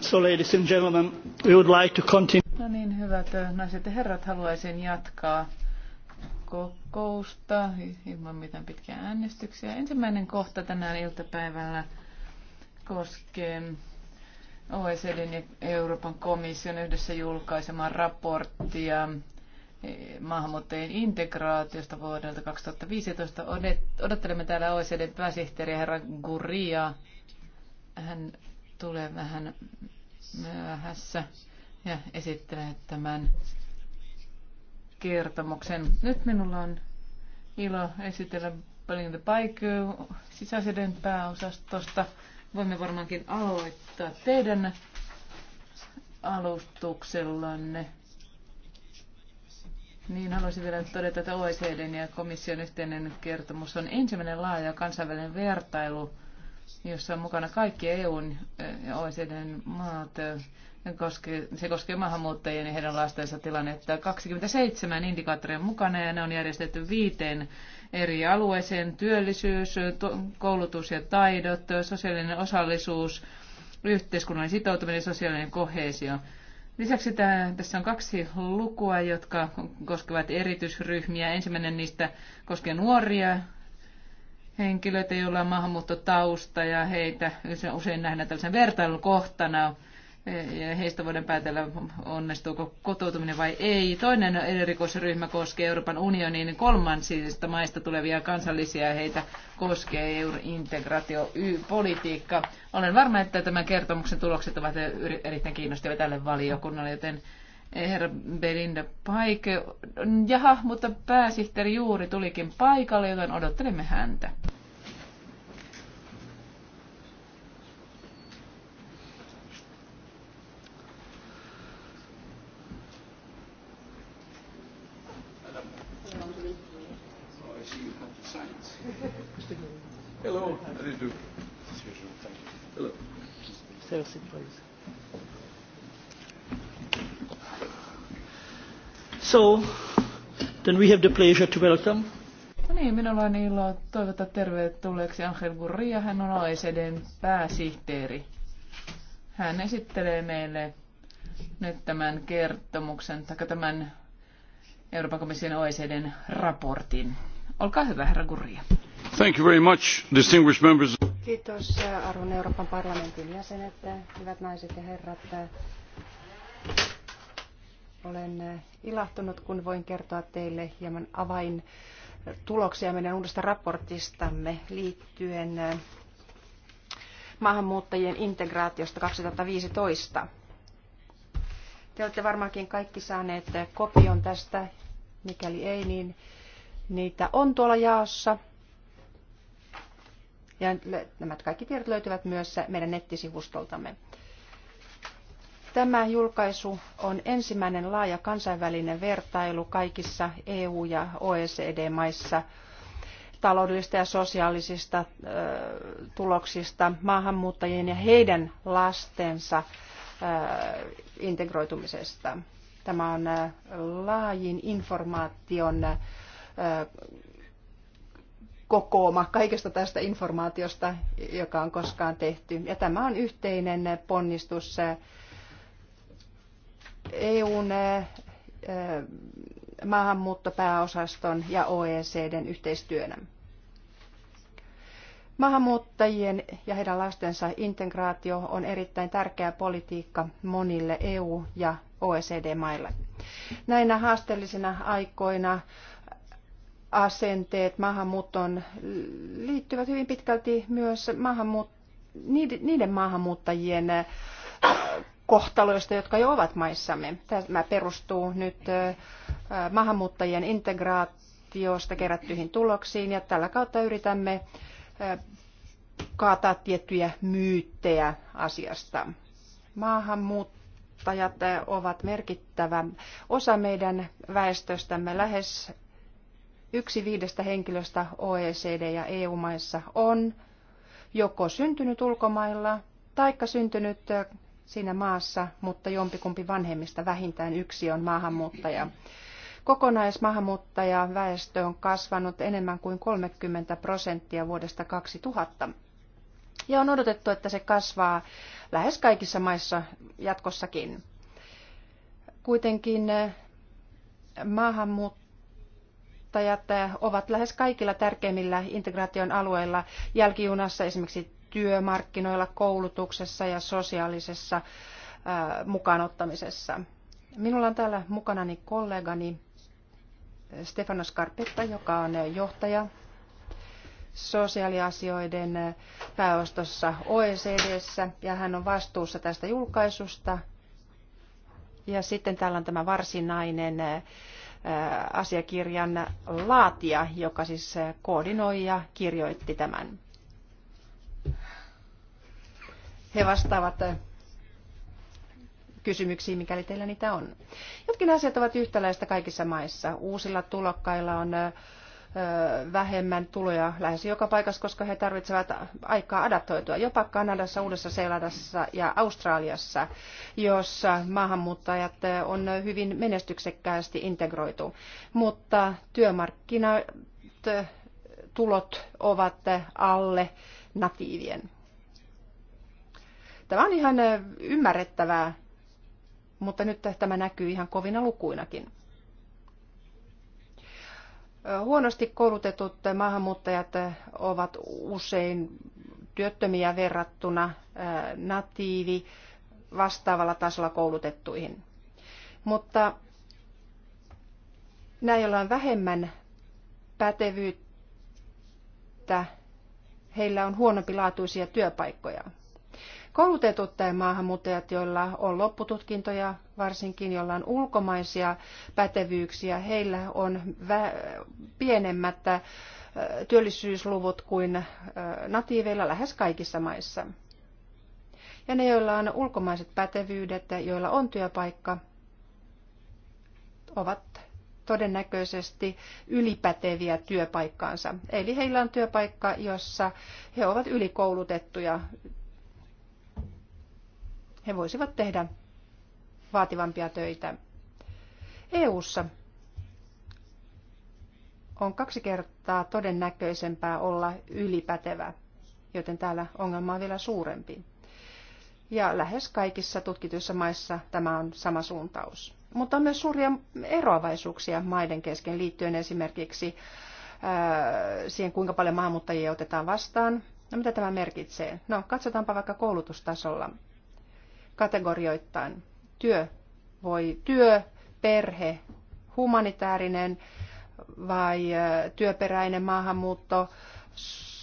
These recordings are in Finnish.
So ladies and gentlemen, we would like to continue. No niin, hyvät naiset ja herrat, haluaisin jatkaa kokousta ilman mitään pitkiä äänestyksiä. Ensimmäinen kohta tänään iltapäivällä koskee OECD ja Euroopan komission yhdessä julkaisemaan raporttia e, maahanmuuttajien integraatiosta vuodelta 2015. Odottelemme täällä oecd pääsihteeriä herra Guria. Hän tulee vähän myöhässä ja esittelee tämän kertomuksen. Nyt minulla on ilo esitellä Pelin the Bike sisäisen pääosastosta. Voimme varmaankin aloittaa teidän alustuksellanne. Niin, haluaisin vielä todeta, että OECD ja komission yhteinen kertomus on ensimmäinen laaja kansainvälinen vertailu jossa on mukana kaikki EUn ja OECDn maat. Se koskee maahanmuuttajien ja heidän lastensa tilannetta. 27 indikaattoria mukana ja ne on järjestetty viiteen eri alueeseen. Työllisyys, koulutus ja taidot, sosiaalinen osallisuus, yhteiskunnallinen sitoutuminen ja sosiaalinen kohesio. Lisäksi tämä, tässä on kaksi lukua, jotka koskevat erityisryhmiä. Ensimmäinen niistä koskee nuoria henkilöitä, joilla on maahanmuuttotausta ja heitä usein nähdään tällaisen vertailukohtana ja heistä voidaan päätellä, onnistuuko kotoutuminen vai ei. Toinen erikoisryhmä koskee Euroopan unionin kolmansista maista tulevia kansallisia, heitä koskee eurointegraatiopolitiikka. Olen varma, että tämän kertomuksen tulokset ovat erittäin kiinnostavia tälle valiokunnalle, joten herra Belinda Paike. Jaha, mutta pääsihteeri juuri tulikin paikalle, joten odottelemme häntä. Hello, how do you do? Hello. please. So, then we have the pleasure to welcome. No niin, minulla on ilo toivottaa tervetulleeksi Angel Gurria. Hän on OECDn pääsihteeri. Hän esittelee meille nyt tämän kertomuksen, tai tämän Euroopan komission OECDn raportin. Olkaa hyvä, herra Gurria. Thank you very much, distinguished members. Kiitos arvon Euroopan parlamentin jäsenet, hyvät naiset ja herrat. Olen ilahtunut, kun voin kertoa teille hieman avain tuloksia meidän uudesta raportistamme liittyen maahanmuuttajien integraatiosta 2015. Te olette varmaankin kaikki saaneet kopion tästä, mikäli ei, niin niitä on tuolla jaossa. Ja nämä kaikki tiedot löytyvät myös meidän nettisivustoltamme. Tämä julkaisu on ensimmäinen laaja kansainvälinen vertailu kaikissa EU- ja OECD-maissa taloudellisista ja sosiaalisista tuloksista maahanmuuttajien ja heidän lastensa integroitumisesta. Tämä on laajin informaation kokooma kaikesta tästä informaatiosta, joka on koskaan tehty. Ja tämä on yhteinen ponnistus EUn maahanmuuttopääosaston ja OECDn yhteistyönä. Maahanmuuttajien ja heidän lastensa integraatio on erittäin tärkeä politiikka monille EU- ja OECD-maille. Näinä haasteellisina aikoina asenteet maahanmuuttoon liittyvät hyvin pitkälti myös maahanmuut- niiden maahanmuuttajien kohtaloista, jotka jo ovat maissamme. Tämä perustuu nyt maahanmuuttajien integraatiosta kerättyihin tuloksiin ja tällä kautta yritämme kaataa tiettyjä myyttejä asiasta. Maahanmuuttajat ovat merkittävä osa meidän väestöstämme. Lähes yksi viidestä henkilöstä OECD- ja EU-maissa on joko syntynyt ulkomailla taikka syntynyt siinä maassa, mutta jompikumpi vanhemmista vähintään yksi on maahanmuuttaja. Kokonaismaahanmuuttaja väestö on kasvanut enemmän kuin 30 prosenttia vuodesta 2000. Ja on odotettu, että se kasvaa lähes kaikissa maissa jatkossakin. Kuitenkin eh, maahanmuuttajat eh, ovat lähes kaikilla tärkeimmillä integraation alueilla jälkijunassa, esimerkiksi työmarkkinoilla, koulutuksessa ja sosiaalisessa mukaanottamisessa. Minulla on täällä mukanani kollegani Stefano Scarpetta, joka on johtaja sosiaaliasioiden pääostossa OECDssä ja hän on vastuussa tästä julkaisusta. Ja sitten täällä on tämä varsinainen asiakirjan laatija, joka siis koordinoi ja kirjoitti tämän. he vastaavat eh, kysymyksiin, mikäli teillä niitä on. Jotkin asiat ovat yhtäläistä kaikissa maissa. Uusilla tulokkailla on eh, eh, vähemmän tuloja lähes joka paikassa, koska he tarvitsevat aikaa adaptoitua. Jopa Kanadassa, Uudessa-Seelandassa ja Australiassa, jossa maahanmuuttajat on hyvin menestyksekkäästi integroitu. Mutta työmarkkinat tulot ovat alle natiivien. Tämä on ihan eh, ymmärrettävää, mutta nyt tämä näkyy ihan kovina lukuinakin. Huonosti koulutetut maahanmuuttajat eh, ovat usein työttömiä verrattuna eh, natiivi vastaavalla tasolla koulutettuihin. Mutta näillä on vähemmän pätevyyttä, heillä on huonompilaatuisia työpaikkoja koulutetut maahanmuuttajat, joilla on loppututkintoja, varsinkin joilla on ulkomaisia pätevyyksiä, heillä on pienemmät äh, työllisyysluvut kuin äh, natiiveilla lähes kaikissa maissa. Ja ne, joilla on ulkomaiset pätevyydet, joilla on työpaikka, ovat todennäköisesti ylipäteviä työpaikkaansa. Eli heillä on työpaikka, jossa he ovat ylikoulutettuja he voisivat tehdä vaativampia töitä. EU:ssa on kaksi kertaa todennäköisempää olla ylipätevä, joten täällä ongelma on vielä suurempi. Ja lähes kaikissa tutkituissa maissa tämä on sama suuntaus. Mutta on myös suuria eroavaisuuksia maiden kesken liittyen esimerkiksi äh, siihen, kuinka paljon maahanmuuttajia otetaan vastaan. No mitä tämä merkitsee? No katsotaanpa vaikka koulutustasolla kategorioittain. Työ voi työ, perhe, humanitaarinen vai työperäinen maahanmuutto,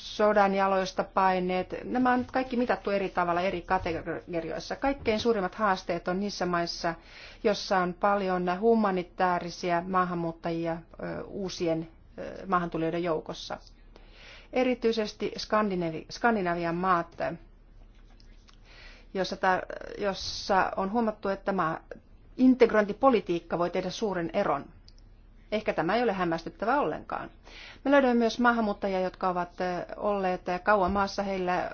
sodan jaloista paineet. Nämä on kaikki mitattu eri tavalla eri kategorioissa. Kaikkein suurimmat haasteet on niissä maissa, joissa on paljon humanitaarisia maahanmuuttajia uusien maahantulijoiden joukossa. Erityisesti Skandinavian maat jossa, ta, jossa on huomattu, että tämä integrointipolitiikka voi tehdä suuren eron. Ehkä tämä ei ole hämmästyttävä ollenkaan. Me löydämme myös maahanmuuttajia, jotka ovat olleet kauan maassa, heillä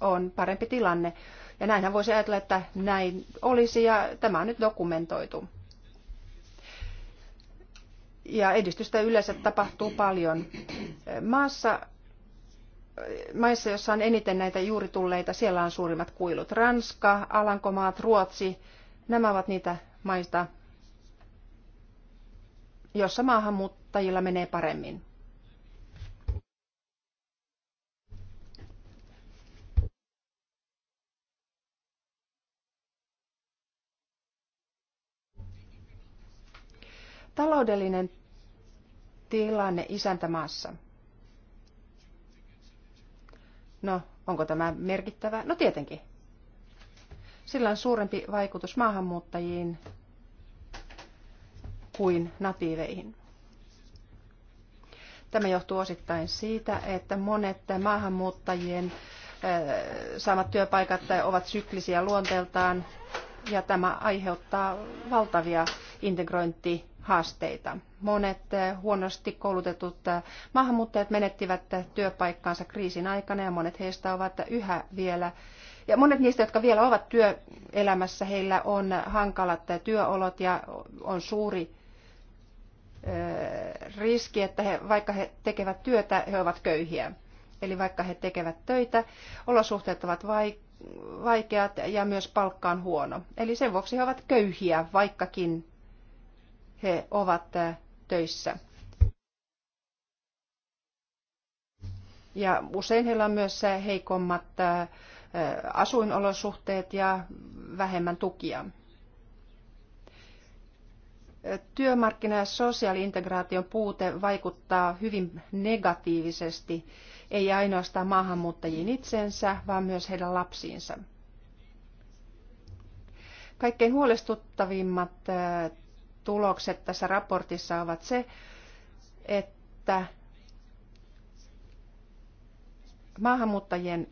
on parempi tilanne. Ja näinhän voisi ajatella, että näin olisi ja tämä on nyt dokumentoitu. Ja edistystä yleensä tapahtuu paljon. Maassa maissa, joissa on eniten näitä juuri tulleita, siellä on suurimmat kuilut. Ranska, Alankomaat, Ruotsi, nämä ovat niitä maista, jossa maahanmuuttajilla menee paremmin. Taloudellinen tilanne isäntämaassa. No, onko tämä merkittävä? No tietenkin. Sillä on suurempi vaikutus maahanmuuttajiin kuin natiiveihin. Tämä johtuu osittain siitä, että monet maahanmuuttajien saamat työpaikat ovat syklisiä luonteeltaan ja tämä aiheuttaa valtavia integrointi- haasteita. Monet eh, huonosti koulutetut eh, maahanmuuttajat menettivät eh, työpaikkaansa kriisin aikana ja monet heistä ovat yhä vielä ja monet niistä, jotka vielä ovat työelämässä, heillä on hankalat työolot ja on suuri riski, että he, vaikka he tekevät työtä, he ovat köyhiä. Eli vaikka he tekevät töitä, olosuhteet ovat vaikeat ja myös palkka on huono. Eli sen vuoksi he ovat köyhiä, vaikkakin he ovat töissä. Ja usein heillä on myös heikommat asuinolosuhteet ja vähemmän tukia. Työmarkkina- ja sosiaaliintegraation puute vaikuttaa hyvin negatiivisesti, ei ainoastaan maahanmuuttajiin itsensä, vaan myös heidän lapsiinsa. Kaikkein huolestuttavimmat tulokset tässä raportissa ovat se, että maahanmuuttajien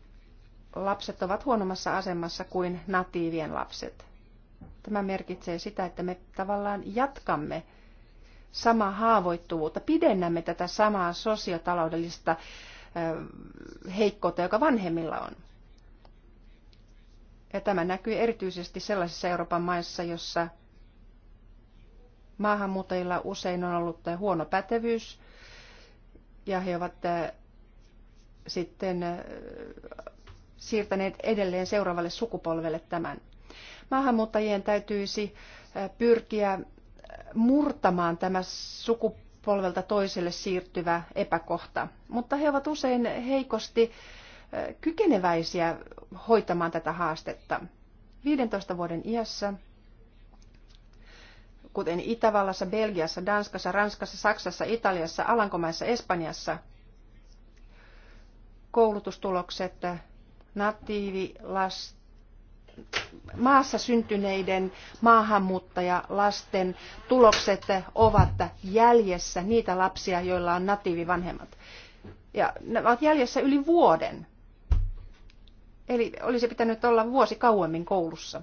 lapset ovat huonommassa asemassa kuin natiivien lapset. Tämä merkitsee sitä, että me tavallaan jatkamme samaa haavoittuvuutta, pidennämme tätä samaa sosiotaloudellista heikkoutta, joka vanhemmilla on. Ja tämä näkyy erityisesti sellaisissa Euroopan maissa, jossa Maahanmuuttajilla usein on ollut eh, huono pätevyys ja he ovat eh, sitten eh, siirtäneet edelleen seuraavalle sukupolvelle tämän. Maahanmuuttajien täytyisi pyrkiä murtamaan tämä sukupolvelta toiselle siirtyvä epäkohta, mutta he ovat usein heikosti kykeneväisiä hoitamaan tätä haastetta. 15 vuoden iässä kuten Itävallassa, Belgiassa, Danskassa, Ranskassa, Saksassa, Italiassa, Alankomaissa, Espanjassa, koulutustulokset natiivilasten maassa syntyneiden maahanmuuttajalasten tulokset ovat jäljessä niitä lapsia, joilla on natiivivanhemmat. Ja ne ovat jäljessä yli vuoden. Eli olisi pitänyt olla vuosi kauemmin koulussa.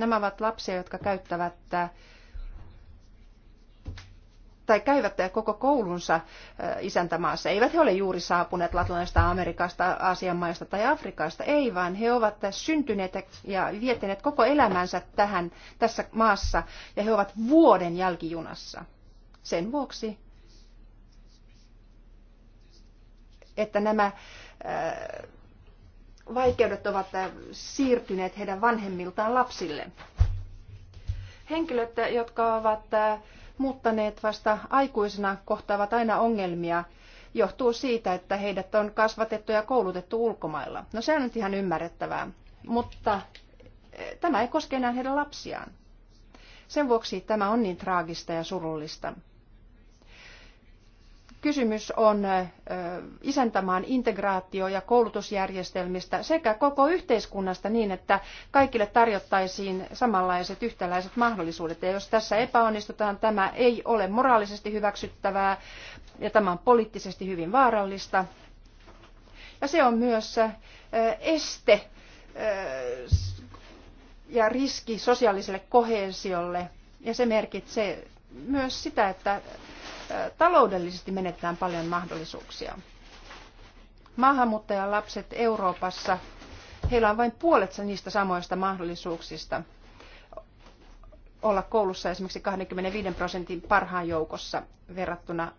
Nämä ovat lapsia, jotka käyttävät äh, tai käyvät koko koulunsa äh, isäntämaassa. Eivät he ole juuri saapuneet Latinalaisesta Amerikasta, Aasian maista tai Afrikasta, ei vaan he ovat syntyneet ja viettäneet koko elämänsä tähän, tässä maassa ja he ovat vuoden jälkijunassa. Sen vuoksi, että nämä äh, vaikeudet ovat eh, siirtyneet heidän vanhemmiltaan lapsille. Henkilöt, eh, jotka ovat eh, muuttaneet vasta aikuisena, kohtaavat aina ongelmia johtuu siitä, että heidät on kasvatettu ja koulutettu ulkomailla. No se on nyt ihan ymmärrettävää, mutta tämä ei koske enää heidän lapsiaan. Sen vuoksi tämä on niin traagista ja surullista. Kysymys on isäntämaan integraatio- ja koulutusjärjestelmistä sekä koko yhteiskunnasta niin, että kaikille tarjottaisiin samanlaiset yhtäläiset mahdollisuudet. Ja jos tässä epäonnistutaan, tämä ei ole moraalisesti hyväksyttävää ja tämä on poliittisesti hyvin vaarallista. Ja se on myös este ja riski sosiaaliselle koheesiolle ja se merkitsee myös sitä, että taloudellisesti menetetään paljon mahdollisuuksia. Maahanmuuttajalapset Euroopassa, heillä on vain puolet niistä samoista mahdollisuuksista olla koulussa esimerkiksi 25 prosentin parhaan joukossa verrattuna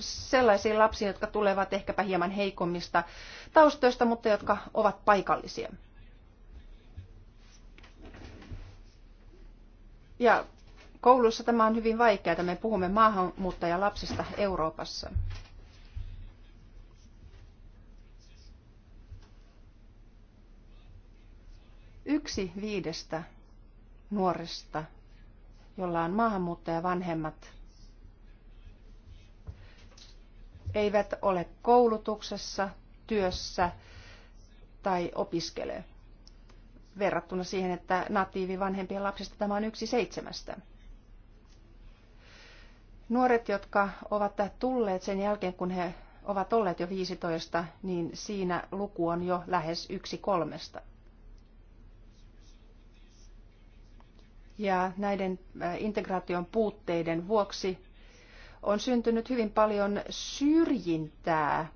sellaisiin lapsiin, jotka tulevat ehkäpä hieman heikommista taustoista, mutta jotka ovat paikallisia. Ja kouluissa tämä on hyvin vaikeaa. että Me puhumme maahanmuuttajalapsista Euroopassa. Yksi viidestä nuoresta, jolla on maahanmuuttajavanhemmat, eivät ole koulutuksessa, työssä tai opiskele verrattuna siihen, että natiivi vanhempien lapsista tämä on yksi seitsemästä. Nuoret, jotka ovat tulleet sen jälkeen, kun he ovat olleet jo 15, niin siinä luku on jo lähes yksi kolmesta. Ja näiden äh, integraation puutteiden vuoksi on syntynyt hyvin paljon syrjintää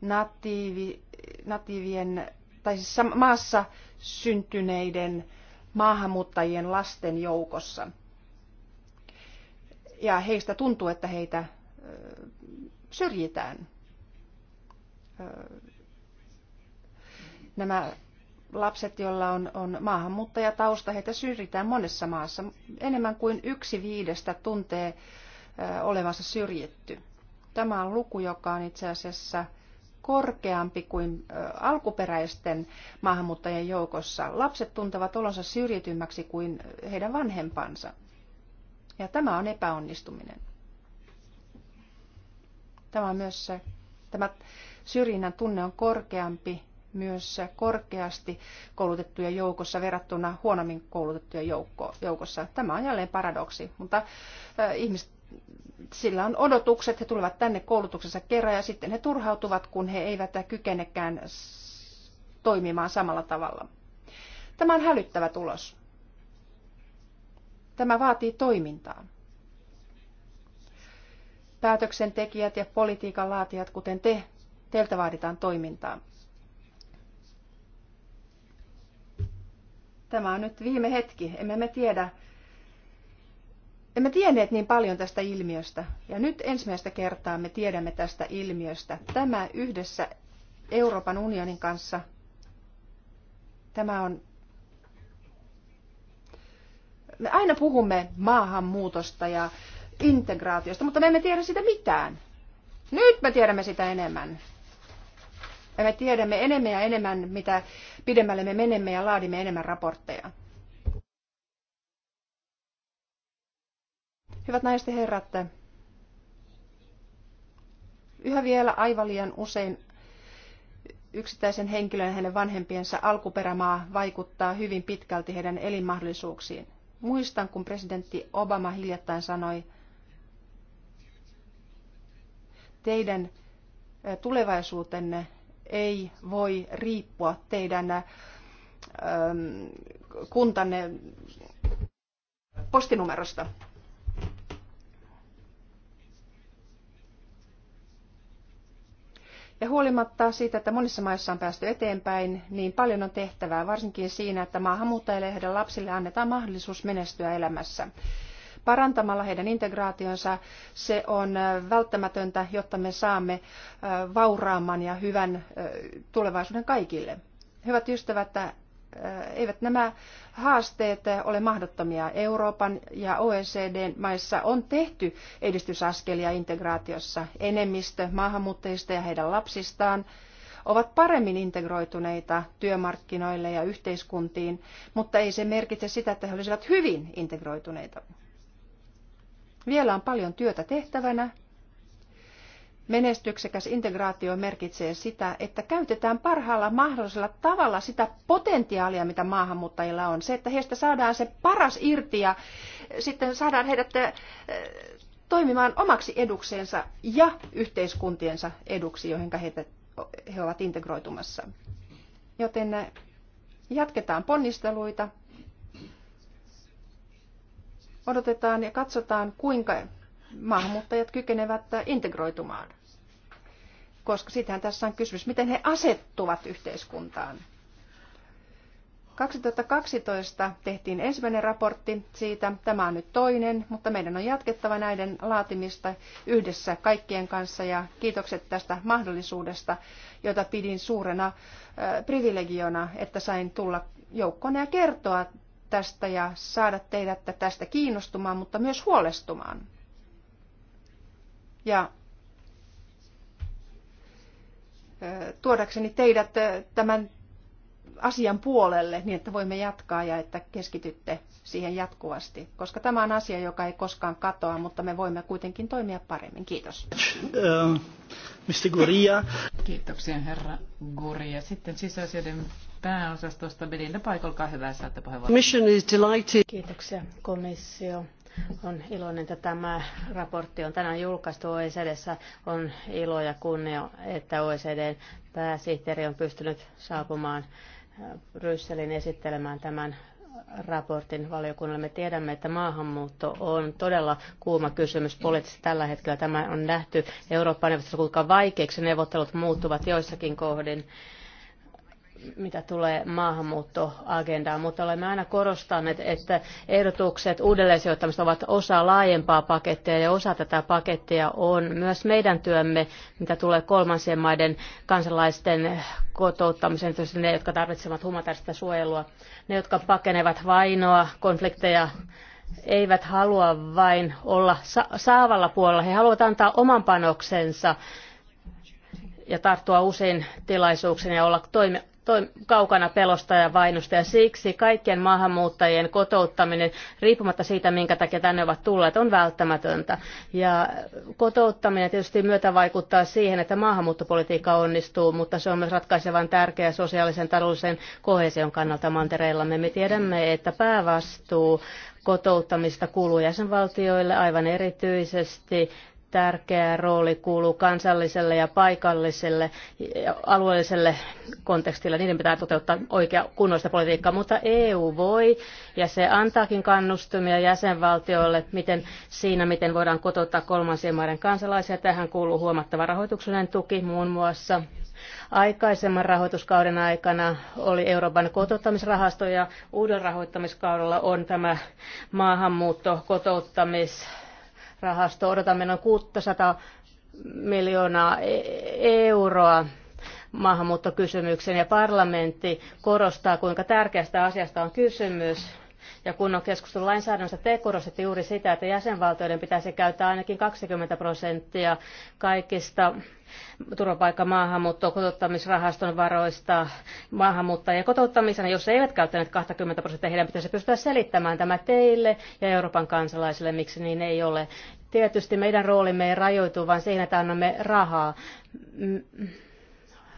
natiivi, natiivien, tai siis maassa syntyneiden maahanmuuttajien lasten joukossa. Ja heistä tuntuu, että heitä syrjitään. Nämä lapset, joilla on, on maahanmuuttajatausta, heitä syrjitään monessa maassa. Enemmän kuin yksi viidestä tuntee olevansa syrjitty. Tämä on luku, joka on itse asiassa korkeampi kuin alkuperäisten maahanmuuttajien joukossa. Lapset tuntevat olonsa syrjitymmäksi kuin heidän vanhempansa. Ja tämä on epäonnistuminen. Tämä, on myös se, tämä syrjinnän tunne on korkeampi myös korkeasti koulutettujen joukossa verrattuna huonommin koulutettujen joukossa. Tämä on jälleen paradoksi, mutta ihmiset sillä on odotukset, he tulevat tänne koulutuksensa kerran ja sitten he turhautuvat, kun he eivät kykenekään toimimaan samalla tavalla. Tämä on hälyttävä tulos. Tämä vaatii toimintaa. Päätöksentekijät ja politiikan laatijat, kuten te, teiltä vaaditaan toimintaa. Tämä on nyt viime hetki. Emme me tiedä, emme tienneet niin paljon tästä ilmiöstä. Ja nyt ensimmäistä kertaa me tiedämme tästä ilmiöstä. Tämä yhdessä Euroopan unionin kanssa, tämä on... Me aina puhumme maahanmuutosta ja integraatiosta, mutta me emme tiedä sitä mitään. Nyt me tiedämme sitä enemmän. Ja me tiedämme enemmän ja enemmän, mitä pidemmälle me menemme ja laadimme enemmän raportteja. Hyvät naiset ja herrat, yhä vielä aivan liian usein yksittäisen henkilön ja hänen vanhempiensa alkuperämaa vaikuttaa hyvin pitkälti heidän elinmahdollisuuksiin. Muistan, kun presidentti Obama hiljattain sanoi, teidän tulevaisuutenne ei voi riippua teidän kuntanne postinumerosta. Ja huolimatta siitä, että monissa maissa on päästy eteenpäin, niin paljon on tehtävää, varsinkin siinä, että maahanmuuttajille ja heidän lapsille annetaan mahdollisuus menestyä elämässä. Parantamalla heidän integraationsa se on välttämätöntä, jotta me saamme vauraamman ja hyvän tulevaisuuden kaikille. Hyvät ystävät, eivät nämä haasteet ole mahdottomia. Euroopan ja OECD-maissa on tehty edistysaskelia integraatiossa. Enemmistö maahanmuuttajista ja heidän lapsistaan ovat paremmin integroituneita työmarkkinoille ja yhteiskuntiin, mutta ei se merkitse sitä, että he olisivat hyvin integroituneita. Vielä on paljon työtä tehtävänä, Menestyksekäs integraatio merkitsee sitä, että käytetään parhaalla mahdollisella tavalla sitä potentiaalia, mitä maahanmuuttajilla on. Se, että heistä saadaan se paras irti ja sitten saadaan heidät eh, toimimaan omaksi edukseensa ja yhteiskuntiensa eduksi, joihin he ovat integroitumassa. Joten eh, jatketaan ponnisteluita, odotetaan ja katsotaan, kuinka maahanmuuttajat kykenevät integroitumaan. Koska sitähän tässä on kysymys, miten he asettuvat yhteiskuntaan. 2012 tehtiin ensimmäinen raportti siitä, tämä on nyt toinen, mutta meidän on jatkettava näiden laatimista yhdessä kaikkien kanssa ja kiitokset tästä mahdollisuudesta, jota pidin suurena äh, privilegiona, että sain tulla joukkona ja kertoa tästä ja saada teidät tästä kiinnostumaan, mutta myös huolestumaan ja tuodakseni teidät tämän asian puolelle niin, että voimme jatkaa ja että keskitytte siihen jatkuvasti, koska tämä on asia, joka ei koskaan katoa, mutta me voimme kuitenkin toimia paremmin. Kiitos. Mr. Ähm, Guria. Kiitoksia herra Guria. Sitten sisäasioiden pääosastosta Belinda Paikolkaa hyvää saatte puheenvuoron. Mission is delighted. Kiitoksia komissio on iloinen, että tämä raportti on tänään julkaistu OECDssä. On ilo ja kunnia, että OECDn pääsihteeri on pystynyt saapumaan äh, Brysselin esittelemään tämän raportin valiokunnalle. Me tiedämme, että maahanmuutto on todella kuuma kysymys poliittisesti tällä hetkellä. Tämä on nähty Euroopan neuvostossa, kuinka vaikeiksi neuvottelut muuttuvat joissakin kohdin mitä tulee maahanmuuttoagendaan, mutta olemme aina korostaneet, että ehdotukset uudelleensijoittamista ovat osa laajempaa pakettia ja osa tätä pakettia on myös meidän työmme, mitä tulee kolmansien maiden kansalaisten kotouttamiseen, tietysti ne, jotka tarvitsevat humanitaarista suojelua, ne, jotka pakenevat vainoa, konflikteja, eivät halua vain olla saavalla puolella, he haluavat antaa oman panoksensa ja tarttua usein tilaisuuksiin ja olla toime- kaukana pelosta ja vainosta ja siksi kaikkien maahanmuuttajien kotouttaminen, riippumatta siitä, minkä takia tänne ovat tulleet, on välttämätöntä. Ja kotouttaminen tietysti myötä vaikuttaa siihen, että maahanmuuttopolitiikka onnistuu, mutta se on myös ratkaisevan tärkeä sosiaalisen taloudellisen kohesion kannalta mantereillamme. Me tiedämme, että päävastuu kotouttamista kuuluu jäsenvaltioille aivan erityisesti tärkeä rooli kuuluu kansalliselle ja paikalliselle ja alueelliselle kontekstille. Niiden pitää toteuttaa oikea kunnollista politiikkaa, mutta EU voi ja se antaakin kannustumia jäsenvaltioille miten, siinä, miten voidaan kotouttaa kolmansien maiden kansalaisia. Tähän kuuluu huomattava rahoituksellinen tuki muun muassa. Aikaisemman rahoituskauden aikana oli Euroopan kotouttamisrahasto ja uuden rahoittamiskaudella on tämä maahanmuutto kotouttamis rahasto. Odotamme noin 600 miljoonaa e- euroa maahanmuuttokysymykseen ja parlamentti korostaa, kuinka tärkeästä asiasta on kysymys ja kun on keskustelu lainsäädännöstä, te korostitte juuri sitä, että jäsenvaltioiden pitäisi käyttää ainakin 20 prosenttia kaikista turvapaikka maahanmuutto kotouttamisrahaston varoista maahanmuuttajia kotouttamisena, jos he eivät käyttäneet 20 prosenttia, heidän pitäisi pystyä selittämään tämä teille ja Euroopan kansalaisille, miksi niin ei ole. Tietysti meidän roolimme ei rajoitu vain siihen, että annamme rahaa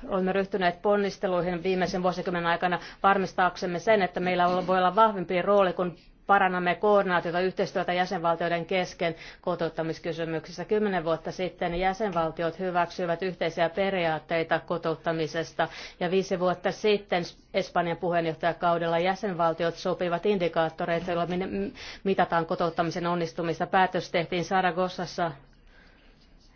olemme ryhtyneet ponnisteluihin viimeisen vuosikymmenen aikana varmistaaksemme sen, että meillä voi olla vahvempi rooli, kun parannamme koordinaatiota yhteistyötä jäsenvaltioiden kesken kotouttamiskysymyksissä. Kymmenen vuotta sitten jäsenvaltiot hyväksyivät yhteisiä periaatteita kotouttamisesta ja viisi vuotta sitten Espanjan puheenjohtajakaudella jäsenvaltiot sopivat indikaattoreita, joilla mitataan kotouttamisen onnistumista. Päätös tehtiin Saragossassa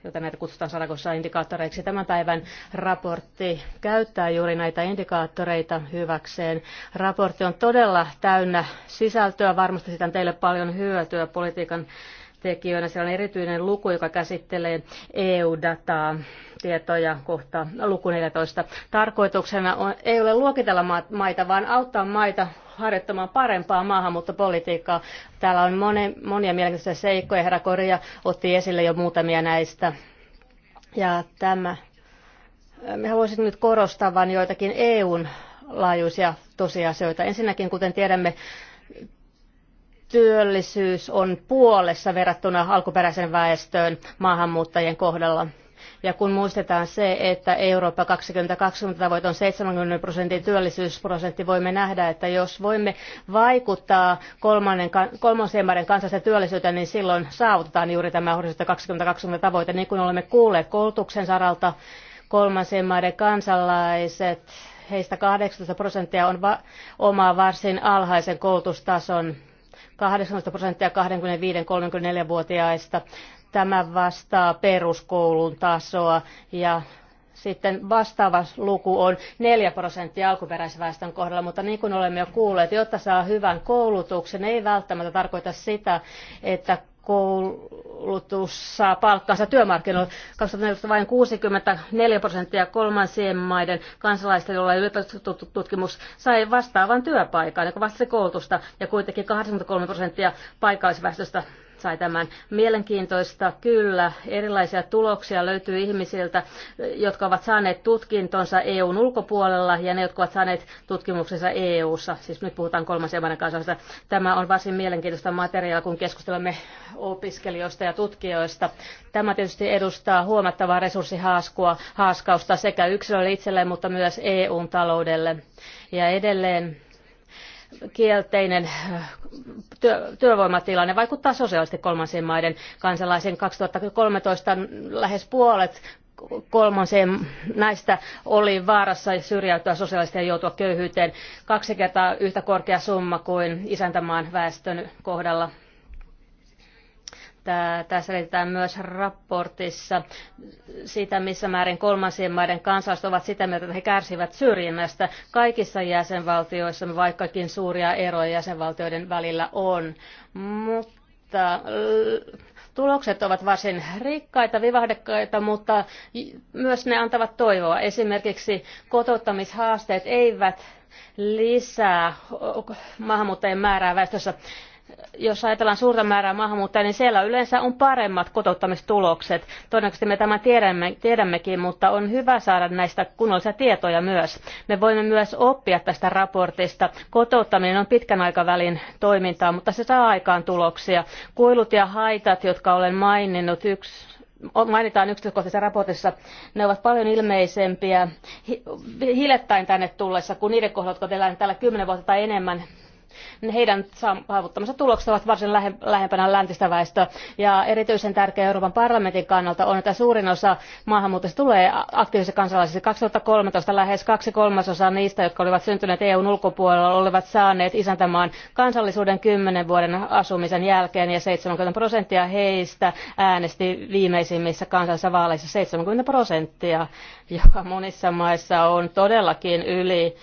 jota näitä kutsutaan sanakossa indikaattoreiksi. Tämän päivän raportti käyttää juuri näitä indikaattoreita hyväkseen. Raportti on todella täynnä sisältöä, varmasti sitä teille paljon hyötyä politiikan tekijöinä. Siellä on erityinen luku, joka käsittelee EU-dataa tietoja kohta luku 14. Tarkoituksena on, ei ole luokitella maita, vaan auttaa maita harjoittamaan parempaa maahanmuuttopolitiikkaa. Täällä on monia, monia mielenkiintoisia seikkoja. Herra Korja otti esille jo muutamia näistä. Ja tämä. Me haluaisin nyt korostaa vain joitakin EUn laajuisia tosiasioita. Ensinnäkin, kuten tiedämme, työllisyys on puolessa verrattuna alkuperäisen väestöön maahanmuuttajien kohdalla. Ja kun muistetaan se, että Eurooppa 2020 tavoite on 70 prosentin työllisyysprosentti, voimme nähdä, että jos voimme vaikuttaa kolmannen, kolmansien maiden kansallista työllisyyteen, niin silloin saavutetaan juuri tämä horisontti 2020 tavoite. Niin kuin olemme kuulleet koulutuksen saralta, kolmansien maiden kansalaiset, heistä 18 prosenttia on va- omaa varsin alhaisen koulutustason 18 prosenttia 25-34-vuotiaista. Tämä vastaa peruskoulun tasoa ja sitten vastaava luku on 4 prosenttia alkuperäisväestön kohdalla, mutta niin kuin olemme jo kuulleet, jotta saa hyvän koulutuksen, ei välttämättä tarkoita sitä, että koulutus saa palkkansa työmarkkinoilla. 2014 vain 64 prosenttia kolmansien maiden kansalaista, joilla ei tutkimus sai vastaavan työpaikan, joka vastasi koulutusta, ja kuitenkin 83 prosenttia paikallisväestöstä sai tämän mielenkiintoista. Kyllä, erilaisia tuloksia löytyy ihmisiltä, jotka ovat saaneet tutkintonsa EUn ulkopuolella ja ne, jotka ovat saaneet tutkimuksensa EUssa. Siis nyt puhutaan kolmas maiden kansasta. Tämä on varsin mielenkiintoista materiaalia, kun keskustelemme opiskelijoista ja tutkijoista. Tämä tietysti edustaa huomattavaa resurssihaaskausta sekä yksilölle itselleen, mutta myös EUn taloudelle. Ja edelleen kielteinen äh, työ, työvoimatilanne vaikuttaa sosiaalisesti kolmansien maiden kansalaisiin. 2013 lähes puolet kolmansien näistä oli vaarassa syrjäytyä sosiaalisesti ja joutua köyhyyteen kaksi kertaa yhtä korkea summa kuin isäntämaan väestön kohdalla Tämä selitetään myös raportissa sitä, missä määrin kolmansien maiden kansalaiset ovat sitä mieltä, että he kärsivät syrjinnästä kaikissa jäsenvaltioissa, vaikkakin suuria eroja jäsenvaltioiden välillä on. Mutta tulokset ovat varsin rikkaita, vivahdekkaita, mutta myös ne antavat toivoa. Esimerkiksi kotouttamishaasteet eivät lisää maahanmuuttajien määrää väestössä jos ajatellaan suurta määrää maahanmuuttajia, niin siellä yleensä on paremmat kotouttamistulokset. Todennäköisesti me tämän tiedämme, tiedämmekin, mutta on hyvä saada näistä kunnollisia tietoja myös. Me voimme myös oppia tästä raportista. Kotouttaminen on pitkän aikavälin toimintaa, mutta se saa aikaan tuloksia. Kuilut ja haitat, jotka olen maininnut, yksi mainitaan yksityiskohtaisessa raportissa, ne ovat paljon ilmeisempiä hiljattain tänne tullessa kuin niiden kohdalla, jotka ovat eläneet täällä kymmenen vuotta tai enemmän. Heidän saavuttamansa tulokset ovat varsin lähempänä läntistä väestöä. Ja erityisen tärkeä Euroopan parlamentin kannalta on, että suurin osa maahanmuuttajista tulee aktiivisiksi kansalaisiksi. 2013 lähes kaksi kolmasosaa niistä, jotka olivat syntyneet EUn ulkopuolella, olivat saaneet isäntämaan kansallisuuden kymmenen vuoden asumisen jälkeen ja 70 prosenttia heistä äänesti viimeisimmissä kansallisissa vaaleissa 70 prosenttia, joka monissa maissa on todellakin yli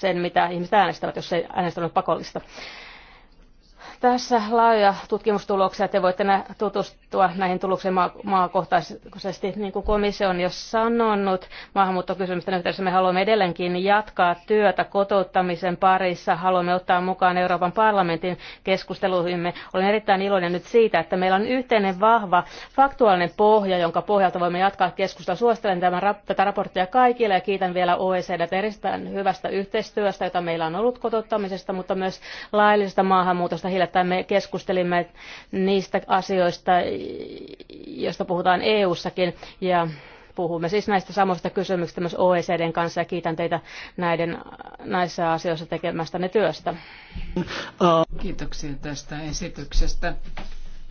sen, mitä ihmiset äänestävät, jos ei äänestänyt pakollista. Tässä laaja tutkimustuloksia, te voitte nä- tutustua näihin tuloksiin ma- maakohtaisesti. Niin kuin komissio on jo sanonut, maahanmuuttokysymysten yhteydessä me haluamme edelleenkin jatkaa työtä kotouttamisen parissa. Haluamme ottaa mukaan Euroopan parlamentin keskusteluihimme. Olen erittäin iloinen nyt siitä, että meillä on yhteinen vahva faktuaalinen pohja, jonka pohjalta voimme jatkaa keskustelua. Suosittelen tämän rap- tätä raporttia kaikille ja kiitän vielä OECD erittäin hyvästä yhteistyöstä, jota meillä on ollut kotouttamisesta, mutta myös laillisesta maahanmuutosta hiljattain tai me keskustelimme niistä asioista, joista puhutaan EU-sakin. Ja puhumme siis näistä samoista kysymyksistä myös OECDn kanssa ja kiitän teitä näiden, näissä asioissa tekemästänne työstä. Kiitoksia tästä esityksestä.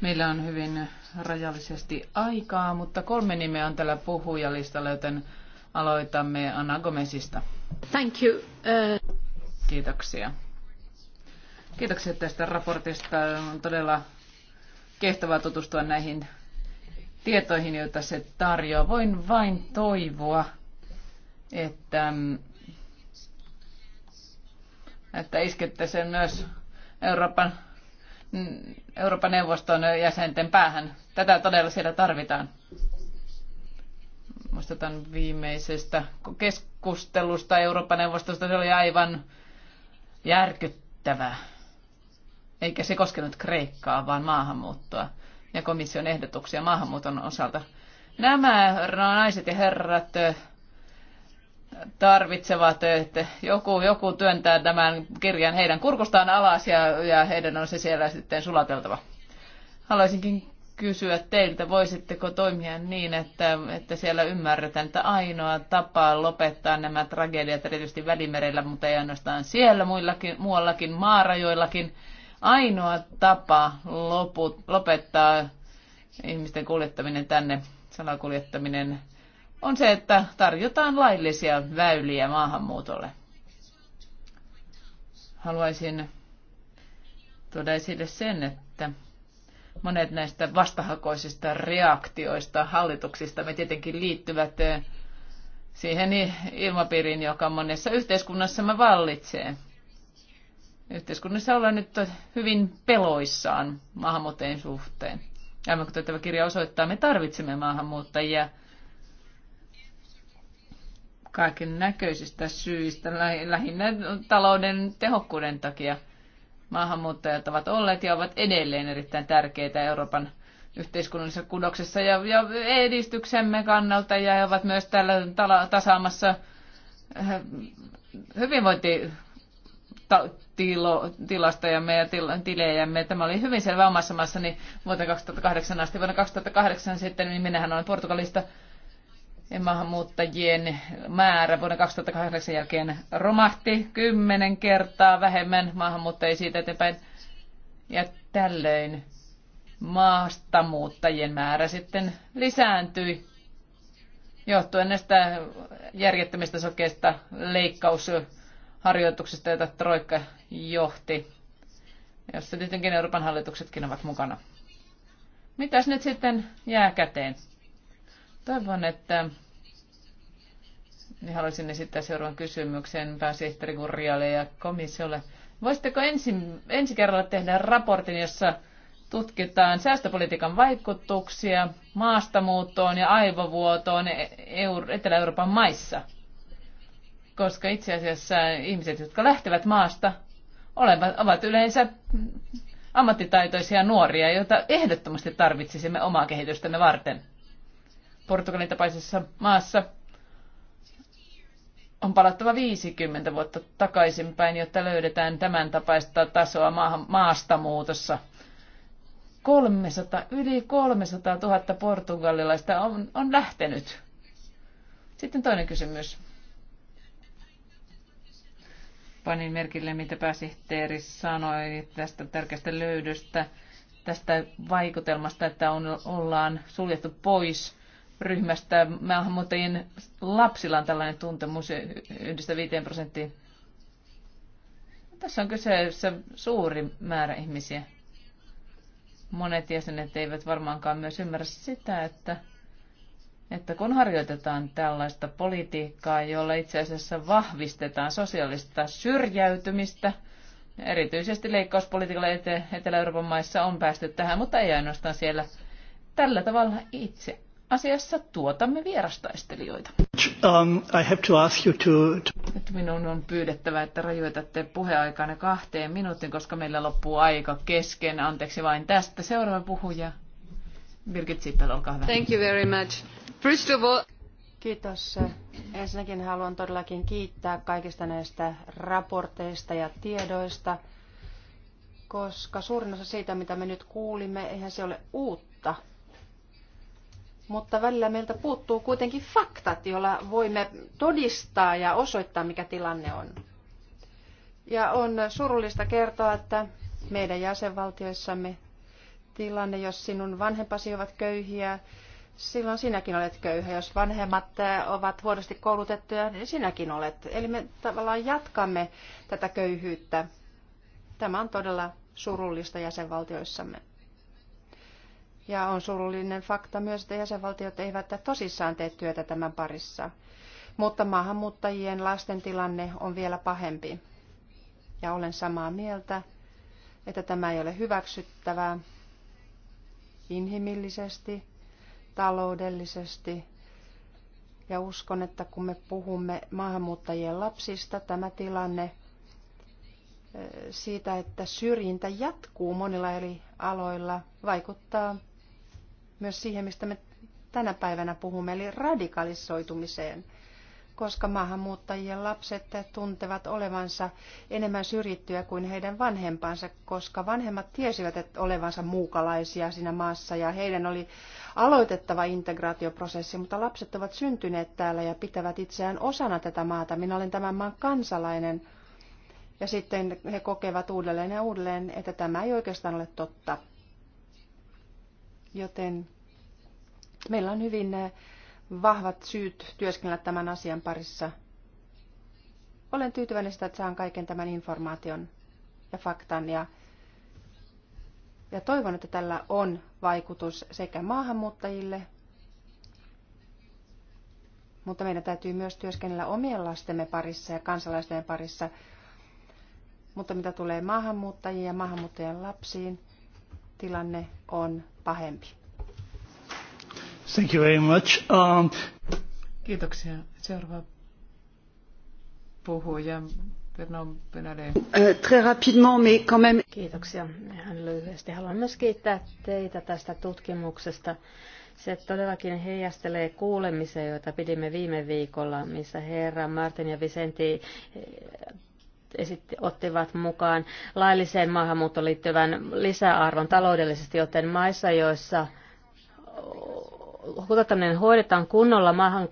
Meillä on hyvin rajallisesti aikaa, mutta kolme nimeä on tällä puhujalistalla, joten aloitamme Anna Gomesista. Thank you. Uh... Kiitoksia. Kiitoksia tästä raportista. On todella kehtovaa tutustua näihin tietoihin, joita se tarjoaa. Voin vain toivoa, että, että sen myös Euroopan, Euroopan neuvoston jäsenten päähän. Tätä todella siellä tarvitaan. Muistetaan viimeisestä keskustelusta Euroopan neuvostosta. Se oli aivan järkyttävää eikä se koskenut Kreikkaa, vaan maahanmuuttoa ja komission ehdotuksia maahanmuuton osalta. Nämä naiset ja herrat tarvitsevat, että joku, joku työntää tämän kirjan heidän kurkustaan alas ja, ja heidän on se siellä sitten sulateltava. Haluaisinkin kysyä teiltä, voisitteko toimia niin, että, että siellä ymmärretään, että ainoa tapa lopettaa nämä tragediat, erityisesti Välimerellä, mutta ei ainoastaan siellä, muillakin, muuallakin maarajoillakin, ainoa tapa lopu, lopettaa ihmisten kuljettaminen tänne, salakuljettaminen, on se, että tarjotaan laillisia väyliä maahanmuutolle. Haluaisin tuoda esille sen, että monet näistä vastahakoisista reaktioista hallituksista me tietenkin liittyvät siihen ilmapiiriin, joka monessa yhteiskunnassa me vallitsee yhteiskunnassa ollaan nyt hyvin peloissaan maahanmuuttajien suhteen. Aivan kuten tämä kirja osoittaa, me tarvitsemme maahanmuuttajia kaiken näköisistä syistä, lähinnä talouden tehokkuuden takia. Maahanmuuttajat ovat olleet ja ovat edelleen erittäin tärkeitä Euroopan yhteiskunnallisessa kudoksessa ja, ja edistyksemme kannalta ja he ovat myös täällä tasaamassa äh, hyvinvointi tilo, tilastojamme ja til, tilejämme. Tämä oli hyvin selvä omassa maassani vuoteen 2008 asti. Vuonna 2008 sitten, niin minähän olen Portugalista, maahanmuuttajien määrä vuonna 2008 jälkeen romahti kymmenen kertaa vähemmän maahanmuuttajia siitä eteenpäin. Ja tällöin maastamuuttajien määrä sitten lisääntyi johtuen näistä järjettömistä sokeista leikkaus Harjoituksista, joita Troikka johti, jossa tietenkin Euroopan hallituksetkin ovat mukana. Mitäs nyt sitten jää käteen? Toivon, että niin haluaisin esittää seuraavan kysymyksen pääsihteeri Gurrialle ja komissiolle. Voisitteko ensi, ensi kerralla tehdä raportin, jossa tutkitaan säästöpolitiikan vaikutuksia maastamuuttoon ja aivovuotoon e- Etelä-Euroopan maissa? koska itse asiassa ihmiset, jotka lähtevät maasta, olevat, ovat yleensä ammattitaitoisia nuoria, joita ehdottomasti tarvitsisimme omaa kehitystämme varten. Portugalin tapaisessa maassa on palattava 50 vuotta takaisinpäin, jotta löydetään tämän tapaista tasoa maahan, maastamuutossa. 300, yli 300 000 portugalilaista on, on lähtenyt. Sitten toinen kysymys. Panin merkille, mitä pääsihteeri sanoi tästä tärkeästä löydöstä, tästä vaikutelmasta, että on, ollaan suljettu pois ryhmästä. Maahanmuuttajien lapsilla on tällainen tuntemus yhdestä viiteen prosenttiin. Tässä on kyseessä suuri määrä ihmisiä. Monet jäsenet eivät varmaankaan myös ymmärrä sitä, että että kun harjoitetaan tällaista politiikkaa, jolla itse asiassa vahvistetaan sosiaalista syrjäytymistä, erityisesti leikkauspolitiikalla Etelä-Euroopan maissa on päästy tähän, mutta ei ainoastaan siellä. Tällä tavalla itse asiassa tuotamme vierastaistelijoita. Um, I have to ask you to... Nyt minun on pyydettävä, että rajoitatte puheaikana kahteen minuutin, koska meillä loppuu aika kesken. Anteeksi vain tästä. Seuraava puhuja. Birgit Sippel, olkaa hyvä. Thank you very much. Kiitos. Ensinnäkin haluan todellakin kiittää kaikista näistä raporteista ja tiedoista, koska suurin osa siitä, mitä me nyt kuulimme, eihän se ole uutta. Mutta välillä meiltä puuttuu kuitenkin faktat, joilla voimme todistaa ja osoittaa, mikä tilanne on. Ja on surullista kertoa, että meidän jäsenvaltioissamme tilanne, jos sinun vanhempasi ovat köyhiä, silloin sinäkin olet köyhä. Jos vanhemmat ovat huonosti koulutettuja, niin sinäkin olet. Eli me tavallaan jatkamme tätä köyhyyttä. Tämä on todella surullista jäsenvaltioissamme. Ja on surullinen fakta myös, että jäsenvaltiot eivät tosissaan tee työtä tämän parissa. Mutta maahanmuuttajien lasten tilanne on vielä pahempi. Ja olen samaa mieltä, että tämä ei ole hyväksyttävää inhimillisesti – taloudellisesti. Ja uskon, että kun me puhumme maahanmuuttajien lapsista, tämä tilanne eh, siitä, että syrjintä jatkuu monilla eri aloilla, vaikuttaa myös siihen, mistä me tänä päivänä puhumme, eli radikalisoitumiseen – koska maahanmuuttajien lapset tuntevat olevansa enemmän syrjittyjä kuin heidän vanhempansa, koska vanhemmat tiesivät että olevansa muukalaisia siinä maassa ja heidän oli aloitettava integraatioprosessi, mutta lapset ovat syntyneet täällä ja pitävät itseään osana tätä maata. Minä olen tämän maan kansalainen. Ja sitten he kokevat uudelleen ja uudelleen, että tämä ei oikeastaan ole totta. Joten meillä on hyvin vahvat syyt työskennellä tämän asian parissa. Olen tyytyväinen sitä, että saan kaiken tämän informaation ja faktan ja, ja toivon, että tällä on vaikutus sekä maahanmuuttajille, mutta meidän täytyy myös työskennellä omien lastemme parissa ja kansalaisten parissa. Mutta mitä tulee maahanmuuttajiin ja maahanmuuttajien lapsiin, tilanne on pahempi. Thank you very much. Um... Kiitoksia. Seuraava puhuja. Euh, très rapidement, mais quand même. Kiitoksia. Ihan lyhyesti haluan myös kiittää teitä tästä tutkimuksesta. Se todellakin heijastelee kuulemisia, joita pidimme viime viikolla, missä herra Martin ja Vicenti eh, esitti, ottivat mukaan lailliseen maahanmuuttoon liittyvän lisäarvon taloudellisesti, joten maissa, joissa kotouttaminen hoidetaan kunnolla maahan,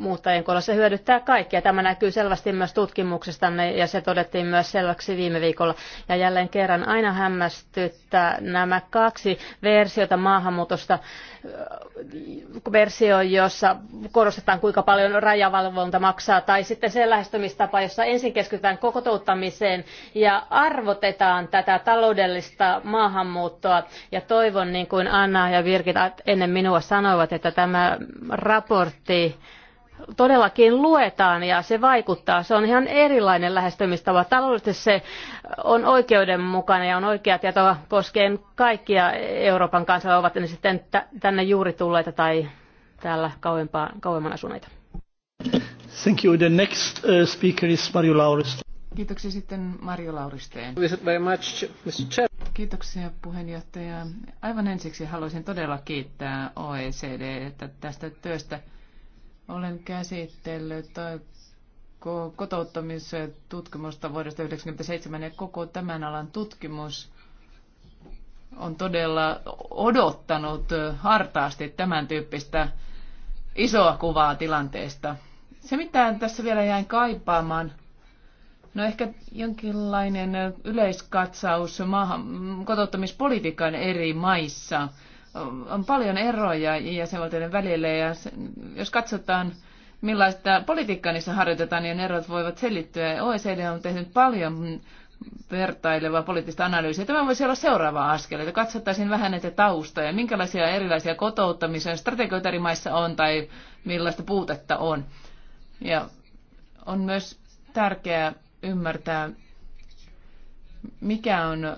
muuttajien kohdalla. Se hyödyttää kaikkia. Tämä näkyy selvästi myös tutkimuksestamme ja se todettiin myös selväksi viime viikolla. Ja jälleen kerran aina hämmästyttää nämä kaksi versiota maahanmuutosta. Versio, jossa korostetaan kuinka paljon rajavalvonta maksaa tai sitten se lähestymistapa, jossa ensin keskitytään kokotouttamiseen ja arvotetaan tätä taloudellista maahanmuuttoa. Ja toivon, niin kuin Anna ja Virkit ennen minua sanoivat, että tämä raportti todellakin luetaan ja se vaikuttaa. Se on ihan erilainen lähestymistapa. Taloudellisesti se on oikeudenmukainen ja on oikea tieto koskien kaikkia Euroopan kansalaisia, ovat ne sitten tänne juuri tulleita tai täällä kauempana kauemman asuneita. Thank you. The next uh, speaker is Mario Lauriste. Kiitoksia sitten Mario Lauristeen. Kiitoksia puheenjohtaja. Aivan ensiksi haluaisin todella kiittää OECD tästä työstä olen käsitellyt äh, kotouttamisen tutkimusta vuodesta 1997 ja koko tämän alan tutkimus on todella odottanut äh, hartaasti tämän tyyppistä isoa kuvaa tilanteesta. Se, mitä tässä vielä jäin kaipaamaan, no ehkä jonkinlainen yleiskatsaus maahan, mm, kotouttamispolitiikan eri maissa – on paljon eroja jäsenvaltioiden välillä ja jos katsotaan millaista politiikkaa niissä harjoitetaan, niin erot voivat selittyä. OECD on tehnyt paljon vertailevaa poliittista analyysiä. Tämä voisi olla seuraava askel, että katsottaisiin vähän näitä taustoja, minkälaisia erilaisia kotouttamisen strategioita eri maissa on tai millaista puutetta on. Ja on myös tärkeää ymmärtää, mikä on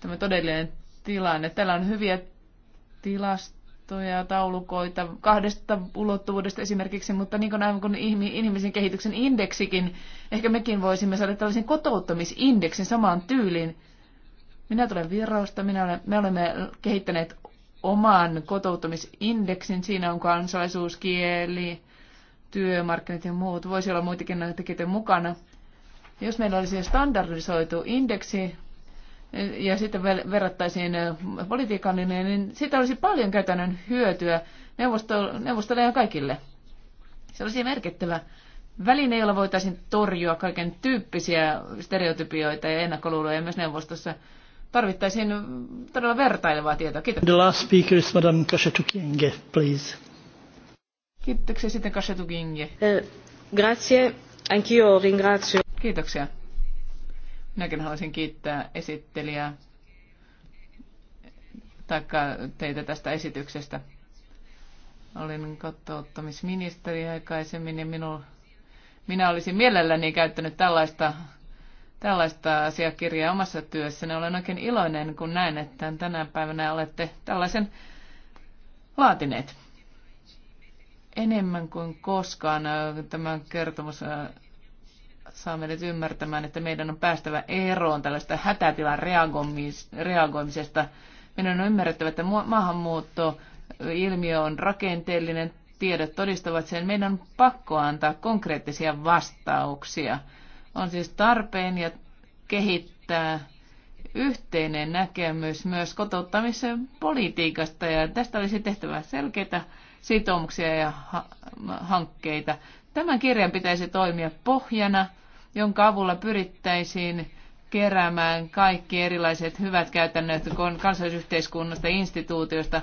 tämä todellinen tilanne. Täällä on hyviä tilastoja, taulukoita kahdesta ulottuvuudesta esimerkiksi, mutta niin kuin aivan kuin ihmisen kehityksen indeksikin, ehkä mekin voisimme saada tällaisen kotouttamisindeksin samaan tyyliin. Minä tulen virrausta, minä olen, me olemme kehittäneet oman kotouttamisindeksin. Siinä on kansalaisuus, kieli, työmarkkinat ja muut. Voisi olla muitakin näitä tekijöitä mukana. Jos meillä olisi standardisoitu indeksi, ja sitten verrattaisiin politiikallinen, niin siitä olisi paljon käytännön hyötyä neuvosto, neuvostolle ja kaikille. Se olisi merkittävä väline, jolla voitaisiin torjua kaiken tyyppisiä stereotypioita ja ennakkoluuloja myös neuvostossa. Tarvittaisiin todella vertailevaa tietoa. Kiitos. The last speaker is Madame Kashetukinge, please. Kiitoksia sitten Kashetukinge. Eh, grazie. Anch'io ringrazio. Kiitoksia Minäkin haluaisin kiittää esittelijää tai teitä tästä esityksestä. Olin kotouttamisministeri aikaisemmin ja minu, minä olisin mielelläni käyttänyt tällaista, tällaista asiakirjaa omassa työssäni. Olen oikein iloinen, kun näen, että tänä päivänä olette tällaisen laatineet enemmän kuin koskaan äh, tämä kertomus äh, saa meidät ymmärtämään, että meidän on päästävä eroon tällaista hätätilan reagoimisesta. Meidän on ymmärrettävä, että maahanmuutto ilmiö on rakenteellinen, tiedot todistavat sen. Meidän on pakko antaa konkreettisia vastauksia. On siis tarpeen ja kehittää yhteinen näkemys myös kotouttamisen politiikasta ja tästä olisi tehtävä selkeitä sitoumuksia ja hankkeita. Tämän kirjan pitäisi toimia pohjana, jonka avulla pyrittäisiin keräämään kaikki erilaiset hyvät käytännöt kansallisyhteiskunnasta, instituutioista.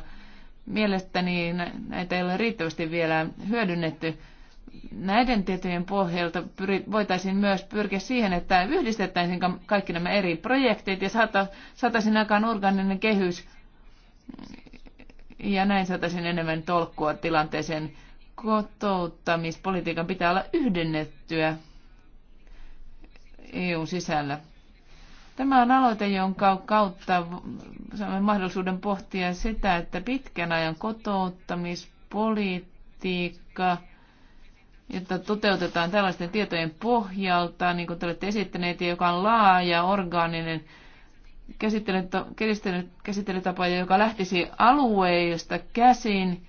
Mielestäni näitä ei ole riittävästi vielä hyödynnetty. Näiden tietojen pohjalta voitaisiin myös pyrkiä siihen, että yhdistettäisiin kaikki nämä eri projektit ja saataisiin aikaan organinen kehys ja näin saataisiin enemmän tolkkua tilanteeseen kotouttamispolitiikan pitää olla yhdennettyä EUn sisällä. Tämä on aloite, jonka kautta saamme mahdollisuuden pohtia sitä, että pitkän ajan kotouttamispolitiikka, jota toteutetaan tällaisten tietojen pohjalta, niin kuin te olette esittäneet, joka on laaja, orgaaninen käsittelytapa, joka lähtisi alueista käsin,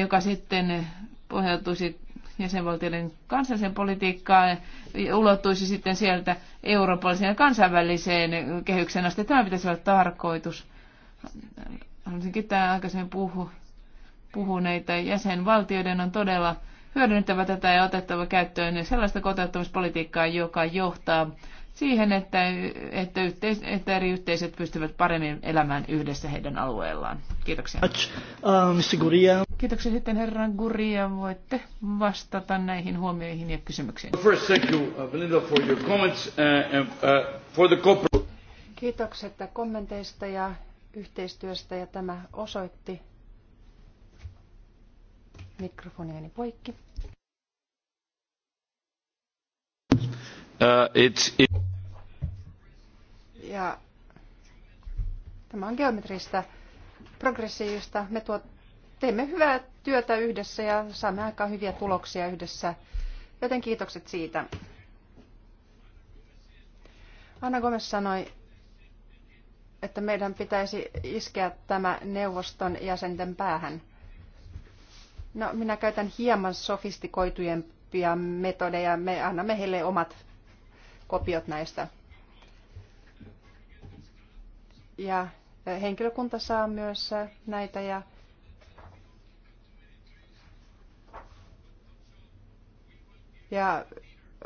joka sitten pohjautuisi jäsenvaltioiden kansalliseen politiikkaan, ulottuisi sitten sieltä eurooppalaiseen ja kansainväliseen kehykseen asti. Tämä pitäisi olla tarkoitus. Haluaisinkin kiittää aikaisemmin puhu, puhuneita. Jäsenvaltioiden on todella hyödynnettävä tätä ja otettava käyttöön sellaista kotouttamispolitiikkaa, joka johtaa siihen, että, että, yhteis, että eri yhteisöt pystyvät paremmin elämään yhdessä heidän alueellaan. Kiitoksia. Uh, Kiitoksia sitten herran Guria. Voitte vastata näihin huomioihin ja kysymyksiin. First, thank you, uh, Belinda, for your comments uh, and for the Kiitokset kommenteista ja yhteistyöstä ja tämä osoitti mikrofoniani poikki. Uh, ja tämä on geometrista progressiivista. Me tuot, teemme hyvää työtä yhdessä ja saamme aikaan hyviä tuloksia yhdessä. Joten kiitokset siitä. Anna Gomes sanoi, että meidän pitäisi iskeä tämä neuvoston jäsenten päähän. No, minä käytän hieman sofistikoitujempia metodeja. Me annamme heille omat kopiot näistä. Ja henkilökunta saa myös näitä ja ja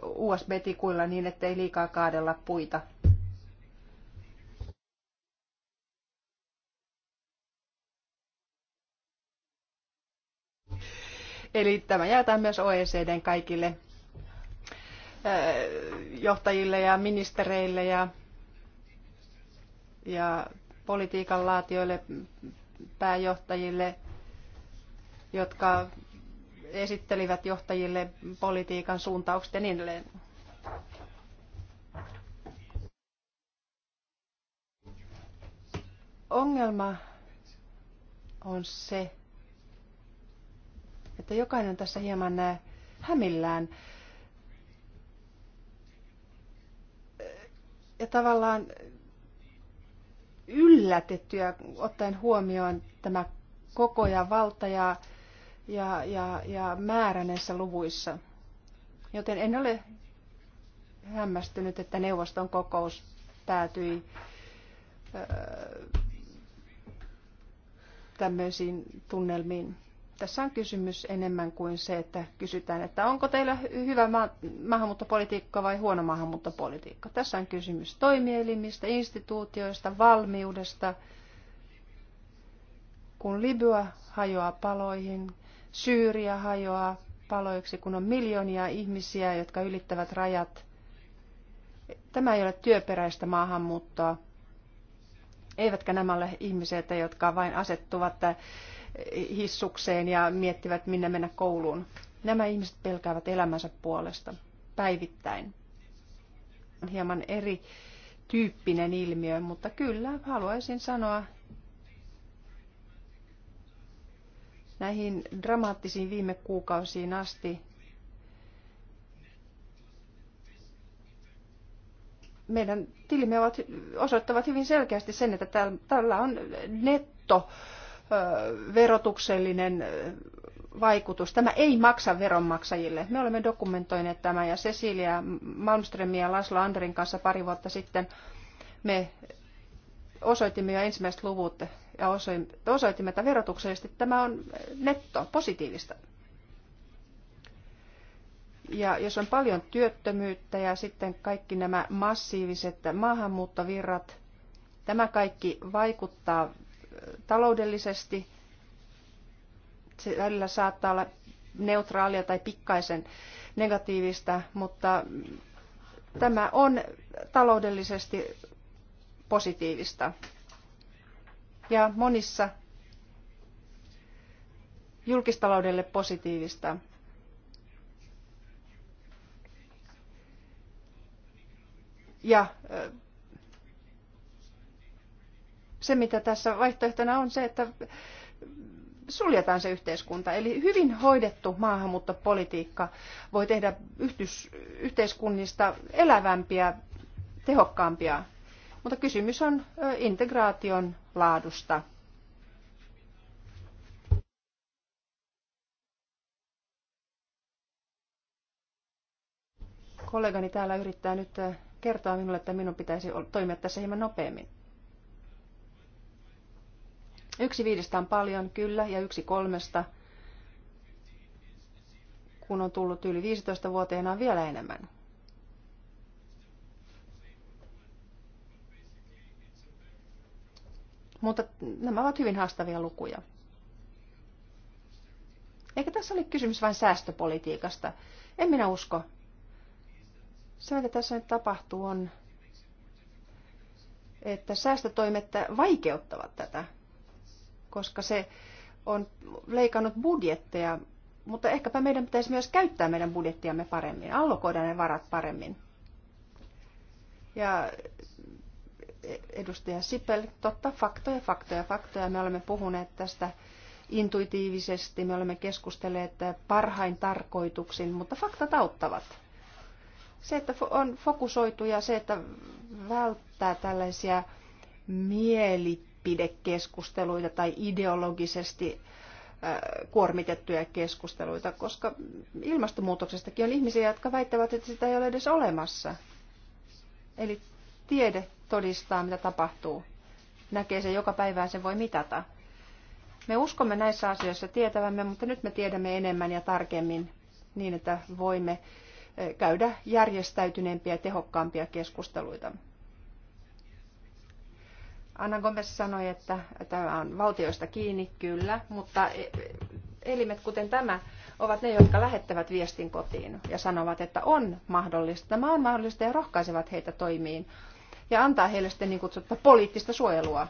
USB-tikuilla niin, ettei liikaa kaadella puita. Eli tämä jaetaan myös OECDn kaikille johtajille ja ministereille ja, ja politiikan laatioille, pääjohtajille, jotka esittelivät johtajille politiikan suuntaukset ja niin edelleen. Ongelma on se, että jokainen tässä hieman äh, hämillään ja tavallaan yllätettyä ottaen huomioon tämä koko ja valta ja, ja, ja, ja määrä näissä luvuissa. Joten en ole hämmästynyt, että neuvoston kokous päätyi öö, tämmöisiin tunnelmiin. Tässä on kysymys enemmän kuin se, että kysytään, että onko teillä hyvä ma- maahanmuuttopolitiikka vai huono maahanmuuttopolitiikka. Tässä on kysymys toimielimistä, instituutioista, valmiudesta. Kun Libya hajoaa paloihin, Syyria hajoaa paloiksi, kun on miljoonia ihmisiä, jotka ylittävät rajat. Tämä ei ole työperäistä maahanmuuttoa. Eivätkä nämä ole ihmiset, jotka vain asettuvat hissukseen ja miettivät, minne mennä kouluun. Nämä ihmiset pelkäävät elämänsä puolesta päivittäin. Hieman eri tyyppinen ilmiö, mutta kyllä haluaisin sanoa näihin dramaattisiin viime kuukausiin asti meidän tilimme ovat, osoittavat hyvin selkeästi sen, että tällä on netto verotuksellinen vaikutus. Tämä ei maksa veronmaksajille. Me olemme dokumentoineet tämän ja Cecilia Malmströmin ja Laslo Andrin kanssa pari vuotta sitten me osoitimme jo ensimmäiset luvut ja osoitimme, että verotuksellisesti tämä on netto, positiivista. Ja jos on paljon työttömyyttä ja sitten kaikki nämä massiiviset maahanmuuttovirrat, tämä kaikki vaikuttaa taloudellisesti. Se välillä saattaa olla neutraalia tai pikkaisen negatiivista, mutta tämä on taloudellisesti positiivista. Ja monissa julkistaloudelle positiivista. Ja se, mitä tässä vaihtoehtona on se, että suljetaan se yhteiskunta. Eli hyvin hoidettu maahanmuuttopolitiikka voi tehdä yhtys, yhteiskunnista elävämpiä, tehokkaampia. Mutta kysymys on integraation laadusta. Kollegani täällä yrittää nyt kertoa minulle, että minun pitäisi toimia tässä hieman nopeammin. Yksi viidestä on paljon, kyllä, ja yksi kolmesta, kun on tullut yli 15 vuoteena, on vielä enemmän. Mutta nämä ovat hyvin haastavia lukuja. Eikä tässä ole kysymys vain säästöpolitiikasta. En minä usko. Se, mitä tässä nyt tapahtuu, on, että säästötoimet vaikeuttavat tätä koska se on leikannut budjetteja, mutta ehkäpä meidän pitäisi myös käyttää meidän budjettiamme paremmin, allokoida ne varat paremmin. Ja edustaja Sipel, totta, faktoja, faktoja, faktoja. Me olemme puhuneet tästä intuitiivisesti, me olemme keskustelleet parhain tarkoituksin, mutta faktat auttavat. Se, että on fokusoitu ja se, että välttää tällaisia mielit mielipidekeskusteluita tai ideologisesti kuormitettuja keskusteluita, koska ilmastonmuutoksestakin on ihmisiä, jotka väittävät, että sitä ei ole edes olemassa. Eli tiede todistaa, mitä tapahtuu. Näkee sen joka päivään, sen voi mitata. Me uskomme näissä asioissa tietävämme, mutta nyt me tiedämme enemmän ja tarkemmin niin, että voimme käydä järjestäytyneempiä ja tehokkaampia keskusteluita. Anna Gomes sanoi, että tämä on valtioista kiinni, kyllä, mutta e- elimet kuten tämä ovat ne, jotka lähettävät viestin kotiin ja sanovat, että on mahdollista, tämä on mahdollista ja rohkaisevat heitä toimiin ja antaa heille sitten niin kutsuttua poliittista suojelua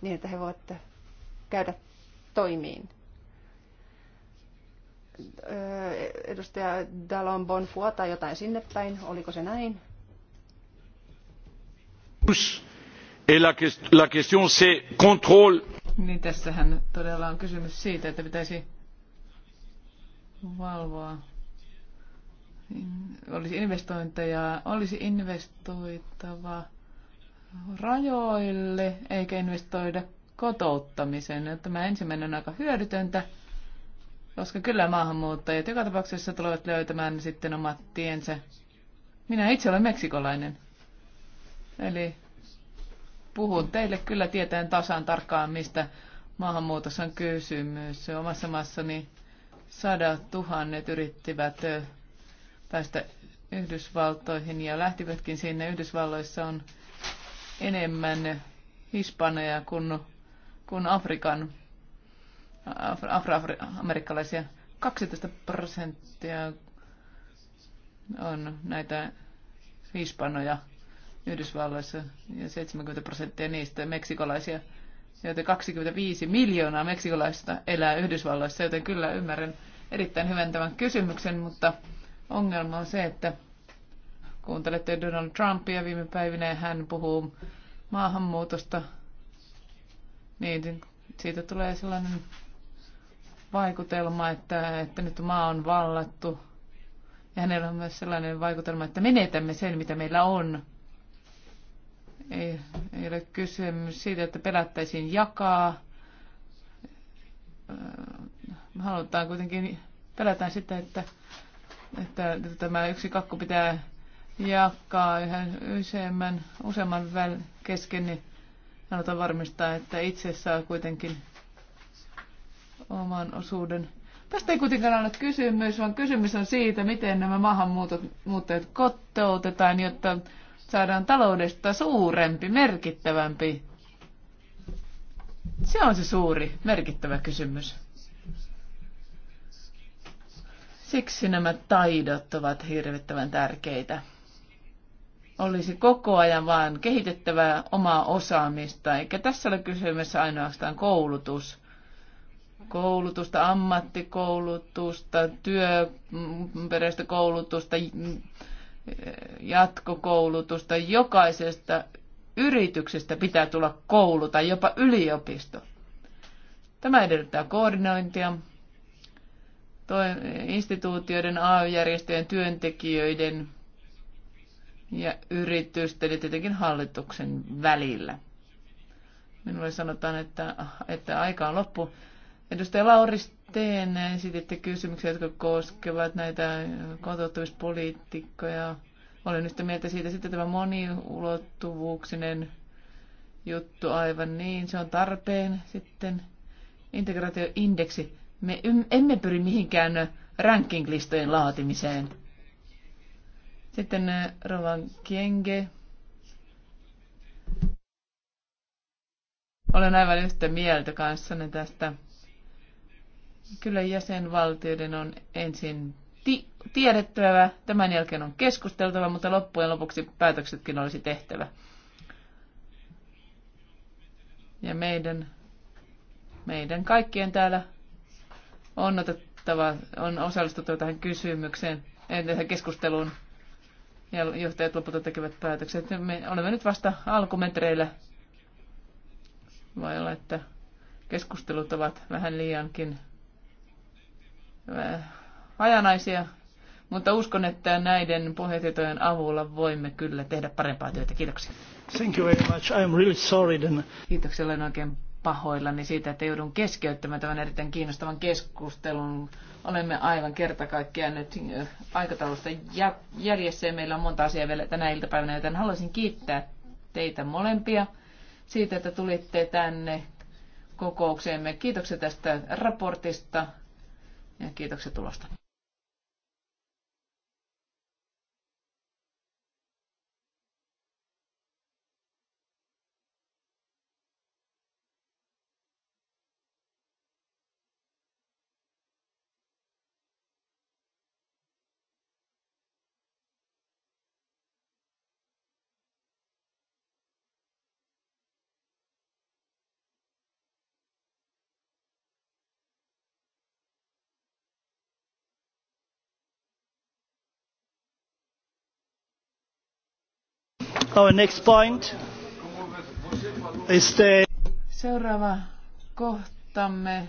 niin, että he voivat käydä toimiin. Edustaja Dalon Bonfua tai jotain sinne päin, oliko se näin? Push la, la question c'est contrôle. Niin tässähän todella on kysymys siitä, että pitäisi valvoa. Olisi investointeja, olisi investoitava rajoille eikä investoida kotouttamiseen. Tämä ensimmäinen on aika hyödytöntä, koska kyllä maahanmuuttajat joka tapauksessa tulevat löytämään sitten omat tiensä. Minä itse olen meksikolainen. Eli puhun. Teille kyllä tietäen tasan tarkkaan, mistä maahanmuutossa on kysymys. Omassa maassani sadat tuhannet yrittivät päästä Yhdysvaltoihin ja lähtivätkin sinne. Yhdysvalloissa on enemmän hispaneja kuin, kuin Afrikan, afroamerikkalaisia. 12 prosenttia on näitä hispanoja. Yhdysvalloissa ja 70 prosenttia niistä meksikolaisia, joten 25 miljoonaa meksikolaista elää Yhdysvalloissa, joten kyllä ymmärrän erittäin hyvän tämän kysymyksen, mutta ongelma on se, että kuuntelette Donald Trumpia viime päivinä ja hän puhuu maahanmuutosta, niin siitä tulee sellainen vaikutelma, että, että nyt maa on vallattu. Ja hänellä on myös sellainen vaikutelma, että menetämme sen, mitä meillä on. Ei, ei ole kysymys siitä, että pelättäisiin jakaa. Äh, halutaan kuitenkin, pelätään sitä, että, että tämä yksi kakku pitää jakaa yhä useamman, useamman väl kesken, niin halutaan varmistaa, että itse saa kuitenkin oman osuuden. Tästä ei kuitenkaan ole kysymys, vaan kysymys on siitä, miten nämä maahanmuuttajat kotoutetaan, jotta saadaan taloudesta suurempi, merkittävämpi? Se on se suuri, merkittävä kysymys. Siksi nämä taidot ovat hirvittävän tärkeitä. Olisi koko ajan vaan kehitettävää omaa osaamista, eikä tässä ole kysymys ainoastaan koulutus. Koulutusta, ammattikoulutusta, työperäistä koulutusta, jatkokoulutusta. Jokaisesta yrityksestä pitää tulla koulu tai jopa yliopisto. Tämä edellyttää koordinointia instituutioiden, AY-järjestöjen, työntekijöiden ja yritysten ja tietenkin hallituksen välillä. Minulle sanotaan, että, että aika on loppu. Edustaja Lauris, Teen esititte kysymyksiä, jotka koskevat näitä kotouttamispoliitikkoja. Olen yhtä mieltä siitä. Sitten tämä moniulottuvuuksinen juttu aivan niin, se on tarpeen. Sitten integraatioindeksi. Me emme pyri mihinkään rankinglistojen laatimiseen. Sitten äh, Rovan Kienge. Olen aivan yhtä mieltä kanssanne tästä Kyllä jäsenvaltioiden on ensin ti- tiedettävä, tämän jälkeen on keskusteltava, mutta loppujen lopuksi päätöksetkin olisi tehtävä. Ja meidän, meidän kaikkien täällä on otettava, on osallistuttava tähän kysymykseen, eh, tähän keskusteluun. Ja johtajat lopulta tekevät päätökset. Me olemme nyt vasta alkumetreillä. Voi olla, että keskustelut ovat vähän liiankin Äh, ajanaisia, mutta uskon, että näiden pohjatietojen avulla voimme kyllä tehdä parempaa työtä. Kiitoksia. Thank you very much. I am really sorry then. Kiitoksia, olen oikein pahoillani siitä, että joudun keskeyttämään tämän erittäin kiinnostavan keskustelun. Olemme aivan kerta kaikkiaan nyt äh, aikataulusta jäljessä ja meillä on monta asiaa vielä tänä iltapäivänä, joten haluaisin kiittää teitä molempia siitä, että tulitte tänne kokoukseemme. Kiitoksia tästä raportista. Ja kiitokset tulosta. Our next point is the... Seuraava kohtamme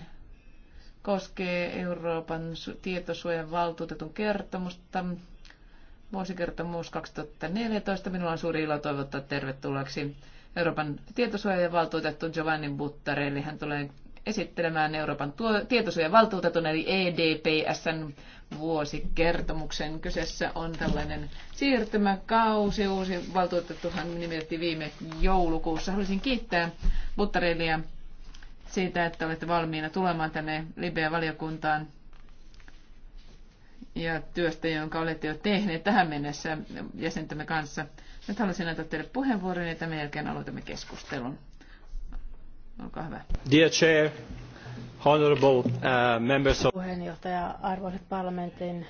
koskee Euroopan tietosuojan valtuutetun kertomusta. Vuosikertomus 2014. Minulla on suuri ilo toivottaa tervetulleeksi Euroopan tietosuojan valtuutettu Giovanni Buttarelli. Hän tulee esittelemään Euroopan tuo, tietosuojavaltuutetun eli EDPSn vuosikertomuksen. Kyseessä on tällainen siirtymäkausi. Uusi valtuutettuhan nimitettiin viime joulukuussa. Haluaisin kiittää Buttarellia siitä, että olette valmiina tulemaan tänne Libe-valiokuntaan ja työstä, jonka olette jo tehneet tähän mennessä jäsentämme kanssa. Nyt haluaisin antaa teille puheenvuoron ja tämän jälkeen aloitamme keskustelun. Olkaa hyvä. Dear Chair, Honorable uh, members of... Puheenjohtaja, arvoisat parlamentin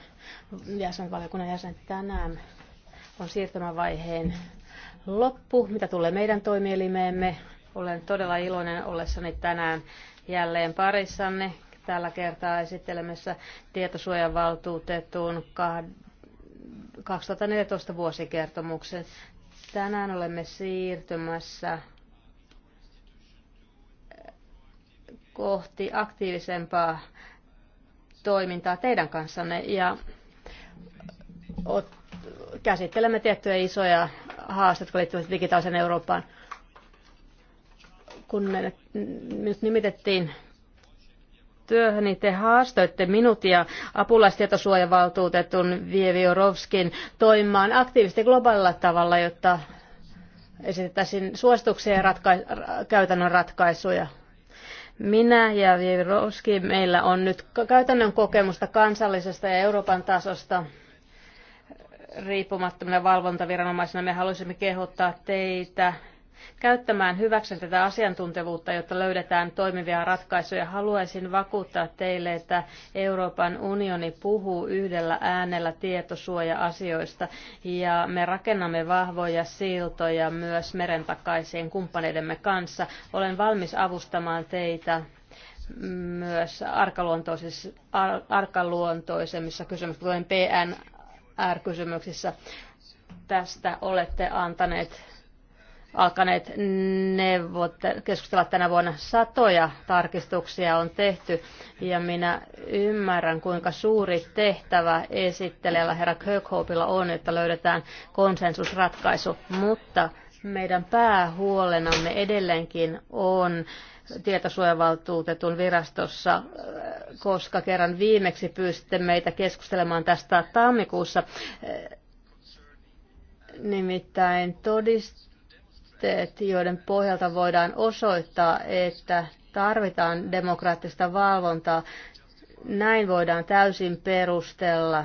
jäsenvaliokunnan jäsenet, tänään on siirtymävaiheen loppu, mitä tulee meidän toimielimeemme. Olen todella iloinen ollessani tänään jälleen parissanne. Tällä kertaa esittelemässä tietosuojavaltuutetun 2014 vuosikertomuksen. Tänään olemme siirtymässä kohti aktiivisempaa toimintaa teidän kanssanne ja käsittelemme tiettyjä isoja haasteita, jotka liittyvät digitaaliseen Eurooppaan. Kun minut nimitettiin työhön, niin te haastoitte minut ja apulaistietosuojavaltuutetun Vievi Orovskin toimimaan aktiivisesti globaalilla tavalla, jotta esitettäisiin suosituksia ja ratka- käytännön ratkaisuja minä ja Viroski, meillä on nyt käytännön kokemusta kansallisesta ja Euroopan tasosta riippumattomina valvontaviranomaisina. Me haluaisimme kehottaa teitä käyttämään hyväksi tätä asiantuntevuutta, jotta löydetään toimivia ratkaisuja. Haluaisin vakuuttaa teille, että Euroopan unioni puhuu yhdellä äänellä tietosuoja-asioista ja me rakennamme vahvoja siltoja myös merentakaisien kumppaneidemme kanssa. Olen valmis avustamaan teitä myös arkaluontoisemmissa kysymyksissä, kuten PNR-kysymyksissä. Tästä olette antaneet alkaneet neuvot- keskustella tänä vuonna. Satoja tarkistuksia on tehty ja minä ymmärrän, kuinka suuri tehtävä esittelijällä herra Kirkhopilla on, että löydetään konsensusratkaisu, mutta meidän päähuolenamme edelleenkin on tietosuojavaltuutetun virastossa, koska kerran viimeksi pyysitte meitä keskustelemaan tästä tammikuussa. Nimittäin todist todisteet, joiden pohjalta voidaan osoittaa, että tarvitaan demokraattista valvontaa. Näin voidaan täysin perustella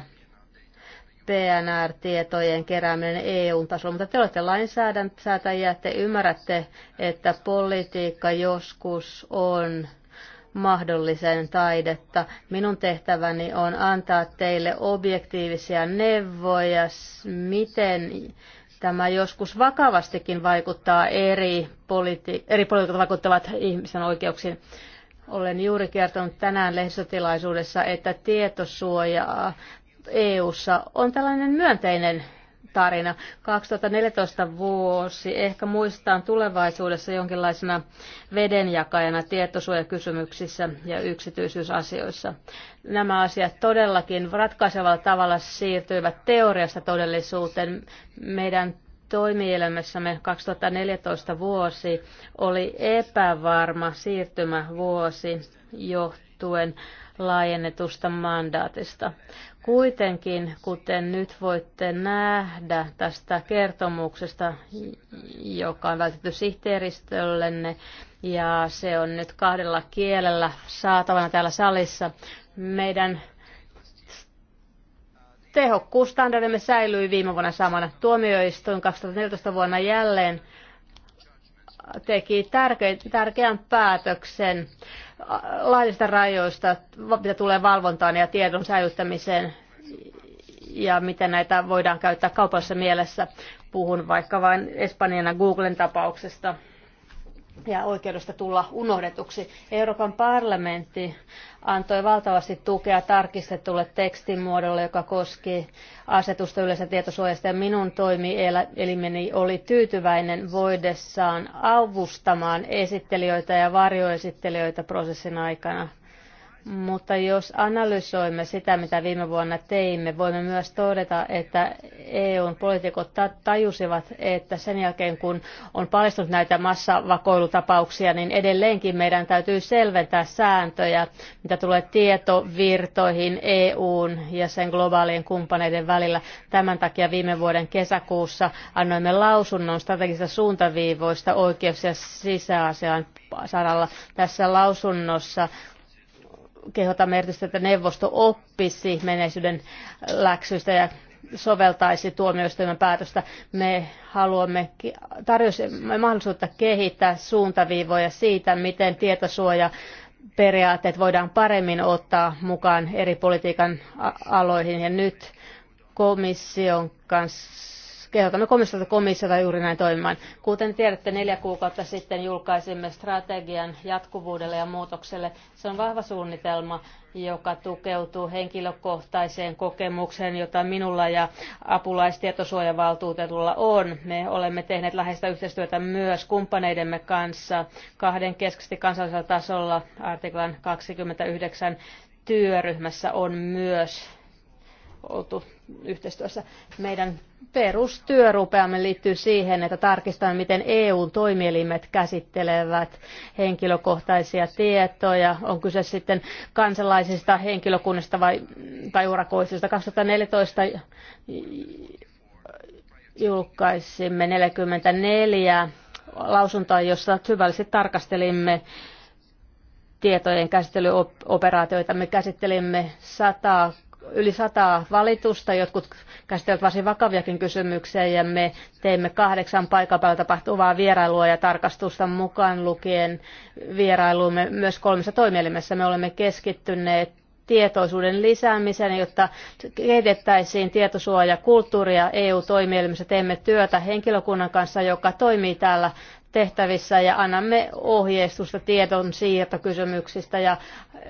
PNR-tietojen kerääminen EU-tasolla, mutta te olette lainsäätäjiä, te ymmärrätte, että politiikka joskus on mahdollisen taidetta. Minun tehtäväni on antaa teille objektiivisia neuvoja, miten Tämä joskus vakavastikin vaikuttaa eri, politi- eri poliitikot vaikuttavat ihmisten oikeuksiin. Olen juuri kertonut tänään lehdistötilaisuudessa, että tietosuojaa EU:ssa on tällainen myönteinen tarina. 2014 vuosi ehkä muistetaan tulevaisuudessa jonkinlaisena vedenjakajana tietosuojakysymyksissä ja yksityisyysasioissa. Nämä asiat todellakin ratkaisevalla tavalla siirtyivät teoriasta todellisuuteen. Meidän toimielämässämme 2014 vuosi oli epävarma siirtymävuosi johtuen laajennetusta mandaatista. Kuitenkin, kuten nyt voitte nähdä tästä kertomuksesta, joka on vältetty sihteeristöllenne, ja se on nyt kahdella kielellä saatavana täällä salissa, meidän tehokkuusstandardimme säilyi viime vuonna samana. Tuomioistuin 2014 vuonna jälleen teki tärkeän päätöksen laillisista rajoista, mitä tulee valvontaan ja tiedon säilyttämiseen ja miten näitä voidaan käyttää kaupallisessa mielessä. Puhun vaikka vain Espanjana Googlen tapauksesta ja oikeudesta tulla unohdetuksi. Euroopan parlamentti antoi valtavasti tukea tarkistetulle tekstimuodolle, joka koski asetusta yleistä tietosuojasta, ja minun toimielimeni oli tyytyväinen voidessaan avustamaan esittelijöitä ja varjoesittelijöitä prosessin aikana. Mutta jos analysoimme sitä, mitä viime vuonna teimme, voimme myös todeta, että EUn poliitikot tajusivat, että sen jälkeen kun on paljastunut näitä massavakoilutapauksia, niin edelleenkin meidän täytyy selventää sääntöjä, mitä tulee tietovirtoihin EUn ja sen globaalien kumppaneiden välillä. Tämän takia viime vuoden kesäkuussa annoimme lausunnon strategisista suuntaviivoista oikeus- ja sisäasian saralla. Tässä lausunnossa kehotamme erityisesti, että neuvosto oppisi menneisyyden läksyistä ja soveltaisi tuomioistuimen päätöstä. Me haluamme tarjosimme mahdollisuutta kehittää suuntaviivoja siitä, miten tietosuoja periaatteet voidaan paremmin ottaa mukaan eri politiikan aloihin ja nyt komission kanssa kehotamme komissiota komissiota juuri näin toimimaan. Kuten tiedätte, neljä kuukautta sitten julkaisimme strategian jatkuvuudelle ja muutokselle. Se on vahva suunnitelma, joka tukeutuu henkilökohtaiseen kokemukseen, jota minulla ja apulaistietosuojavaltuutetulla on. Me olemme tehneet läheistä yhteistyötä myös kumppaneidemme kanssa kahden keskeisesti kansallisella tasolla artiklan 29 työryhmässä on myös oltu yhteistyössä. Meidän perustyö rupeamme liittyy siihen, että tarkistamme, miten EUn toimielimet käsittelevät henkilökohtaisia tietoja. On kyse sitten kansalaisista, henkilökunnista vai, tai urakoisista. 2014 julkaisimme 44 lausuntoa, jossa syvällisesti tarkastelimme tietojen käsittelyoperaatioita. Me käsittelimme 100 yli sata valitusta, jotkut käsittelevät varsin vakaviakin kysymyksiä ja me teimme kahdeksan paikan päällä tapahtuvaa vierailua ja tarkastusta mukaan lukien vierailumme myös kolmessa toimielimessä. Me olemme keskittyneet tietoisuuden lisäämiseen, jotta kehitettäisiin tietosuojakulttuuria EU-toimielimissä. Teemme työtä henkilökunnan kanssa, joka toimii täällä tehtävissä ja annamme ohjeistusta tiedon siirtokysymyksistä ja,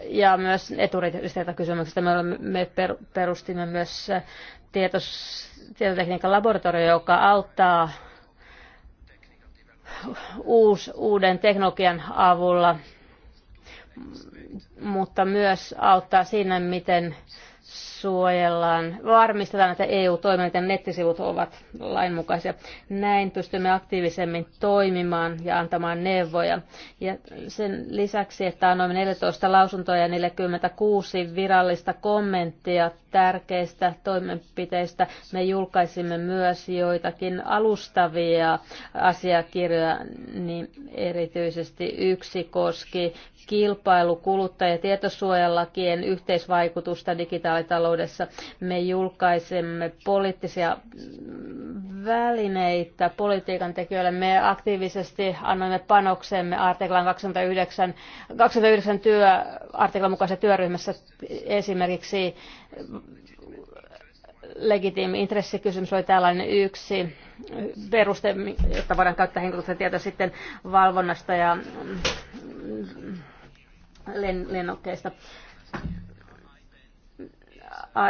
ja myös eturitisistä kysymyksistä. Me, olemme, me perustimme myös äh, tietos, tietotekniikan laboratorio, joka auttaa uus, uuden teknologian avulla, mutta myös auttaa siinä, miten suojellaan, varmistetaan, että EU-toiminnat ja nettisivut ovat lainmukaisia. Näin pystymme aktiivisemmin toimimaan ja antamaan neuvoja. Ja sen lisäksi, että on noin 14 lausuntoa ja 46 virallista kommenttia tärkeistä toimenpiteistä, me julkaisimme myös joitakin alustavia asiakirjoja, niin erityisesti yksi koski kilpailu, kuluttaja- ja tietosuojalakien yhteisvaikutusta digitaalitalouden taloudessa. Me julkaisemme poliittisia välineitä politiikan tekijöille. Me aktiivisesti annoimme panoksemme artiklan 29, 29 työ, artiklan mukaisessa työryhmässä esimerkiksi legitiimi intressikysymys oli tällainen yksi peruste, jotta voidaan käyttää henkilökohtaisen tietoa sitten valvonnasta ja mm, lennokkeista.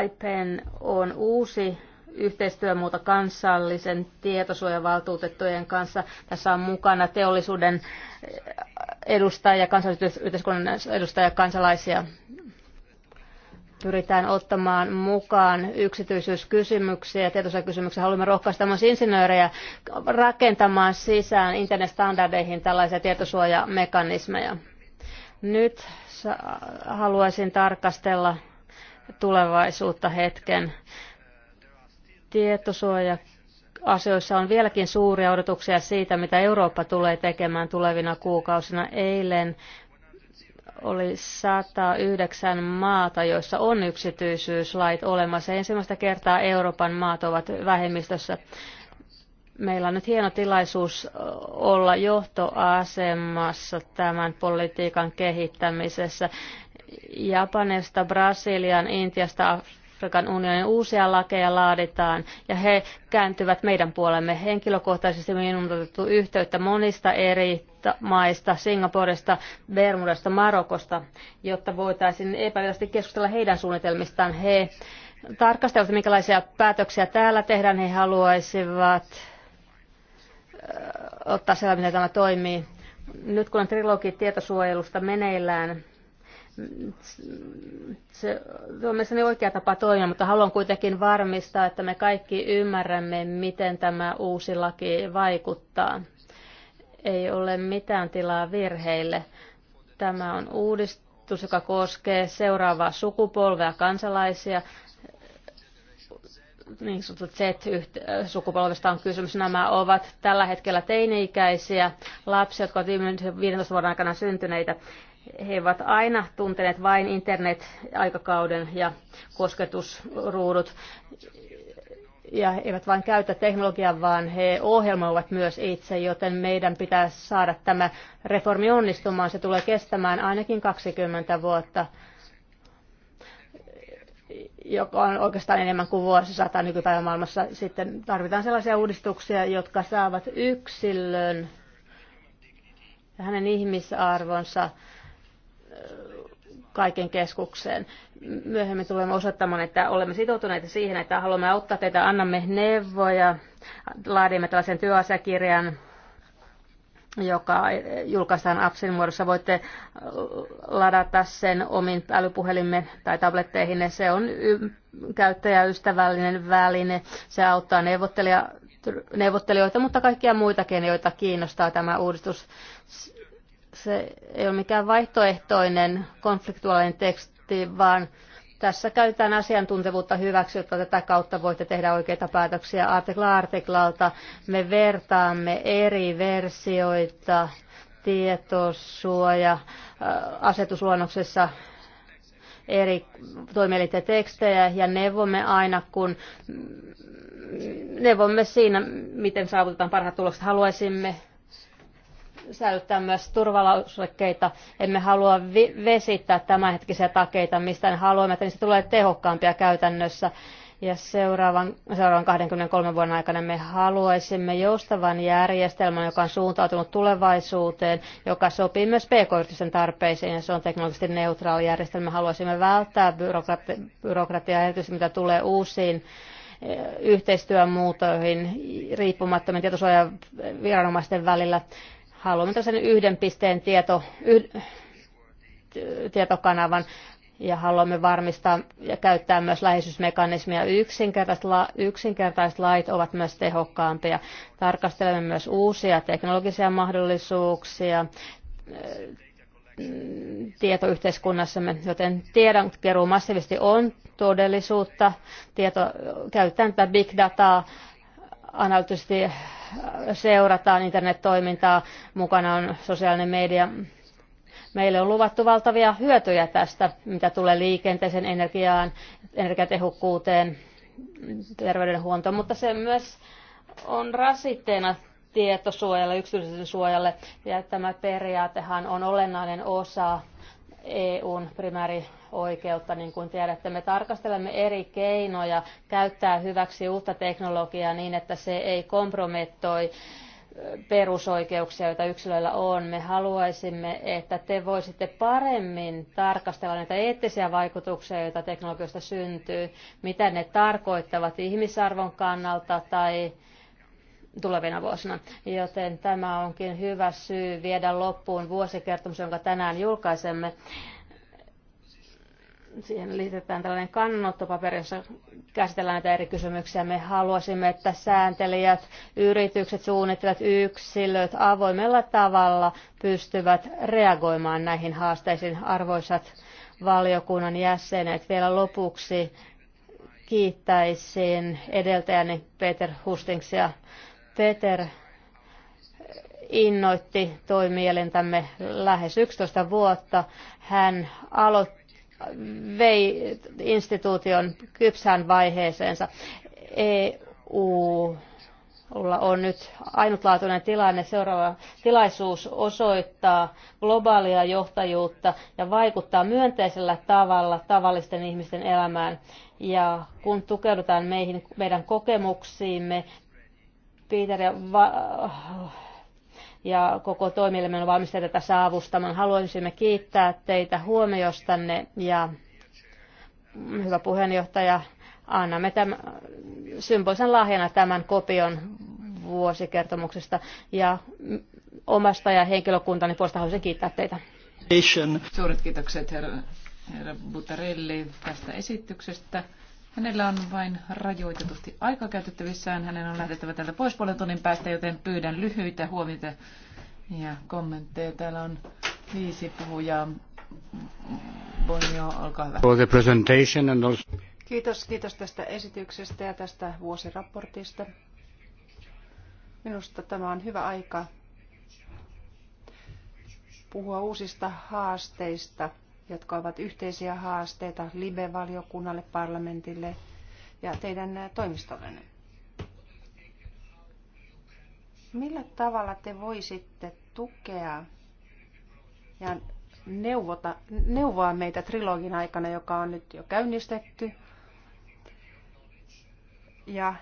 IPEN on uusi yhteistyömuoto kansallisen tietosuojavaltuutettujen kanssa. Tässä on mukana teollisuuden edustajia, kansallisyhteiskunnan edustajia, kansalaisia. Pyritään ottamaan mukaan yksityisyyskysymyksiä ja tietosuojakysymyksiä. Haluamme rohkaista myös insinöörejä rakentamaan sisään internetstandardeihin tällaisia tietosuojamekanismeja. Nyt haluaisin tarkastella tulevaisuutta hetken. Tietosuoja asioissa on vieläkin suuria odotuksia siitä, mitä Eurooppa tulee tekemään tulevina kuukausina. Eilen oli 109 maata, joissa on yksityisyyslait olemassa. Ensimmäistä kertaa Euroopan maat ovat vähemmistössä. Meillä on nyt hieno tilaisuus olla johtoasemassa tämän politiikan kehittämisessä. Japanista, Brasilian, Intiasta, Afrikan unionin uusia lakeja laaditaan ja he kääntyvät meidän puolemme. Henkilökohtaisesti minun on otettu yhteyttä monista eri maista, Singaporesta, Bermudasta, Marokosta, jotta voitaisiin epävirallisesti keskustella heidän suunnitelmistaan. He tarkastelevat, minkälaisia päätöksiä täällä tehdään. He haluaisivat ottaa selvää, miten tämä toimii. Nyt kun on trilogi tietosuojelusta meneillään, se on mielestäni oikea tapa toimia, mutta haluan kuitenkin varmistaa, että me kaikki ymmärrämme, miten tämä uusi laki vaikuttaa. Ei ole mitään tilaa virheille. Tämä on uudistus, joka koskee seuraavaa sukupolvea kansalaisia. Niin sanotut Z-sukupolvesta on kysymys. Nämä ovat tällä hetkellä teini-ikäisiä lapsia, jotka ovat viimeisen 15 vuoden aikana syntyneitä he ovat aina tunteneet vain internet-aikakauden ja kosketusruudut. Ja he eivät vain käytä teknologiaa, vaan he ohjelmoivat myös itse, joten meidän pitää saada tämä reformi onnistumaan. Se tulee kestämään ainakin 20 vuotta, joka on oikeastaan enemmän kuin vuosisata nykypäivän maailmassa. Sitten tarvitaan sellaisia uudistuksia, jotka saavat yksilön ja hänen ihmisarvonsa kaiken keskukseen. Myöhemmin tulemme osoittamaan, että olemme sitoutuneita siihen, että haluamme auttaa teitä, annamme neuvoja, laadimme tällaisen työasiakirjan, joka julkaistaan appsin muodossa. Voitte ladata sen omin älypuhelimme tai tabletteihin. Se on käyttäjäystävällinen väline. Se auttaa neuvottelijoita, mutta kaikkia muitakin, joita kiinnostaa tämä uudistus se ei ole mikään vaihtoehtoinen konfliktuaalinen teksti, vaan tässä käytetään asiantuntevuutta hyväksi, jotta tätä kautta voitte tehdä oikeita päätöksiä. Artikla artiklalta me vertaamme eri versioita tietosuoja äh, asetusluonnoksessa eri toimielinten tekstejä ja neuvomme aina, kun neuvomme siinä, miten saavutetaan parhaat tulokset. Haluaisimme säilyttää myös turvalausekkeita. Emme halua vesittää tämänhetkisiä takeita, mistä haluamme, että niistä tulee tehokkaampia käytännössä. Ja seuraavan, seuraavan 23 vuoden aikana me haluaisimme joustavan järjestelmän, joka on suuntautunut tulevaisuuteen, joka sopii myös pk-yritysten tarpeisiin ja se on teknologisesti neutraali järjestelmä. Haluaisimme välttää byrokrati- byrokratiaa erityisesti mitä tulee uusiin eh, yhteistyömuotoihin riippumattomien tietosuojaviranomaisten välillä. Haluamme tällaisen yhden pisteen tieto, yh, tietokanavan ja haluamme varmistaa ja käyttää myös läheisyysmekanismia. Yksinkertaiset, la, yksinkertaiset lait ovat myös tehokkaampia. Tarkastelemme myös uusia teknologisia mahdollisuuksia eh, tietoyhteiskunnassamme, joten tiedon keruu massiivisesti on todellisuutta. Tieto, käytetään tätä big dataa analyyttisesti seurataan internettoimintaa, mukana on sosiaalinen media. Meille on luvattu valtavia hyötyjä tästä, mitä tulee liikenteeseen, energiaan, energiatehokkuuteen, terveydenhuoltoon, mutta se myös on rasitteena tietosuojalle, yksityisyyden suojalle, ja tämä periaatehan on olennainen osa EUn primäärioikeutta. Niin kuin tiedätte, me tarkastelemme eri keinoja käyttää hyväksi uutta teknologiaa niin, että se ei kompromettoi perusoikeuksia, joita yksilöillä on. Me haluaisimme, että te voisitte paremmin tarkastella näitä eettisiä vaikutuksia, joita teknologiasta syntyy, mitä ne tarkoittavat ihmisarvon kannalta tai tulevina vuosina. Joten tämä onkin hyvä syy viedä loppuun vuosikertomus, jonka tänään julkaisemme. Siihen liitetään tällainen kannanottopaperi, jossa käsitellään näitä eri kysymyksiä. Me haluaisimme, että sääntelijät, yritykset, suunnittelijat, yksilöt avoimella tavalla pystyvät reagoimaan näihin haasteisiin. Arvoisat valiokunnan jäsenet, vielä lopuksi kiittäisin edeltäjäni Peter Hustingsia Peter innoitti toimielintämme lähes 11 vuotta. Hän aloitti vei instituution kypsään vaiheeseensa. EU on nyt ainutlaatuinen tilanne, seuraava tilaisuus osoittaa globaalia johtajuutta ja vaikuttaa myönteisellä tavalla tavallisten ihmisten elämään. Ja kun tukeudutaan meihin, meidän kokemuksiimme, Peter ja, va- ja koko toimielimen on valmis teitä tässä avustamaan. Haluaisimme kiittää teitä huomiostanne ja hyvä puheenjohtaja, annamme tämän symbolisen lahjana tämän kopion vuosikertomuksesta ja omasta ja henkilökuntani puolesta haluaisin kiittää teitä. Suuret kiitokset herra, herra Butarelli tästä esityksestä. Hänellä on vain rajoitetusti aika käytettävissään. Hänen on lähdettävä täältä pois puolen tunnin päästä, joten pyydän lyhyitä huomioita ja kommentteja. Täällä on viisi puhujaa. Bonjo, olkaa hyvä. For the presentation and also... Kiitos, kiitos tästä esityksestä ja tästä vuosiraportista. Minusta tämä on hyvä aika puhua uusista haasteista, jotka ovat yhteisiä haasteita LIBE-valiokunnalle, parlamentille ja teidän toimistollenne. Millä tavalla te voisitte tukea ja neuvota, neuvoa meitä trilogin aikana, joka on nyt jo käynnistetty, ja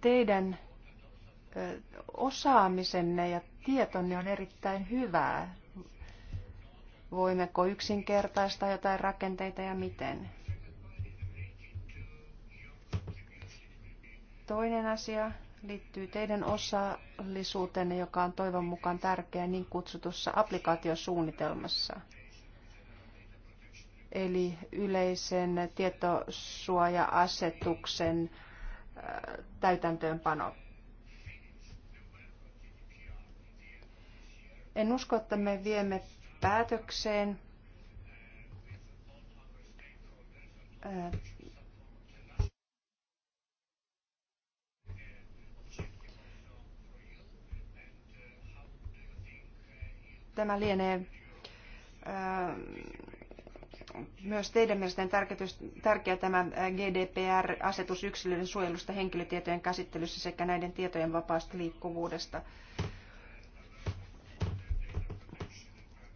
teidän osaamisenne ja tietonne on erittäin hyvää. Voimmeko yksinkertaistaa jotain rakenteita ja miten? Toinen asia liittyy teidän osallisuuteenne, joka on toivon mukaan tärkeä niin kutsutussa applikaatiosuunnitelmassa. Eli yleisen tietosuoja-asetuksen äh, täytäntöönpano. En usko, että me viemme päätökseen. Tämä lienee äh, myös teidän mielestänne tärkeä tämä GDPR-asetus yksilöiden suojelusta henkilötietojen käsittelyssä sekä näiden tietojen vapaasta liikkuvuudesta.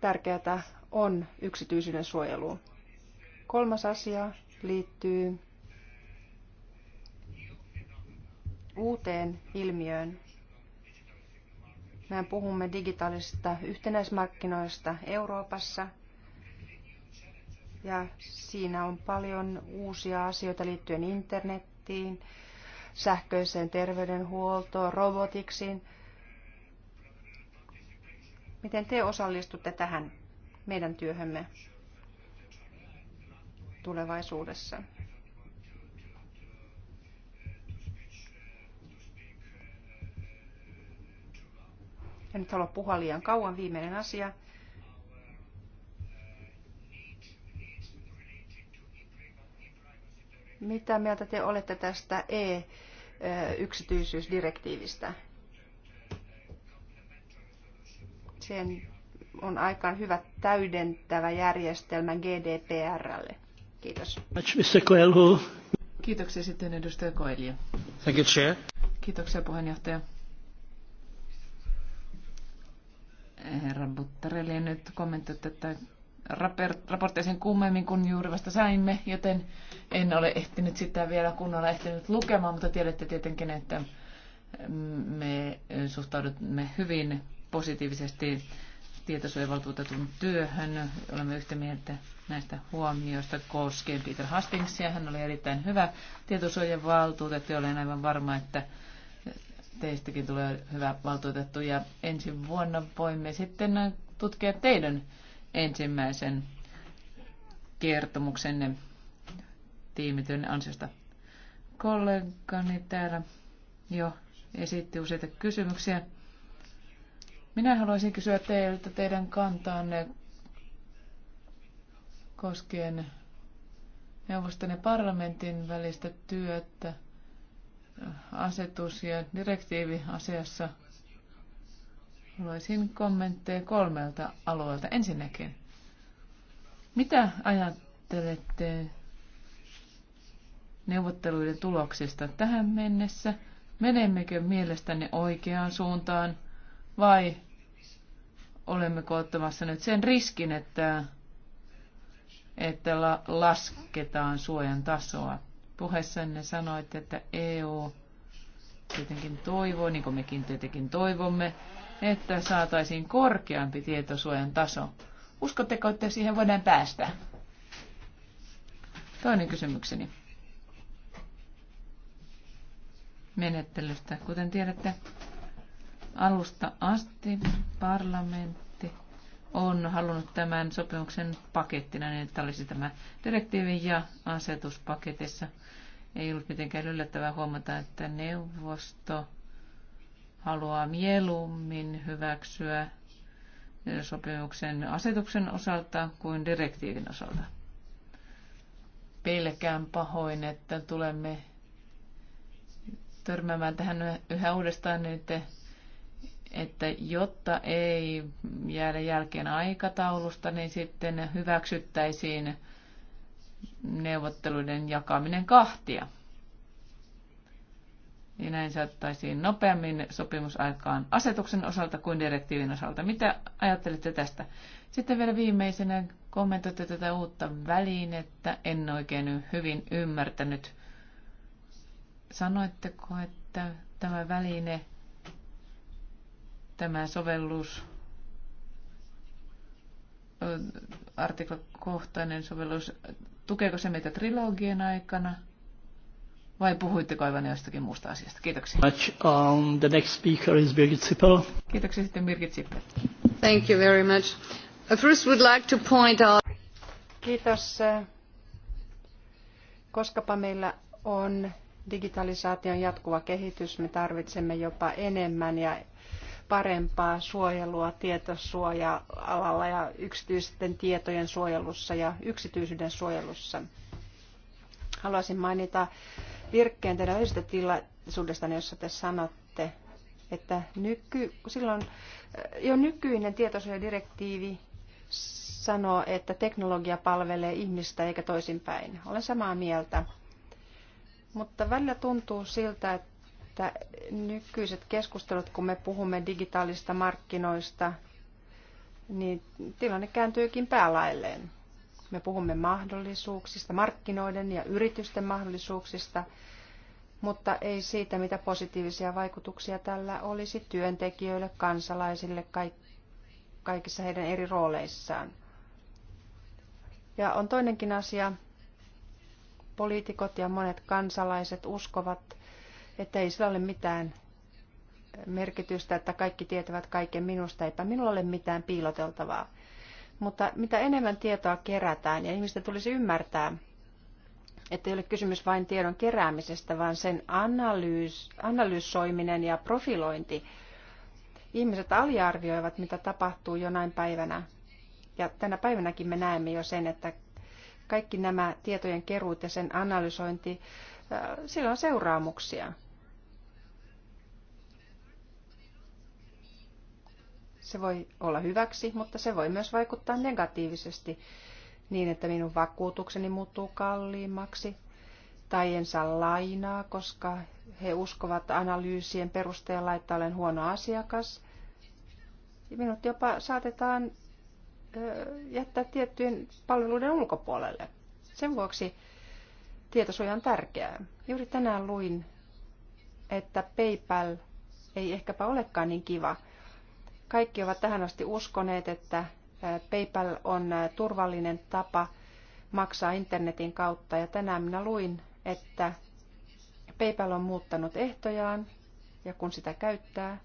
tärkeää on yksityisyyden suojelu. Kolmas asia liittyy uuteen ilmiöön. Mehän puhumme digitaalisista yhtenäismarkkinoista Euroopassa ja siinä on paljon uusia asioita liittyen internettiin, sähköiseen terveydenhuoltoon, robotiksiin – Miten te osallistutte tähän meidän työhömme tulevaisuudessa? En nyt halua puhua liian kauan, viimeinen asia. Mitä mieltä te olette tästä e-yksityisyysdirektiivistä? sen on aikaan hyvä täydentävä järjestelmä GDPRlle. Kiitos. Kiitoksia sitten edustaja Koelia. Thank you, Chair. Kiitoksia puheenjohtaja. Herra Buttarelli nyt kommentoi tätä raporttia sen kummemmin kuin juuri vasta saimme, joten en ole ehtinyt sitä vielä kunnolla ehtinyt lukemaan, mutta tiedätte tietenkin, että me suhtaudumme hyvin positiivisesti tietosuojavaltuutetun työhön. Olemme yhtä mieltä näistä huomioista koskien Peter Hastingsia. Hän oli erittäin hyvä tietosuojavaltuutettu ja olen aivan varma, että teistäkin tulee hyvä valtuutettu. Ja ensi vuonna voimme sitten tutkia teidän ensimmäisen kertomuksenne tiimityön ansiosta. Kollegani täällä jo esitti useita kysymyksiä minä haluaisin kysyä teiltä teidän kantaanne koskien neuvoston ja parlamentin välistä työtä asetus- ja direktiiviasiassa. Haluaisin kommentteja kolmelta alueelta. Ensinnäkin, mitä ajattelette neuvotteluiden tuloksista tähän mennessä? Menemmekö mielestänne oikeaan suuntaan – vai olemmeko ottamassa nyt sen riskin, että, että la, lasketaan suojan tasoa? Puheessanne sanoitte, että EU tietenkin toivoo, niin kuin mekin tietenkin toivomme, että saataisiin korkeampi tietosuojan taso. Uskotteko, että siihen voidaan päästä? Toinen kysymykseni. Menettelystä. Kuten tiedätte, Alusta asti parlamentti on halunnut tämän sopimuksen pakettina, niin että olisi tämä direktiivi ja asetuspaketissa. Ei ollut mitenkään yllättävää huomata, että neuvosto haluaa mieluummin hyväksyä sopimuksen asetuksen osalta kuin direktiivin osalta. Pelkään pahoin, että tulemme törmäämään tähän yhä uudestaan nyt niin että jotta ei jäädä jälkeen aikataulusta, niin sitten hyväksyttäisiin neuvotteluiden jakaminen kahtia. Ja näin saattaisiin nopeammin sopimusaikaan asetuksen osalta kuin direktiivin osalta. Mitä ajattelette tästä? Sitten vielä viimeisenä kommentoitte tätä uutta välinettä. En oikein hyvin ymmärtänyt. Sanoitteko, että tämä väline Tämä sovellus, artiklakohtainen sovellus, tukeeko se meitä trilogien aikana – vai puhuitteko aivan jostakin muusta asiasta? Kiitoksia. Much. Um, the next speaker is Birgit Sippel. Kiitoksia sitten Birgit Sippel. Thank you very much. I first would like to point out... Kiitos. Äh, koskapa meillä on digitalisaation jatkuva kehitys, me tarvitsemme jopa enemmän ja parempaa suojelua tietosuoja-alalla ja yksityisten tietojen suojelussa ja yksityisyyden suojelussa. Haluaisin mainita virkkeen teidän yhdestä tilaisuudesta, jossa te sanotte, että nyky, silloin jo nykyinen tietosuojadirektiivi sanoo, että teknologia palvelee ihmistä eikä toisinpäin. Olen samaa mieltä. Mutta välillä tuntuu siltä, että että nykyiset keskustelut, kun me puhumme digitaalista markkinoista, niin tilanne kääntyykin päälailleen. Me puhumme mahdollisuuksista, markkinoiden ja yritysten mahdollisuuksista, mutta ei siitä, mitä positiivisia vaikutuksia tällä olisi työntekijöille, kansalaisille, kaikissa heidän eri rooleissaan. Ja on toinenkin asia. Poliitikot ja monet kansalaiset uskovat että ei sillä ole mitään merkitystä, että kaikki tietävät kaiken minusta, eipä minulla ole mitään piiloteltavaa. Mutta mitä enemmän tietoa kerätään, ja ihmisten tulisi ymmärtää, että ei ole kysymys vain tiedon keräämisestä, vaan sen analyys, analysoiminen ja profilointi. Ihmiset aliarvioivat, mitä tapahtuu jonain päivänä. Ja tänä päivänäkin me näemme jo sen, että kaikki nämä tietojen keruut ja sen analysointi, äh, sillä on seuraamuksia. Se voi olla hyväksi, mutta se voi myös vaikuttaa negatiivisesti niin, että minun vakuutukseni muuttuu kalliimmaksi tai en saa lainaa, koska he uskovat analyysien perusteella, että olen huono asiakas. minut jopa saatetaan jättää tiettyjen palveluiden ulkopuolelle. Sen vuoksi tietosuoja on tärkeää. Juuri tänään luin, että PayPal ei ehkäpä olekaan niin kiva – kaikki ovat tähän asti uskoneet, että PayPal on turvallinen tapa maksaa internetin kautta ja tänään minä luin, että PayPal on muuttanut ehtojaan ja kun sitä käyttää,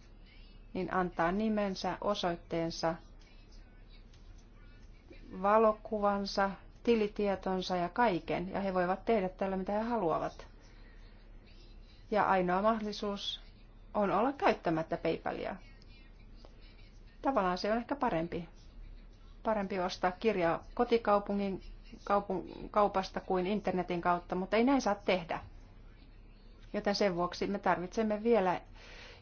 niin antaa nimensä, osoitteensa, valokuvansa, tilitietonsa ja kaiken, ja he voivat tehdä tällä mitä he haluavat. Ja ainoa mahdollisuus on olla käyttämättä PayPalia. Tavallaan se on ehkä parempi. Parempi ostaa kirja kotikaupungin kaupun, kaupasta kuin internetin kautta, mutta ei näin saa tehdä. Joten sen vuoksi me tarvitsemme vielä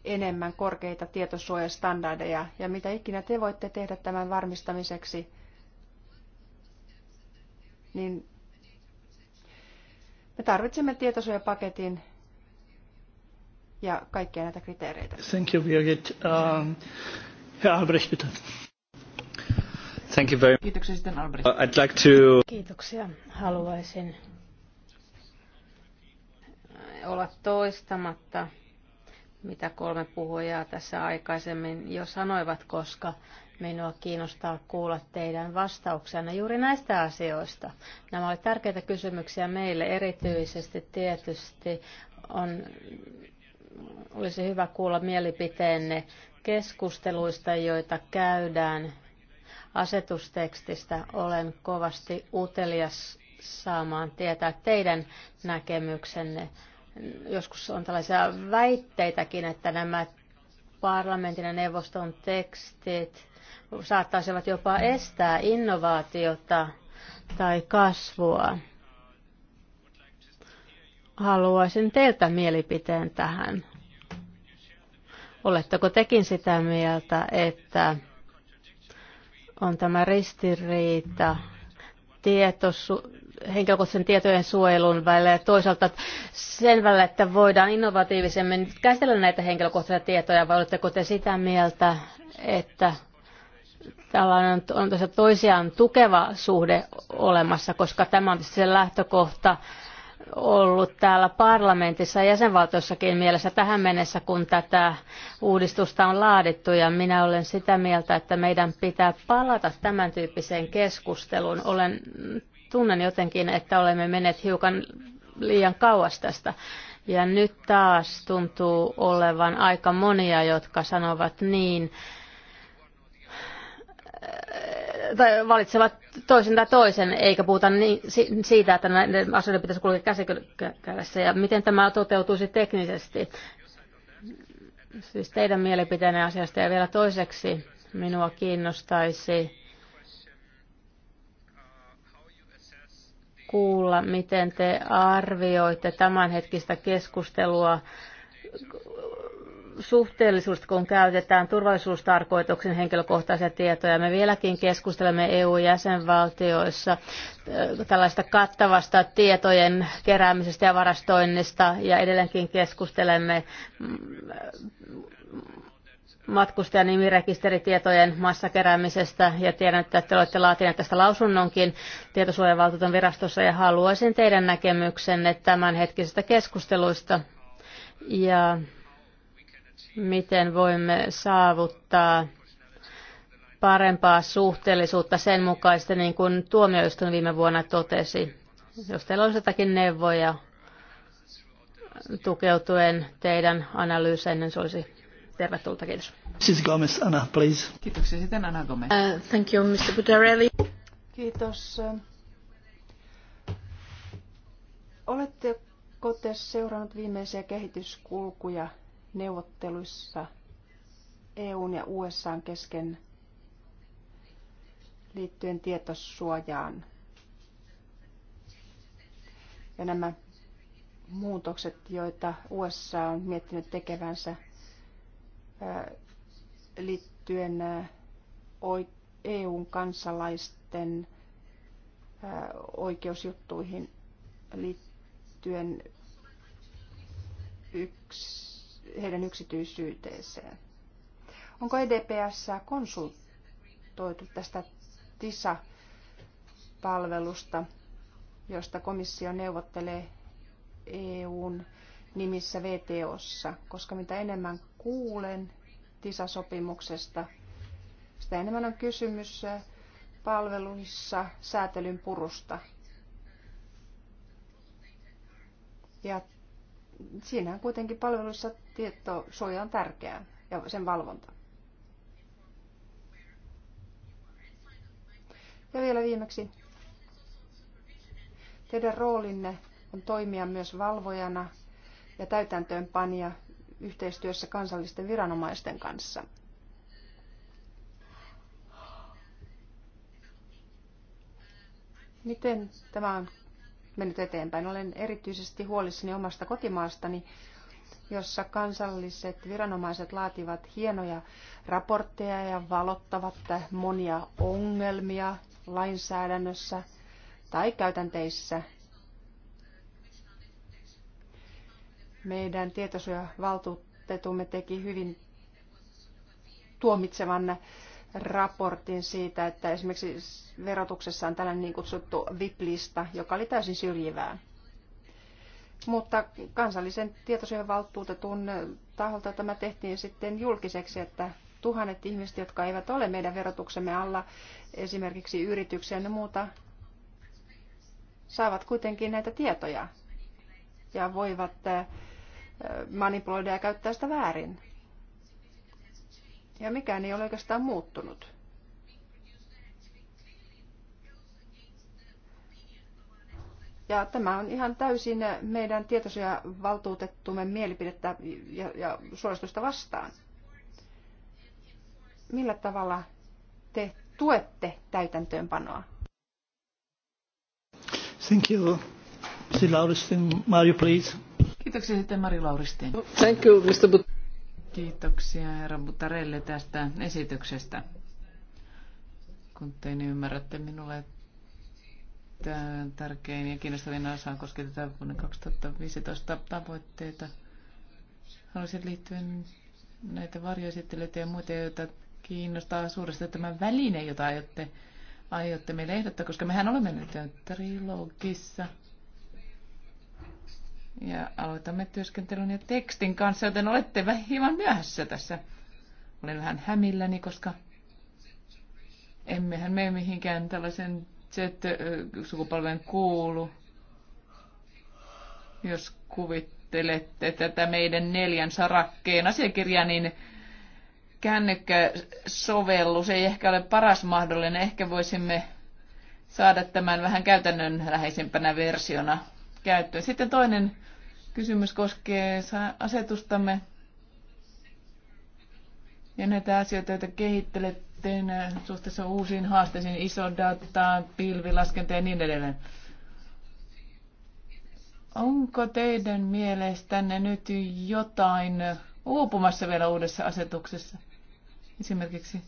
enemmän korkeita tietosuojastandardeja ja mitä ikinä te voitte tehdä tämän varmistamiseksi, niin me tarvitsemme tietosuojapaketin ja kaikkia näitä kriteereitä. Thank you, Birgit. Um, Herr Albrecht, bitte. Thank you very Kiitoksia sitten Albrecht. Uh, I'd like to... Kiitoksia. Haluaisin äh, olla toistamatta, mitä kolme puhujaa tässä aikaisemmin jo sanoivat, koska minua kiinnostaa kuulla teidän vastauksenne juuri näistä asioista. Nämä olivat tärkeitä kysymyksiä meille erityisesti tietysti on, olisi hyvä kuulla mielipiteenne keskusteluista, joita käydään asetustekstistä. Olen kovasti utelias saamaan tietää teidän näkemyksenne. Joskus on tällaisia väitteitäkin, että nämä parlamentin ja neuvoston tekstit saattaisivat jopa estää innovaatiota tai kasvua. Haluaisin teiltä mielipiteen tähän. Oletteko tekin sitä mieltä, että on tämä ristiriita tieto, henkilökohtaisen tietojen suojelun välillä ja toisaalta sen välillä, että voidaan innovatiivisemmin käsitellä näitä henkilökohtaisia tietoja, vai oletteko te sitä mieltä, että tällainen on toisiaan tukeva suhde olemassa, koska tämä on se lähtökohta, ollut täällä parlamentissa ja jäsenvaltiossakin mielessä tähän mennessä, kun tätä uudistusta on laadittu. Ja minä olen sitä mieltä, että meidän pitää palata tämän tyyppiseen keskusteluun. Olen, tunnen jotenkin, että olemme menneet hiukan liian kauas tästä. Ja nyt taas tuntuu olevan aika monia, jotka sanovat niin, tai valitsevat toisen tai toisen, eikä puhuta niin, siitä, että näiden asioiden pitäisi kulkea käsikädessä. Ja miten tämä toteutuisi teknisesti? Siis teidän mielipiteenne asiasta ja vielä toiseksi minua kiinnostaisi kuulla, miten te arvioitte tämänhetkistä keskustelua suhteellisuudesta, kun käytetään turvallisuustarkoituksen henkilökohtaisia tietoja. Me vieläkin keskustelemme EU-jäsenvaltioissa äh, tällaista kattavasta tietojen keräämisestä ja varastoinnista ja edelleenkin keskustelemme mm, matkustajan nimirekisteritietojen massakeräämisestä ja tiedän, että te olette laatineet tästä lausunnonkin tietosuojavaltuuton virastossa ja haluaisin teidän näkemyksenne tämänhetkisistä keskusteluista ja miten voimme saavuttaa parempaa suhteellisuutta sen mukaista, niin kuin tuomioistuin viime vuonna totesi. Jos teillä olisi jotakin neuvoja tukeutuen teidän niin se olisi tervetulta. Kiitos. Mrs. Gomez, Anna, please. Kiitoksia. Sitten Anna Gomez. Uh, thank you, Mr. Butarelli. Kiitos. Oletteko te seurannut viimeisiä kehityskulkuja neuvotteluissa EUn ja USAn kesken liittyen tietosuojaan. Ja nämä muutokset, joita USA on miettinyt tekevänsä liittyen EUn kansalaisten oikeusjuttuihin liittyen yksi heidän yksityisyyteeseen. Onko EDPS konsultoitu tästä TISA-palvelusta, josta komissio neuvottelee EUn nimissä VTOssa, koska mitä enemmän kuulen TISA-sopimuksesta, sitä enemmän on kysymys äh, palveluissa säätelyn purusta. Ja siinähän kuitenkin palveluissa tietosuoja on tärkeää ja sen valvonta. Ja vielä viimeksi. Teidän roolinne on toimia myös valvojana ja täytäntöönpanija yhteistyössä kansallisten viranomaisten kanssa. Miten tämä on mennyt eteenpäin. Olen erityisesti huolissani omasta kotimaastani, jossa kansalliset viranomaiset laativat hienoja raportteja ja valottavat monia ongelmia lainsäädännössä tai käytänteissä. Meidän tietosuojavaltuutetumme teki hyvin tuomitsevan raportin siitä, että esimerkiksi verotuksessa on tällainen niin kutsuttu VIP-lista, joka oli täysin syrjivää. Mutta kansallisen tietosuojavaltuutetun taholta tämä tehtiin sitten julkiseksi, että tuhannet ihmiset, jotka eivät ole meidän verotuksemme alla, esimerkiksi yrityksiä ja muuta, saavat kuitenkin näitä tietoja ja voivat eh, manipuloida ja käyttää sitä väärin. Ja mikään ei ole oikeastaan muuttunut. Ja tämä on ihan täysin meidän tietoisia valtuutettumme mielipidettä ja, ja suositusta vastaan. Millä tavalla te tuette täytäntöönpanoa? Thank you. Mr. Lauristin, Mario, please. Kiitoksia sitten Mari Lauristin. Thank you, Mr. But- Kiitoksia herra Butarelle tästä esityksestä. Kun te niin ymmärrätte minulle tärkein ja kiinnostavin osa koskee tätä vuonna 2015 tavoitteita. Haluaisin liittyä näitä varjoesittelyitä ja muita, joita kiinnostaa suuresti tämä väline, jota aiotte, aiotte meille ehdottaa, koska mehän olemme nyt trilogissa – ja aloitamme työskentelyn ja tekstin kanssa, joten olette hieman myöhässä tässä. Olen vähän hämilläni, koska emmehän me mihinkään tällaisen Z-sukupolven kuulu. Jos kuvittelette tätä meidän neljän sarakkeen asiakirjaa, niin kännykkäsovellus ei ehkä ole paras mahdollinen. Ehkä voisimme saada tämän vähän käytännönläheisempänä versiona käyttöön. Sitten toinen Kysymys koskee asetustamme ja näitä asioita, joita kehittelette suhteessa uusiin haasteisiin, iso dataa, pilvilaskenta ja niin edelleen. Onko teidän mielestänne nyt jotain uupumassa vielä uudessa asetuksessa? Esimerkiksi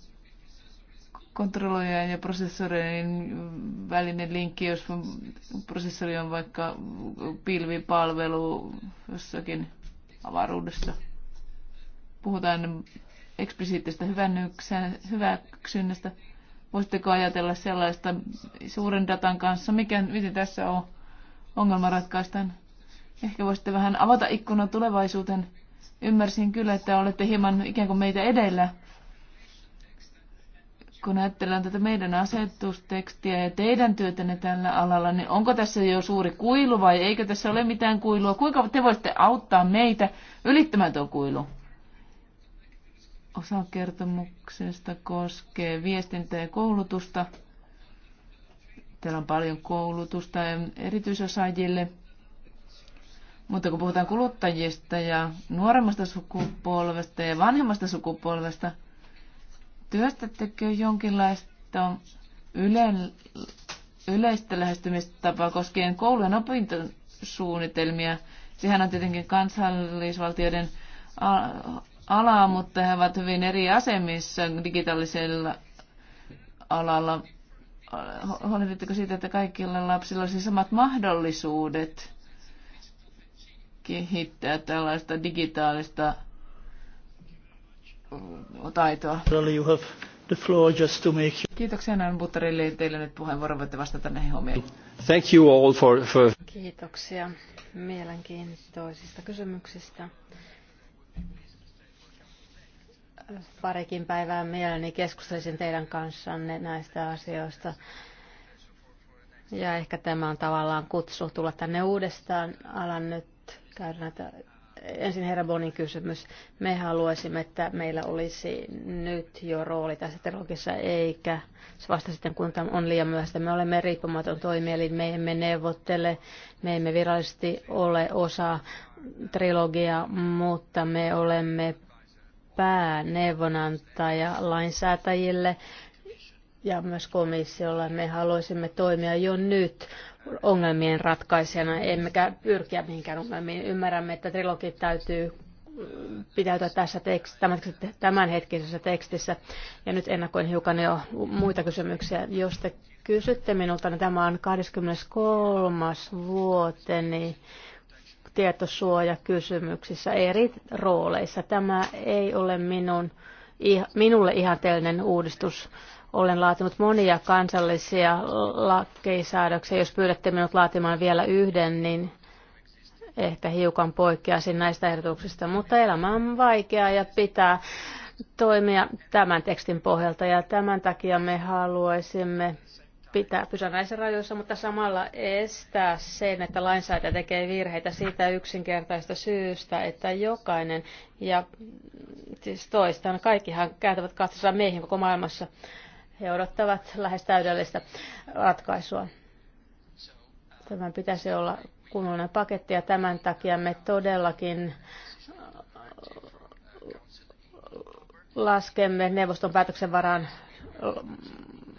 kontrolloijan ja prosessorin välinen linkki, jos prosessori on vaikka pilvipalvelu jossakin avaruudessa. Puhutaan eksplisiittisestä hyväksynnästä. Voisitteko ajatella sellaista suuren datan kanssa, mikä, miten tässä on ongelma ratkaistaan? Ehkä voisitte vähän avata ikkunan tulevaisuuteen. Ymmärsin kyllä, että olette hieman ikään kuin meitä edellä kun ajatellaan tätä meidän asetustekstiä ja teidän työtänne tällä alalla, niin onko tässä jo suuri kuilu vai eikö tässä ole mitään kuilua? Kuinka te voisitte auttaa meitä ylittämään tuo kuilu? Osakertomuksesta koskee viestintää ja koulutusta. Täällä on paljon koulutusta erityisosaajille. Mutta kun puhutaan kuluttajista ja nuoremmasta sukupolvesta ja vanhemmasta sukupolvesta – Työstättekö jonkinlaista ylen, yleistä lähestymistapaa koskien koulujen opintosuunnitelmia? Sehän on tietenkin kansallisvaltioiden alaa, mutta he ovat hyvin eri asemissa digitaalisella alalla. Huolehditteko siitä, että kaikilla lapsilla olisi samat mahdollisuudet kehittää tällaista digitaalista taitoa. The floor just to make... Kiitoksia näin Butterille teille nyt puheenvuoron, voitte vastata näihin hommiin. Thank you all for, for... Kiitoksia mielenkiintoisista kysymyksistä. Parikin päivää mieleni keskustelisin teidän kanssanne näistä asioista. Ja ehkä tämä on tavallaan kutsu tulla tänne uudestaan. Alan nyt käydä näitä ensin herra Bonin kysymys. Me haluaisimme, että meillä olisi nyt jo rooli tässä terrorissa, eikä vasta sitten, kun tämä on liian myöhäistä. Me olemme riippumaton eli me emme neuvottele, me emme virallisesti ole osa trilogiaa, mutta me olemme pääneuvonantaja lainsäätäjille ja myös komissiolla. Me haluaisimme toimia jo nyt ongelmien ratkaisijana, emmekä pyrkiä mihinkään ongelmiin. Ymmärrämme, että trilogit täytyy mm, pitäytyä tässä tekst, tämänhetkisessä tekstissä. Ja nyt ennakoin hiukan jo muita kysymyksiä. Jos te kysytte minulta, niin tämä on 23. vuoteni tietosuojakysymyksissä eri rooleissa. Tämä ei ole minun, minulle ihanteellinen uudistus olen laatinut monia kansallisia lakeisäädöksiä. Jos pyydätte minut laatimaan vielä yhden, niin ehkä hiukan poikkeaisin näistä ehdotuksista, mutta elämä on vaikeaa ja pitää toimia tämän tekstin pohjalta ja tämän takia me haluaisimme pitää pysyä näissä rajoissa, mutta samalla estää sen, että lainsäätäjä tekee virheitä siitä yksinkertaista syystä, että jokainen, ja siis toistaan, kaikkihan kääntävät katsotaan meihin koko maailmassa, he odottavat lähes täydellistä ratkaisua. Tämän pitäisi olla kunnollinen paketti ja tämän takia me todellakin laskemme neuvoston päätöksen varaan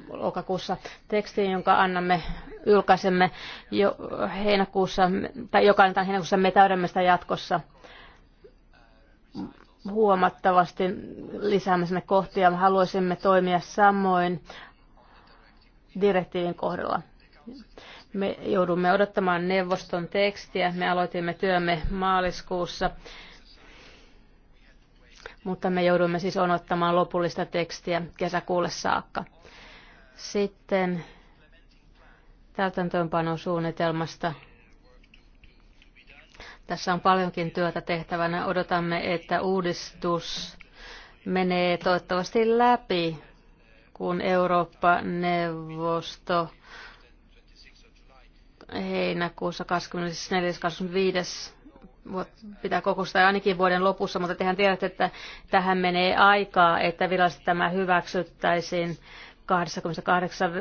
lokakuussa tekstiin, jonka annamme, julkaisemme jo heinäkuussa, tai joka annetaan heinäkuussa, me täydemme sitä jatkossa huomattavasti lisäämme sinne kohtia. Haluaisimme toimia samoin direktiivin kohdalla. Me joudumme odottamaan neuvoston tekstiä. Me aloitimme työmme maaliskuussa, mutta me joudumme siis odottamaan lopullista tekstiä kesäkuulle saakka. Sitten täytäntöönpanosuunnitelmasta suunnitelmasta tässä on paljonkin työtä tehtävänä. Odotamme, että uudistus menee toivottavasti läpi, kun Eurooppa-neuvosto heinäkuussa 24.25 pitää kokousta ainakin vuoden lopussa, mutta tehän tiedätte, että tähän menee aikaa, että virallisesti tämä hyväksyttäisiin. 28,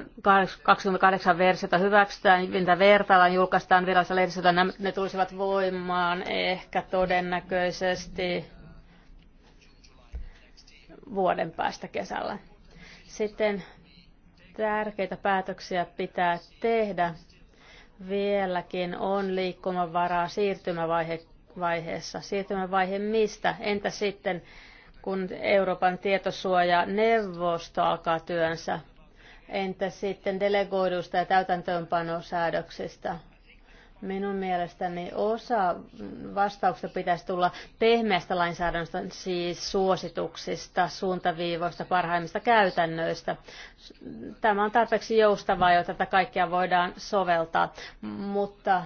versiota hyväksytään, mitä vertaillaan, julkaistaan virallisessa lehdessä, ne tulisivat voimaan ehkä todennäköisesti vuoden päästä kesällä. Sitten tärkeitä päätöksiä pitää tehdä. Vieläkin on liikkumavaraa siirtymävaihe, vaiheessa. Siirtymävaihe mistä? Entä sitten kun Euroopan tietosuojaneuvosto alkaa työnsä? Entä sitten delegoidusta ja täytäntöönpanosäädöksistä? Minun mielestäni osa vastauksista pitäisi tulla pehmeästä lainsäädännöstä, siis suosituksista, suuntaviivoista, parhaimmista käytännöistä. Tämä on tarpeeksi joustavaa, jotta tätä kaikkea voidaan soveltaa, mutta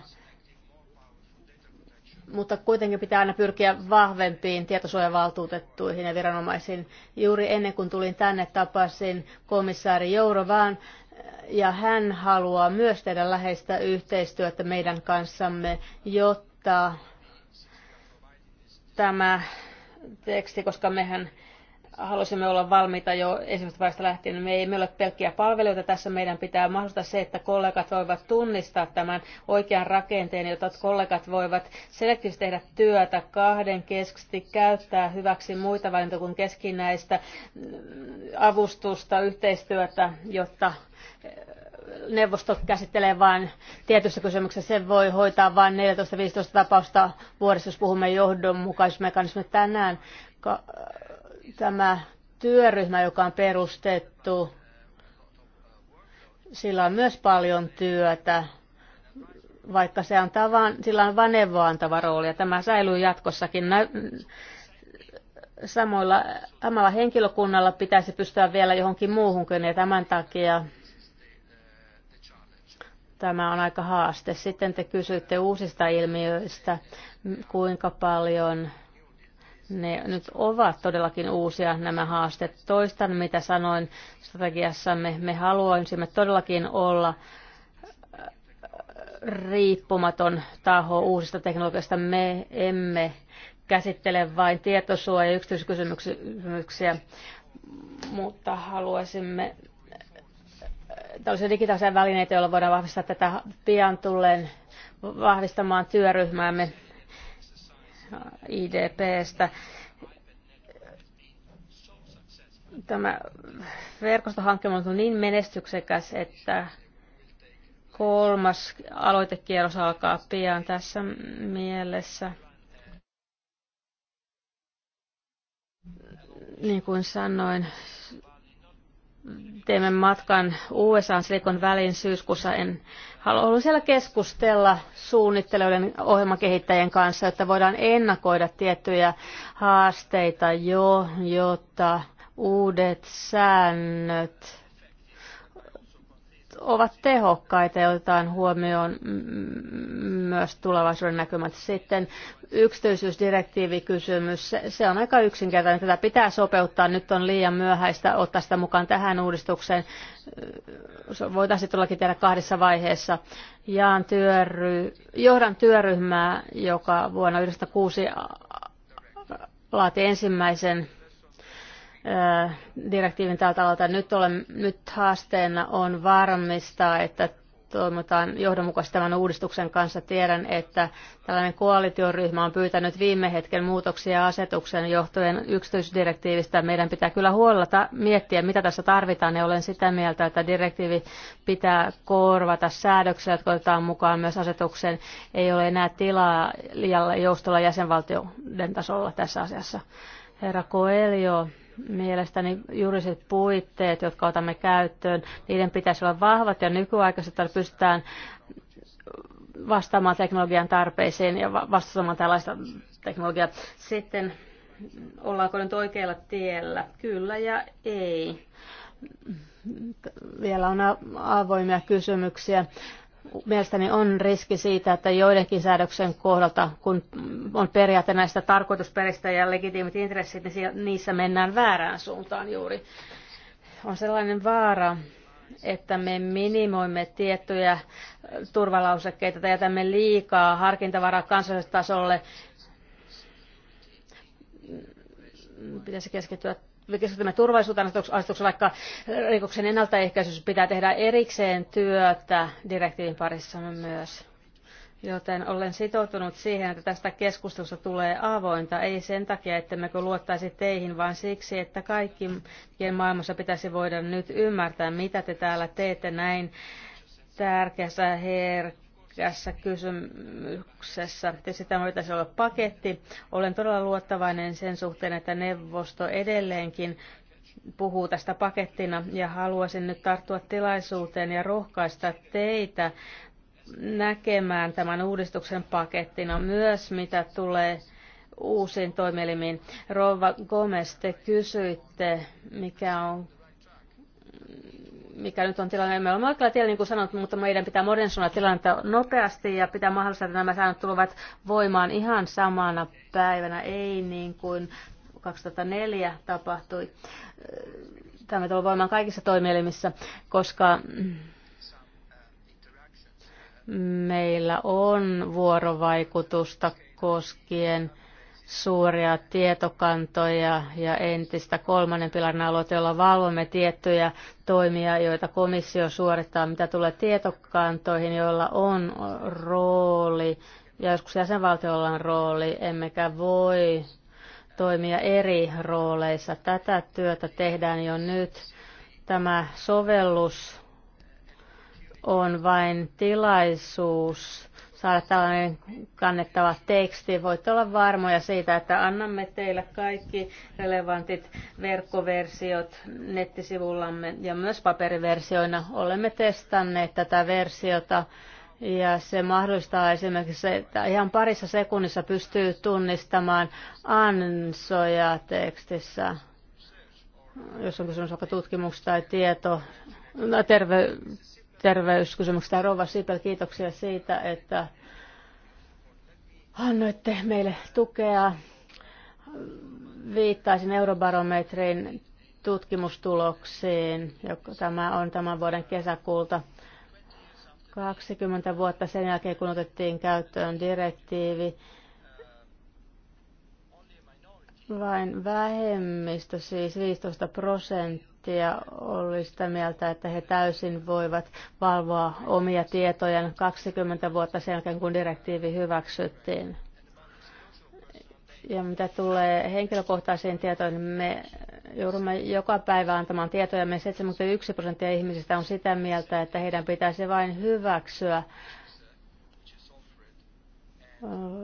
mutta kuitenkin pitää aina pyrkiä vahvempiin tietosuojavaltuutettuihin ja viranomaisiin. Juuri ennen kuin tulin tänne, tapasin komissaari Jourovaan äh, ja hän haluaa myös tehdä läheistä yhteistyötä meidän kanssamme, jotta tämä teksti, koska mehän Halusimme olla valmiita jo ensimmäisestä vaiheesta lähtien. Me emme ole pelkkiä palveluita tässä. Meidän pitää mahdollistaa se, että kollegat voivat tunnistaa tämän oikean rakenteen, jotta kollegat voivat selektiivisesti tehdä työtä kahden keskisesti, käyttää hyväksi muita valintoja kuin keskinäistä avustusta, yhteistyötä, jotta eh, neuvosto käsittelee vain tietyssä kysymyksessä, se voi hoitaa vain 14-15 tapausta vuodessa, jos puhumme johdonmukaisuusmekanismista tänään Tämä työryhmä, joka on perustettu, sillä on myös paljon työtä, vaikka se antaa vaan, sillä on vain neuvoa rooli ja tämä säilyy jatkossakin. Samoilla, samalla henkilökunnalla pitäisi pystyä vielä johonkin muuhunkin ja tämän takia tämä on aika haaste. Sitten te kysyitte uusista ilmiöistä, kuinka paljon ne nyt ovat todellakin uusia nämä haasteet. Toistan, mitä sanoin strategiassamme. Me haluaisimme todellakin olla äh, riippumaton taho uusista teknologiasta. Me emme käsittele vain tietosuoja- ja yksityiskysymyksiä, mutta haluaisimme äh, tällaisia digitaalisia välineitä, joilla voidaan vahvistaa tätä pian tulleen vahvistamaan työryhmäämme IDPstä. Tämä verkostohanke on niin menestyksekäs, että kolmas aloitekierros alkaa pian tässä mielessä. Niin kuin sanoin, teemme matkan USA Silikon välin syyskuussa en Haluan siellä keskustella suunnittelijoiden ohjelmakehittäjien kanssa, että voidaan ennakoida tiettyjä haasteita jo, jotta uudet säännöt ovat tehokkaita ja otetaan huomioon myös tulevaisuuden näkymät. Sitten yksityisyysdirektiivikysymys, se on aika yksinkertainen. Tätä pitää sopeuttaa. Nyt on liian myöhäistä ottaa sitä mukaan tähän uudistukseen. Voitaisiin tullakin tehdä kahdessa vaiheessa. Jaan työry, johdan työryhmää, joka vuonna 1996 laati ensimmäisen direktiivin täältä alalta. Nyt, olen, nyt haasteena on varmistaa, että toimitaan johdonmukaisesti tämän uudistuksen kanssa. Tiedän, että tällainen koalitioryhmä on pyytänyt viime hetken muutoksia asetuksen johtojen yksityisdirektiivistä. Meidän pitää kyllä huolella miettiä, mitä tässä tarvitaan, ja olen sitä mieltä, että direktiivi pitää korvata säädöksiä, jotka otetaan mukaan myös asetuksen. Ei ole enää tilaa liian joustolla jäsenvaltioiden tasolla tässä asiassa. Herra Coelho, Mielestäni juuriset puitteet, jotka otamme käyttöön, niiden pitäisi olla vahvat ja nykyaikaiset, että pystytään vastaamaan teknologian tarpeisiin ja vastaamaan tällaista teknologiaa. Sitten ollaanko nyt oikealla tiellä? Kyllä ja ei. Vielä on avoimia kysymyksiä mielestäni on riski siitä, että joidenkin säädöksen kohdalta, kun on periaate näistä tarkoitusperistä ja legitiimit intressit, niin niissä mennään väärään suuntaan juuri. On sellainen vaara, että me minimoimme tiettyjä turvalausekkeita tai jätämme liikaa harkintavaraa kansalliselle tasolle. Pitäisi keskittyä keskitymme turvallisuuteen vaikka rikoksen ennaltaehkäisyssä pitää tehdä erikseen työtä direktiivin parissa myös. Joten olen sitoutunut siihen, että tästä keskustelusta tulee avointa, ei sen takia, ettemmekö luottaisi teihin, vaan siksi, että kaikkien maailmassa pitäisi voida nyt ymmärtää, mitä te täällä teette näin tärkeässä herkkä tässä kysymyksessä. Tietysti tämä pitäisi olla paketti. Olen todella luottavainen sen suhteen, että neuvosto edelleenkin puhuu tästä pakettina ja haluaisin nyt tarttua tilaisuuteen ja rohkaista teitä näkemään tämän uudistuksen pakettina myös, mitä tulee uusiin toimielimiin. Rova Gomez, te kysyitte, mikä on mikä nyt on tilanne. Me olemme oikealla tiellä, niin kuin sanot, mutta meidän pitää modernisoida tilannetta nopeasti ja pitää mahdollista, että nämä säännöt tulevat voimaan ihan samana päivänä, ei niin kuin 2004 tapahtui. Tämä tulee voimaan kaikissa toimielimissä, koska meillä on vuorovaikutusta koskien suuria tietokantoja ja entistä kolmannen pilarin aloite, jolla valvomme tiettyjä toimia, joita komissio suorittaa, mitä tulee tietokantoihin, joilla on rooli ja joskus jäsenvaltiolla on rooli, emmekä voi toimia eri rooleissa. Tätä työtä tehdään jo nyt. Tämä sovellus on vain tilaisuus saada tällainen kannettava teksti. Voitte olla varmoja siitä, että annamme teille kaikki relevantit verkkoversiot nettisivullamme ja myös paperiversioina. Olemme testanneet tätä versiota ja se mahdollistaa esimerkiksi, että ihan parissa sekunnissa pystyy tunnistamaan ansoja tekstissä, jos on kysymys vaikka tutkimuksesta tai tieto, terve, terveyskysymyksestä. Rova Sipel, kiitoksia siitä, että annoitte meille tukea. Viittaisin eurobarometrin tutkimustuloksiin, joka tämä on tämän vuoden kesäkuulta. 20 vuotta sen jälkeen, kun otettiin käyttöön direktiivi, vain vähemmistö, siis 15 prosenttia ja oli sitä mieltä, että he täysin voivat valvoa omia tietojaan 20 vuotta sen jälkeen, kun direktiivi hyväksyttiin. Ja mitä tulee henkilökohtaisiin tietoihin, me joudumme joka päivä antamaan tietoja. Me 71 prosenttia ihmisistä on sitä mieltä, että heidän pitäisi vain hyväksyä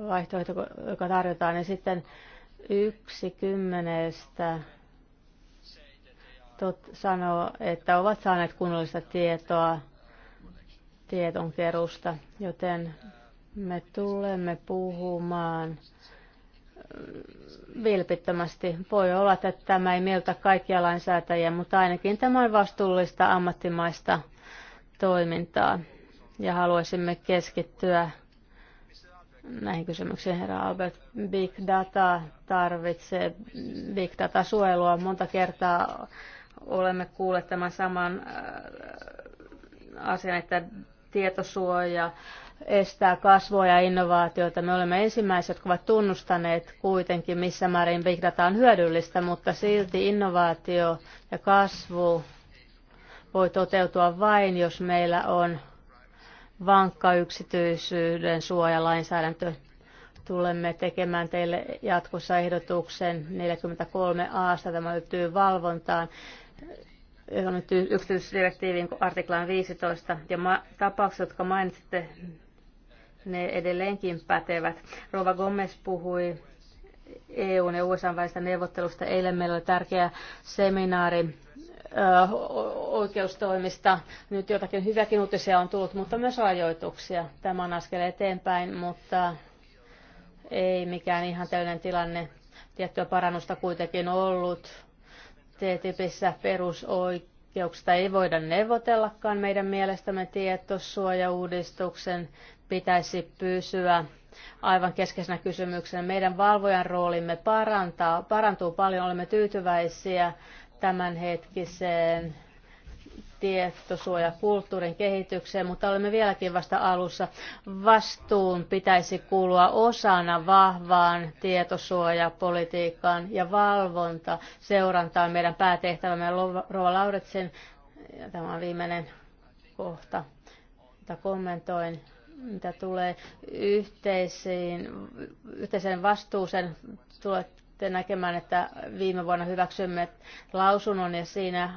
vaihtoehto, joka tarjotaan. Ja sitten yksi kymmenestä tot, sanoo, että ovat saaneet kunnollista tietoa kerusta, joten me tulemme puhumaan mm, vilpittömästi. Voi olla, että tämä ei mieltä kaikkia lainsäätäjiä, mutta ainakin tämä on vastuullista ammattimaista toimintaa. Ja haluaisimme keskittyä näihin kysymyksiin, herra Albert. Big data tarvitsee big data-suojelua. Monta kertaa olemme kuulleet tämän saman äh, asian, että tietosuoja estää kasvua ja innovaatioita. Me olemme ensimmäiset, jotka ovat tunnustaneet kuitenkin, missä määrin big data on hyödyllistä, mutta silti innovaatio ja kasvu voi toteutua vain, jos meillä on vankka yksityisyyden suojalainsäädäntö. Tulemme tekemään teille jatkossa ehdotuksen 43a, tämä liittyy valvontaan on nyt yksityisdirektiivin artiklaan 15, ja ma- tapaukset, jotka mainitsitte, ne edelleenkin pätevät. Rova Gomez puhui EUn ja USA välistä neuvottelusta. Eilen meillä oli tärkeä seminaari oikeustoimista. Nyt jotakin hyviäkin uutisia on tullut, mutta myös rajoituksia. Tämä on askel eteenpäin, mutta ei mikään ihan täydellinen tilanne. Tiettyä parannusta kuitenkin ollut TTIPissä perusoikeuksista ei voida neuvotellakaan meidän mielestämme tietosuojauudistuksen pitäisi pysyä aivan keskeisenä kysymyksenä. Meidän valvojan roolimme parantaa, parantuu paljon, olemme tyytyväisiä tämänhetkiseen tietosuojakulttuurin kehitykseen, mutta olemme vieläkin vasta alussa. Vastuun pitäisi kuulua osana vahvaan tietosuojapolitiikkaan ja valvonta seurantaa meidän päätehtävämme. Rova Lauritsen, tämä on viimeinen kohta, jota kommentoin mitä tulee yhteisiin, yhteiseen vastuuseen, tulette näkemään, että viime vuonna hyväksymme lausunnon ja siinä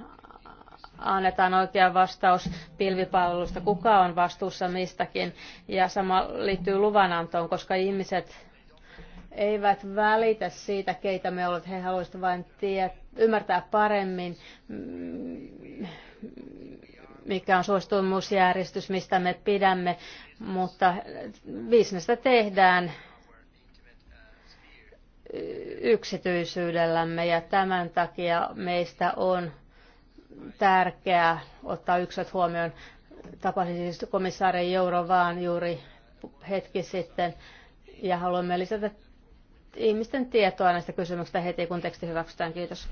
annetaan oikea vastaus pilvipalvelusta, kuka on vastuussa mistäkin. Ja sama liittyy luvanantoon, koska ihmiset eivät välitä siitä, keitä me olemme. He haluaisivat vain tietää, ymmärtää paremmin, mikä on suostumusjärjestys, mistä me pidämme, mutta bisnestä tehdään yksityisyydellämme ja tämän takia meistä on tärkeää ottaa yksilöt huomioon. Tapasin siis komissaari Jourovaan juuri hetki sitten ja haluamme lisätä ihmisten tietoa näistä kysymyksistä heti, kun teksti hyväksytään. Kiitos.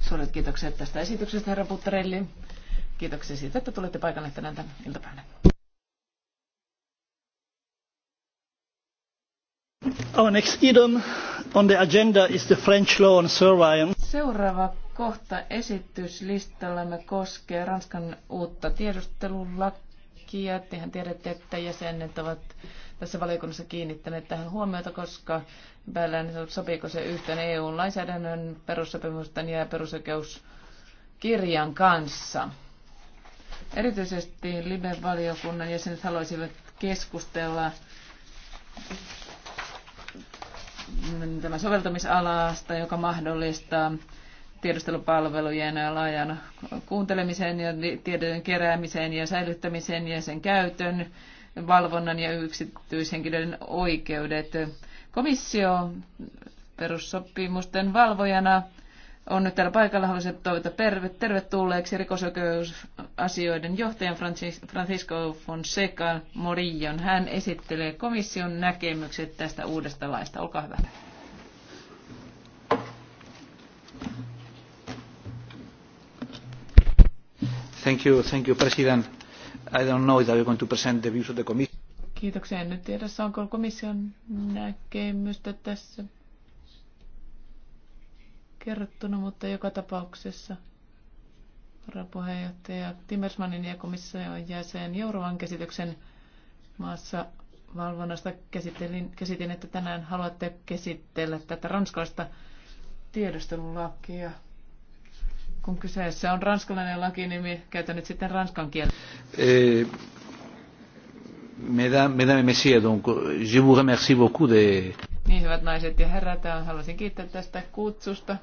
Suuret kiitokset tästä esityksestä, herra Puttarelli. Kiitoksia siitä, että tulitte paikalle tänään tämän iltapäivänä. Our next item on the agenda is the French law on surveillance. Seuraava kohta esityslistallamme koskee Ranskan uutta tiedustelulakia. Tehän tiedätte, että jäsenet ovat tässä valiokunnassa kiinnittäneet tähän huomiota, koska päällään sopiiko se yhteen EU-lainsäädännön perussopimusten ja perusoikeuskirjan kanssa. Erityisesti Libe-valiokunnan jäsenet haluaisivat keskustella tämä soveltamisalasta, joka mahdollistaa tiedustelupalvelujen laajan kuuntelemiseen ja tiedon keräämiseen ja säilyttämiseen ja sen käytön, valvonnan ja yksityishenkilöiden oikeudet. Komissio perussopimusten valvojana on nyt täällä paikalla. Haluaisin toivottaa tervetulleeksi rikosoikeusasioiden johtajan Francisco Fonseca Morillon. Hän esittelee komission näkemykset tästä uudesta laista. Olkaa hyvä. Thank you, thank you, President. I don't know if Kiitoksia. En tiedä, onko komission näkemystä tässä kerrottuna, mutta joka tapauksessa varapuheenjohtaja Timmersmanin ja komission jäsen Jourovan käsityksen maassa valvonnasta käsitelin, käsitin, että tänään haluatte käsitellä tätä ranskalaista tiedostelulakia kun kyseessä on ranskalainen laki, niin käytän nyt sitten ranskan kieltä. Eh, mesdames et messieurs, donc je vous remercie beaucoup de... Niin, hyvät naiset ja herrat, haluaisin kiittää tästä kutsusta.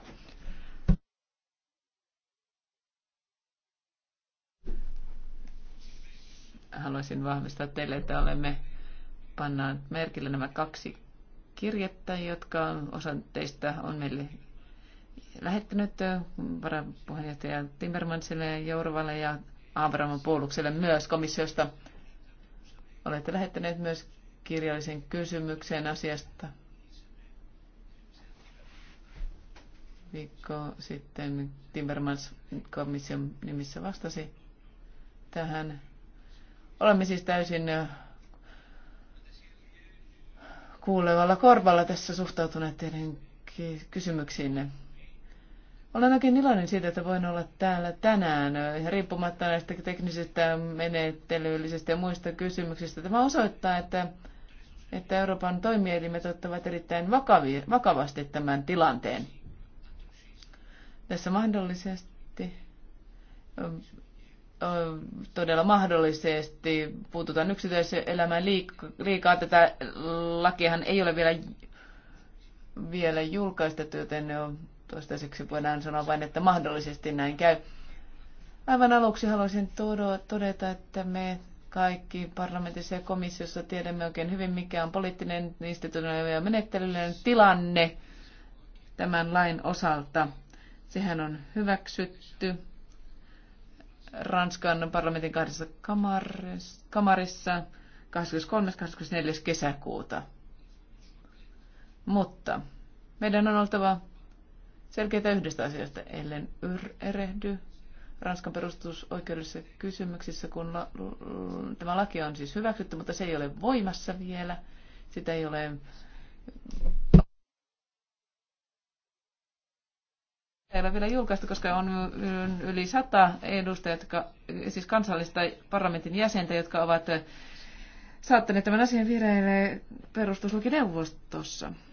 Haluaisin vahvistaa teille, että olemme pannaan merkille nämä kaksi kirjettä, jotka osa teistä on meille lähettänyt varapuheenjohtaja Timmermansille ja Jourovalle ja Abraham puolukselle myös komissiosta. Olette lähettäneet myös kirjallisen kysymyksen asiasta. Viikko sitten Timmermans komission nimissä vastasi tähän. Olemme siis täysin kuulevalla korvalla tässä suhtautuneet teidän kysymyksiinne. Olen oikein iloinen siitä, että voin olla täällä tänään, riippumatta näistä teknisistä, menettelyllisistä ja muista kysymyksistä. Tämä osoittaa, että, että Euroopan toimielimet ottavat erittäin vakavi, vakavasti tämän tilanteen. Tässä mahdollisesti, todella mahdollisesti, puututaan yksityiselämään liikaa. Tätä lakiahan ei ole vielä, vielä julkaistettu, joten Toistaiseksi voidaan sanoa vain, että mahdollisesti näin käy. Aivan aluksi haluaisin todeta, että me kaikki parlamentissa ja komissiossa tiedämme oikein hyvin, mikä on poliittinen instituutio ja menettelyllinen tilanne tämän lain osalta. Sehän on hyväksytty Ranskan parlamentin kahdessa kamarissa 23.–24. kesäkuuta. Mutta meidän on oltava selkeitä yhdestä asiasta, ellen erehdy. Ranskan perustusoikeudellisissa kysymyksissä, kun la, tämä laki on siis hyväksytty, mutta se ei ole voimassa vielä. Sitä ei ole ei ole vielä julkaistu, koska on yli sata edustajaa, jotka, siis kansallista parlamentin jäsentä, jotka ovat saattaneet tämän asian vireille perustuslakineuvostossa. neuvostossa.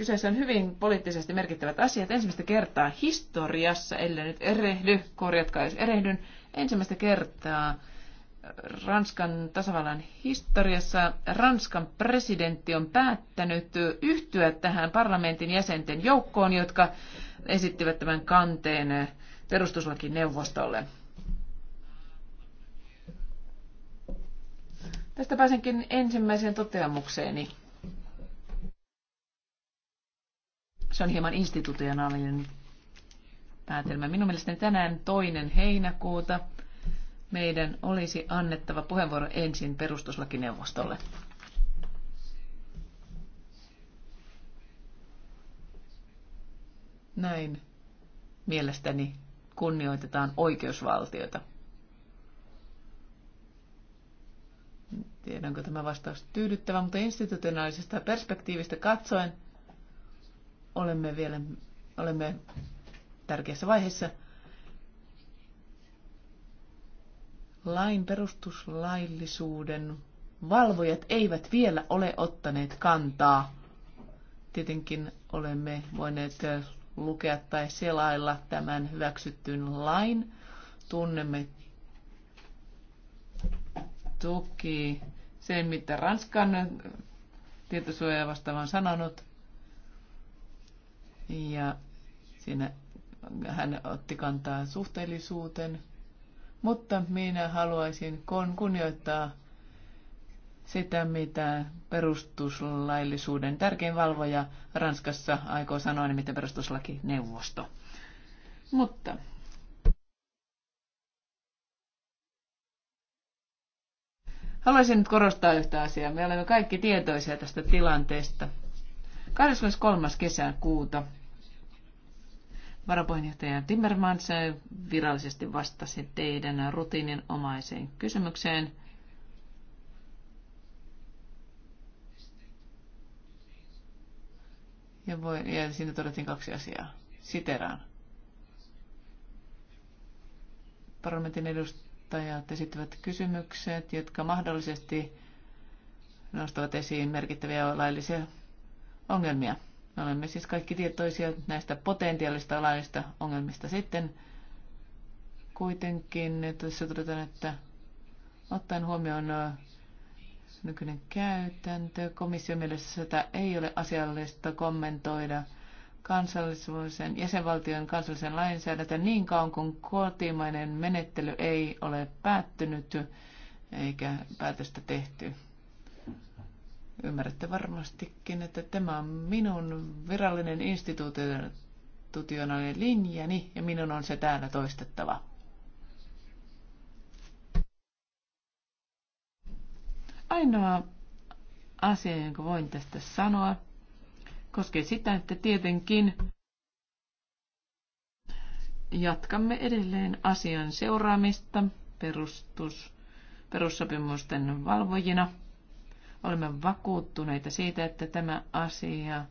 Kyseessä on hyvin poliittisesti merkittävät asiat. Ensimmäistä kertaa historiassa, ellei nyt erehdy, korjatkaa jos erehdyn, ensimmäistä kertaa Ranskan tasavallan historiassa Ranskan presidentti on päättänyt yhtyä tähän parlamentin jäsenten joukkoon, jotka esittivät tämän kanteen perustuslakineuvostolle. Tästä pääsenkin ensimmäiseen toteamukseeni. Se on hieman institutionaalinen päätelmä. Minun mielestäni tänään toinen heinäkuuta meidän olisi annettava puheenvuoro ensin perustuslakineuvostolle. Näin mielestäni kunnioitetaan oikeusvaltiota. Tiedänkö tämä vastaus tyydyttävä, mutta institutionaalisesta perspektiivistä katsoen – olemme vielä olemme tärkeässä vaiheessa. Lain perustuslaillisuuden valvojat eivät vielä ole ottaneet kantaa. Tietenkin olemme voineet lukea tai selailla tämän hyväksytyn lain. Tunnemme toki sen, mitä Ranskan tietosuoja vastaan on sanonut – ja siinä hän otti kantaa suhteellisuuteen, mutta minä haluaisin kunnioittaa sitä, mitä perustuslaillisuuden tärkein valvoja Ranskassa aikoo sanoa, nimittäin perustuslakineuvosto. Mutta haluaisin nyt korostaa yhtä asiaa. Me olemme kaikki tietoisia tästä tilanteesta. 23. kesäkuuta Varapuheenjohtaja Timmermans virallisesti vastasi teidän omaiseen kysymykseen. Ja, voi, ja siinä todettiin kaksi asiaa. Siteraan. Parlamentin edustajat esittävät kysymykset, jotka mahdollisesti nostavat esiin merkittäviä laillisia ongelmia. Me olemme siis kaikki tietoisia näistä potentiaalista laajista ongelmista sitten. Kuitenkin tässä todetaan, että ottaen huomioon nykyinen käytäntö, komission mielessä sitä ei ole asiallista kommentoida kansallisen, jäsenvaltion kansallisen lainsäädäntöön niin kauan kuin kotimainen menettely ei ole päättynyt eikä päätöstä tehty. Ymmärrätte varmastikin, että tämä on minun virallinen institutionaalinen linjani ja minun on se täällä toistettava. Ainoa asia, jonka voin tästä sanoa, koskee sitä, että tietenkin jatkamme edelleen asian seuraamista perustus, perussopimusten valvojina – Olemme vakuuttuneita siitä, että tämä asia,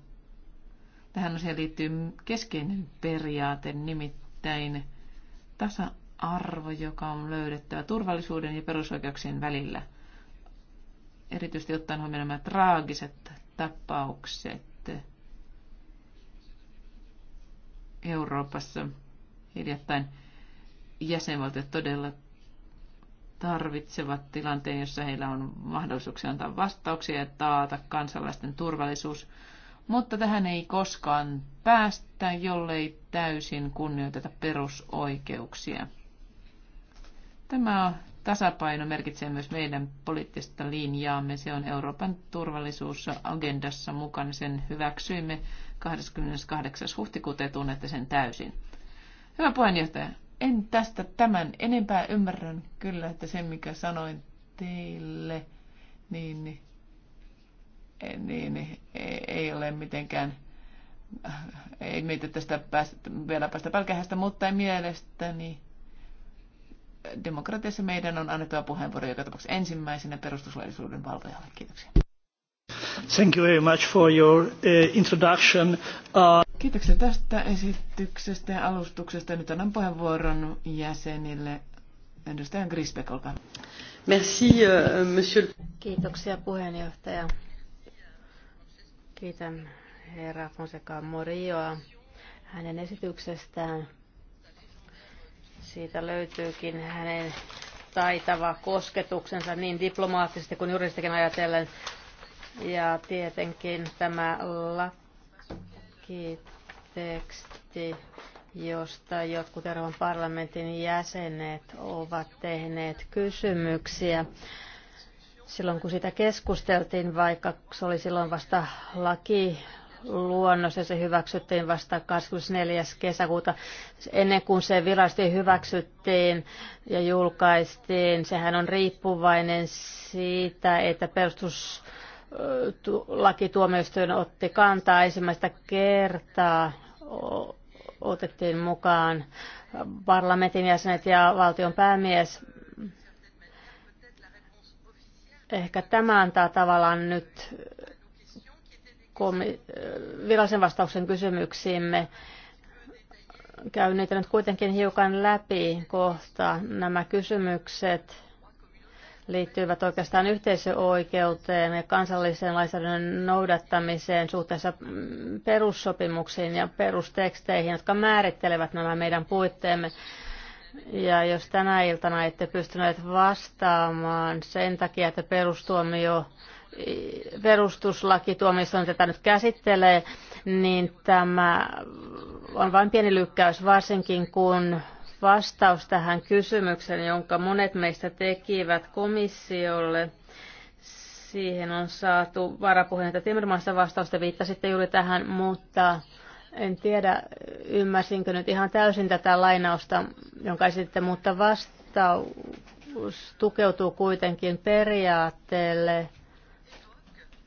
tähän asiaan liittyy keskeinen periaate, nimittäin tasa-arvo, joka on löydettävä turvallisuuden ja perusoikeuksien välillä. Erityisesti ottaen huomioon nämä traagiset tapaukset Euroopassa hiljattain jäsenvaltiot todella tarvitsevat tilanteen, jossa heillä on mahdollisuuksia antaa vastauksia ja taata kansalaisten turvallisuus. Mutta tähän ei koskaan päästä, jollei täysin kunnioiteta perusoikeuksia. Tämä tasapaino merkitsee myös meidän poliittista linjaamme. Se on Euroopan turvallisuusagendassa mukana. Sen hyväksyimme 28. huhtikuuta ja tunnette sen täysin. Hyvä puheenjohtaja, en tästä tämän enempää ymmärrän kyllä, että sen mikä sanoin teille, niin, niin, niin ei ole mitenkään, ei meitä tästä päästä, vielä päästä pälkähästä, mutta ei mielestäni demokratiassa meidän on annettava puheenvuoro joka tapauksessa ensimmäisenä perustuslaillisuuden valvojalle. Kiitoksia. Thank you very much for your uh, introduction. Uh... Kiitoksia tästä esityksestä ja alustuksesta. Nyt annan puheenvuoron jäsenille. Edustaja Grisbeck, olkaa Merci, euh, monsieur. Kiitoksia puheenjohtaja. Kiitän herra Fonseca Morioa hänen esityksestään. Siitä löytyykin hänen taitava kosketuksensa niin diplomaattisesti kuin juristikin ajatellen. Ja tietenkin tämä laki lakiteksti, josta jotkut Euroopan parlamentin jäsenet ovat tehneet kysymyksiä. Silloin kun sitä keskusteltiin, vaikka se oli silloin vasta laki luonnos ja se hyväksyttiin vasta 24. kesäkuuta. Ennen kuin se virasti hyväksyttiin ja julkaistiin, sehän on riippuvainen siitä, että perustus lakituomioistuin otti kantaa ensimmäistä kertaa otettiin mukaan parlamentin jäsenet ja valtion päämies. Ehkä tämä antaa tavallaan nyt virallisen vastauksen kysymyksiimme. Käyn niitä nyt kuitenkin hiukan läpi kohta. Nämä kysymykset liittyivät oikeastaan yhteisöoikeuteen ja kansallisen lainsäädännön noudattamiseen suhteessa mm, perussopimuksiin ja perusteksteihin, jotka määrittelevät nämä meidän puitteemme. Ja jos tänä iltana ette pystyneet vastaamaan sen takia, että perustuomio, on, tätä nyt käsittelee, niin tämä on vain pieni lykkäys, varsinkin kun vastaus tähän kysymykseen, jonka monet meistä tekivät komissiolle. Siihen on saatu varapuheenjohtaja Timmermansa vastausta, viittasitte juuri tähän, mutta en tiedä, ymmärsinkö nyt ihan täysin tätä lainausta, jonka esititte, mutta vastaus tukeutuu kuitenkin periaatteelle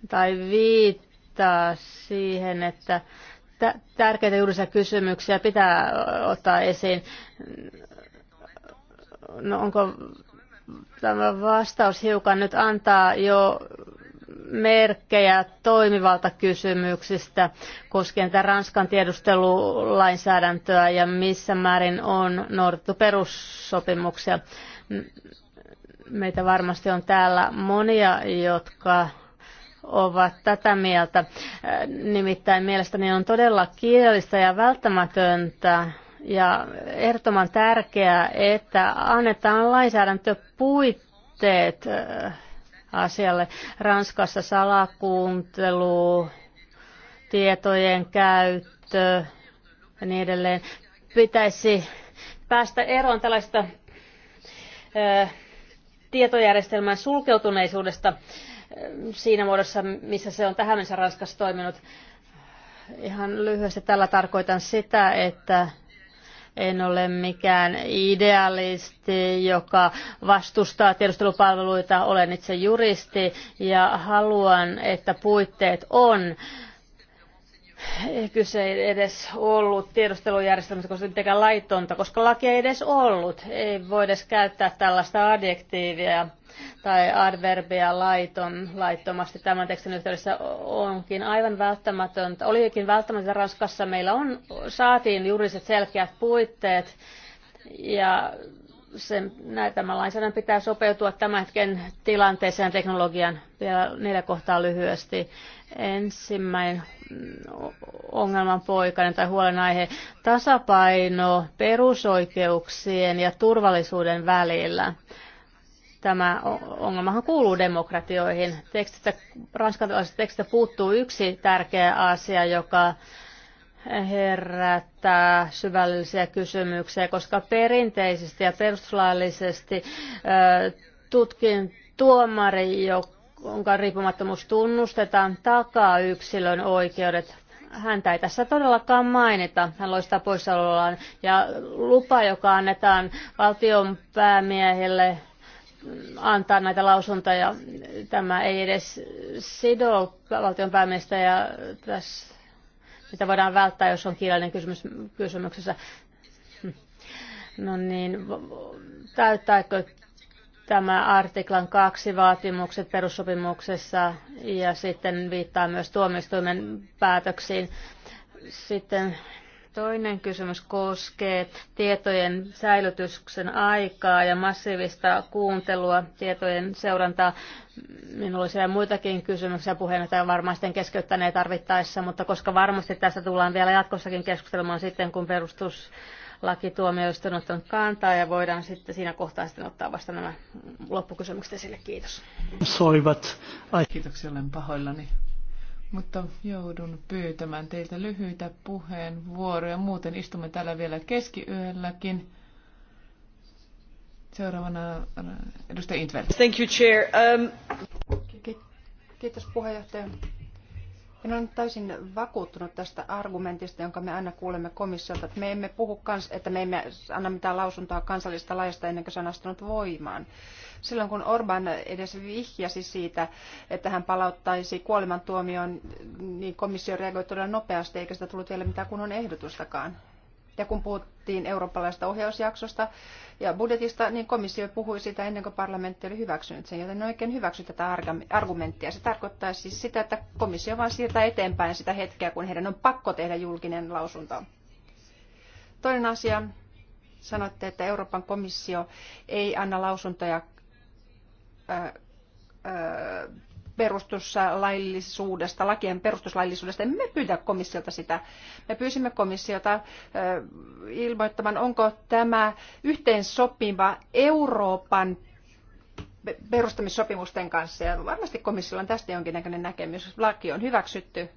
tai viittaa siihen, että tärkeitä juridisia kysymyksiä pitää ottaa esiin. No onko tämä vastaus hiukan nyt antaa jo merkkejä toimivaltakysymyksistä koskien tätä Ranskan tiedustelulainsäädäntöä ja missä määrin on noudattu perussopimuksia. Meitä varmasti on täällä monia, jotka ovat tätä mieltä. Äh, nimittäin mielestäni on todella kiireellistä ja välttämätöntä ja ehdottoman tärkeää, että annetaan lainsäädäntöpuitteet äh, asialle. Ranskassa salakuuntelu, tietojen käyttö ja niin edelleen. Pitäisi päästä eroon tällaista äh, tietojärjestelmän sulkeutuneisuudesta siinä muodossa, missä se on tähän mennessä Ranskassa toiminut. Ihan lyhyesti tällä tarkoitan sitä, että en ole mikään idealisti, joka vastustaa tiedustelupalveluita. Olen itse juristi ja haluan, että puitteet on kyse ei edes ollut tiedustelujärjestelmästä, koska se mitenkään laitonta, koska laki ei edes ollut. Ei voi edes käyttää tällaista adjektiivia tai adverbia laiton, laittomasti tämän tekstin yhteydessä onkin aivan välttämätöntä. Olikin välttämätöntä Ranskassa. Meillä on, saatiin juridiset selkeät puitteet ja sen, tämän lainsäädännön pitää sopeutua tämän hetken tilanteeseen ja teknologian. Vielä neljä kohtaa lyhyesti. Ensimmäinen ongelman poikainen tai huolenaihe. Tasapaino perusoikeuksien ja turvallisuuden välillä. Tämä ongelmahan kuuluu demokratioihin. Tekstistä, ranskanlaisesta tekstistä puuttuu yksi tärkeä asia, joka herättää syvällisiä kysymyksiä, koska perinteisesti ja perustuslaillisesti tutkin tuomari, jonka riippumattomuus tunnustetaan, takaa yksilön oikeudet. Häntä ei tässä todellakaan mainita. Hän loistaa poissaolollaan. Ja lupa, joka annetaan valtion päämiehelle antaa näitä lausuntoja. Tämä ei edes sido valtion päämiestä ja tässä sitä voidaan välttää, jos on kirjallinen kysymys kysymyksessä. Hm. No niin, täyttääkö tämä artiklan kaksi vaatimukset perussopimuksessa ja sitten viittaa myös tuomioistuimen päätöksiin. Sitten Toinen kysymys koskee tietojen säilytyksen aikaa ja massiivista kuuntelua, tietojen seurantaa. Minulla olisi muitakin kysymyksiä puheenjohtaja varmaan sitten keskeyttäneet tarvittaessa, mutta koska varmasti tästä tullaan vielä jatkossakin keskustelemaan sitten, kun perustus on ottanut kantaa ja voidaan sitten siinä kohtaa sitten ottaa vasta nämä loppukysymykset esille. Kiitos. Soivat. Ai. Kiitoksia, olen pahoillani mutta joudun pyytämään teiltä lyhyitä puheenvuoroja. Muuten istumme täällä vielä keskiyölläkin. Seuraavana äh, edustaja Intveld. Thank you, Chair. Um... Kiitos puheenjohtaja. En ole täysin vakuuttunut tästä argumentista, jonka me aina kuulemme komissiolta, että me emme puhu, kans, että me emme anna mitään lausuntoa kansallista laista ennen kuin se on astunut voimaan. Silloin kun Orban edes vihjasi siitä, että hän palauttaisi kuolemantuomioon, niin komissio reagoi todella nopeasti, eikä sitä tullut vielä mitään kunnon ehdotustakaan. Ja kun puhuttiin eurooppalaisesta ohjausjaksosta ja budjetista, niin komissio puhui sitä ennen kuin parlamentti oli hyväksynyt sen, joten ne oikein hyväksy tätä argumenttia. Se tarkoittaa siis sitä, että komissio vain siirtää eteenpäin sitä hetkeä, kun heidän on pakko tehdä julkinen lausunto. Toinen asia, sanoitte, että Euroopan komissio ei anna lausuntoja perustuslaillisuudesta, lakien perustuslaillisuudesta. Emme pyydä komissiolta sitä. Me pyysimme komissiota ilmoittamaan, onko tämä yhteensopiva Euroopan perustamissopimusten kanssa. Ja varmasti komissiolla on tästä jonkinnäköinen näkemys. Laki on hyväksytty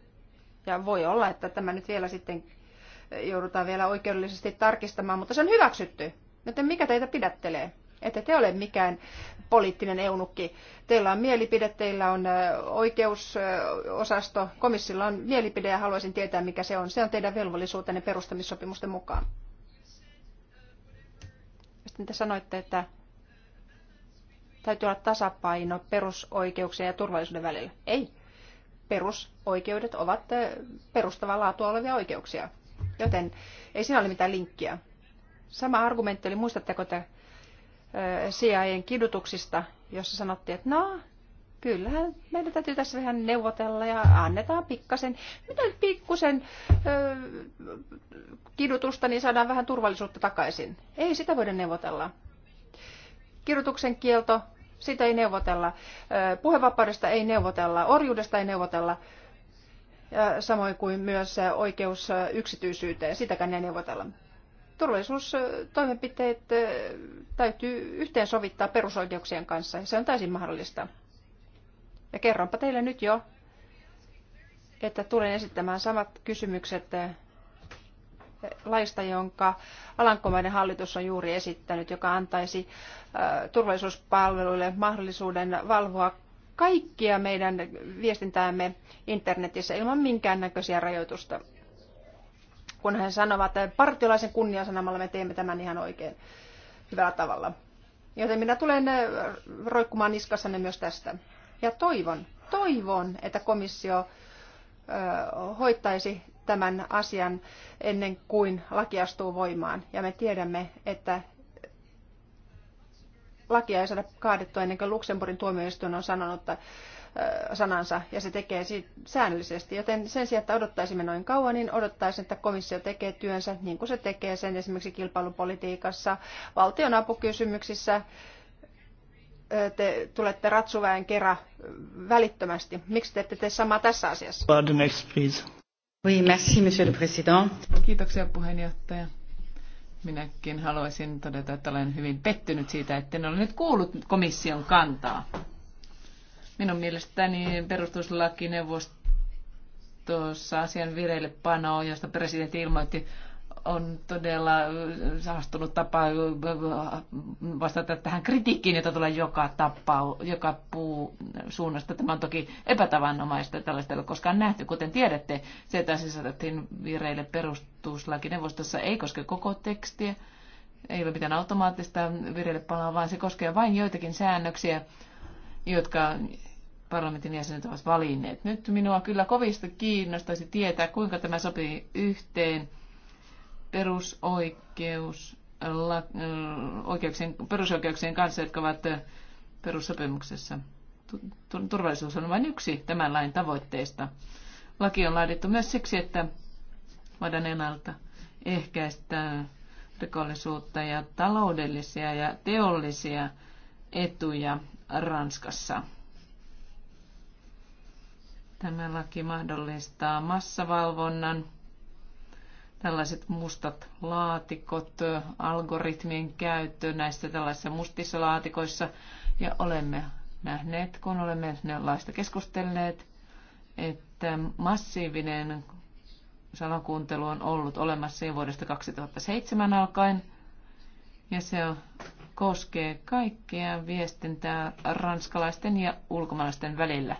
ja voi olla, että tämä nyt vielä sitten joudutaan vielä oikeudellisesti tarkistamaan, mutta se on hyväksytty. Joten mikä teitä pidättelee? Että te ole mikään poliittinen eunukki. Teillä on mielipide, teillä on oikeusosasto, komissilla on mielipide ja haluaisin tietää, mikä se on. Se on teidän velvollisuutenne perustamissopimusten mukaan. Sitten te sanoitte, että täytyy olla tasapaino perusoikeuksien ja turvallisuuden välillä. Ei. Perusoikeudet ovat perustavaa laatua olevia oikeuksia. Joten ei siinä ole mitään linkkiä. Sama argumentti oli, muistatteko te, CIAn kidutuksista, jossa sanottiin, että no, kyllähän meidän täytyy tässä vähän neuvotella ja annetaan pikkasen, mitä pikkusen kidutusta, niin saadaan vähän turvallisuutta takaisin. Ei sitä voida neuvotella. Kidutuksen kielto, sitä ei neuvotella. puhevapaudesta ei neuvotella, orjuudesta ei neuvotella. Ja samoin kuin myös oikeus yksityisyyteen, sitäkään ei neuvotella turvallisuustoimenpiteet täytyy yhteensovittaa perusoikeuksien kanssa ja se on täysin mahdollista. Ja kerronpa teille nyt jo, että tulen esittämään samat kysymykset laista, jonka Alankomaiden hallitus on juuri esittänyt, joka antaisi turvallisuuspalveluille mahdollisuuden valvoa kaikkia meidän viestintäämme internetissä ilman minkäännäköisiä rajoitusta, kun hän sanoi, että partiolaisen kunniasanamalla me teemme tämän ihan oikein hyvällä tavalla. Joten minä tulen äh, roikkumaan niskassanne myös tästä. Ja toivon, toivon, että komissio äh, hoittaisi tämän asian ennen kuin laki astuu voimaan. Ja me tiedämme, että lakia ei saada kaadettua ennen kuin Luxemburgin tuomioistuin on sanonut, että sanansa ja se tekee säännöllisesti. Joten sen sijaan, että odottaisimme noin kauan, niin odottaisin, että komissio tekee työnsä niin kuin se tekee sen esimerkiksi kilpailupolitiikassa, valtionapukysymyksissä. Te tulette ratsuväen kerran välittömästi. Miksi te ette tee samaa tässä asiassa? Next, please. Oui, merci, monsieur le président. Kiitoksia puheenjohtaja. Minäkin haluaisin todeta, että olen hyvin pettynyt siitä, että en ole nyt kuullut komission kantaa. Minun mielestäni perustuslakineuvostossa asian vireillepano, josta presidentti ilmoitti, on todella saastunut tapa vastata tähän kritiikkiin, jota tulee joka, tapau, joka puu suunnasta. Tämä on toki epätavanomaista, tällaista ei ole koskaan nähty. Kuten tiedätte, se, että saatettiin vireille perustuslakineuvostossa, ei koske koko tekstiä, ei ole mitään automaattista vireille palaa, vaan se koskee vain joitakin säännöksiä, jotka parlamentin jäsenet ovat valinneet. Nyt minua kyllä kovista kiinnostaisi tietää, kuinka tämä sopii yhteen perusoikeus, la, äh, oikeuksien, perusoikeuksien kanssa, jotka ovat äh, perussopimuksessa. Turvallisuus on vain yksi tämän lain tavoitteista. Laki on laadittu myös siksi, että voidaan ennalta ehkäistä rikollisuutta ja taloudellisia ja teollisia etuja Ranskassa. Tämä laki mahdollistaa massavalvonnan, tällaiset mustat laatikot, algoritmien käyttö näissä tällaisissa mustissa laatikoissa. Ja olemme nähneet, kun olemme laista keskustelleet, että massiivinen salakuuntelu on ollut olemassa jo vuodesta 2007 alkaen. Ja se koskee kaikkea viestintää ranskalaisten ja ulkomaalaisten välillä.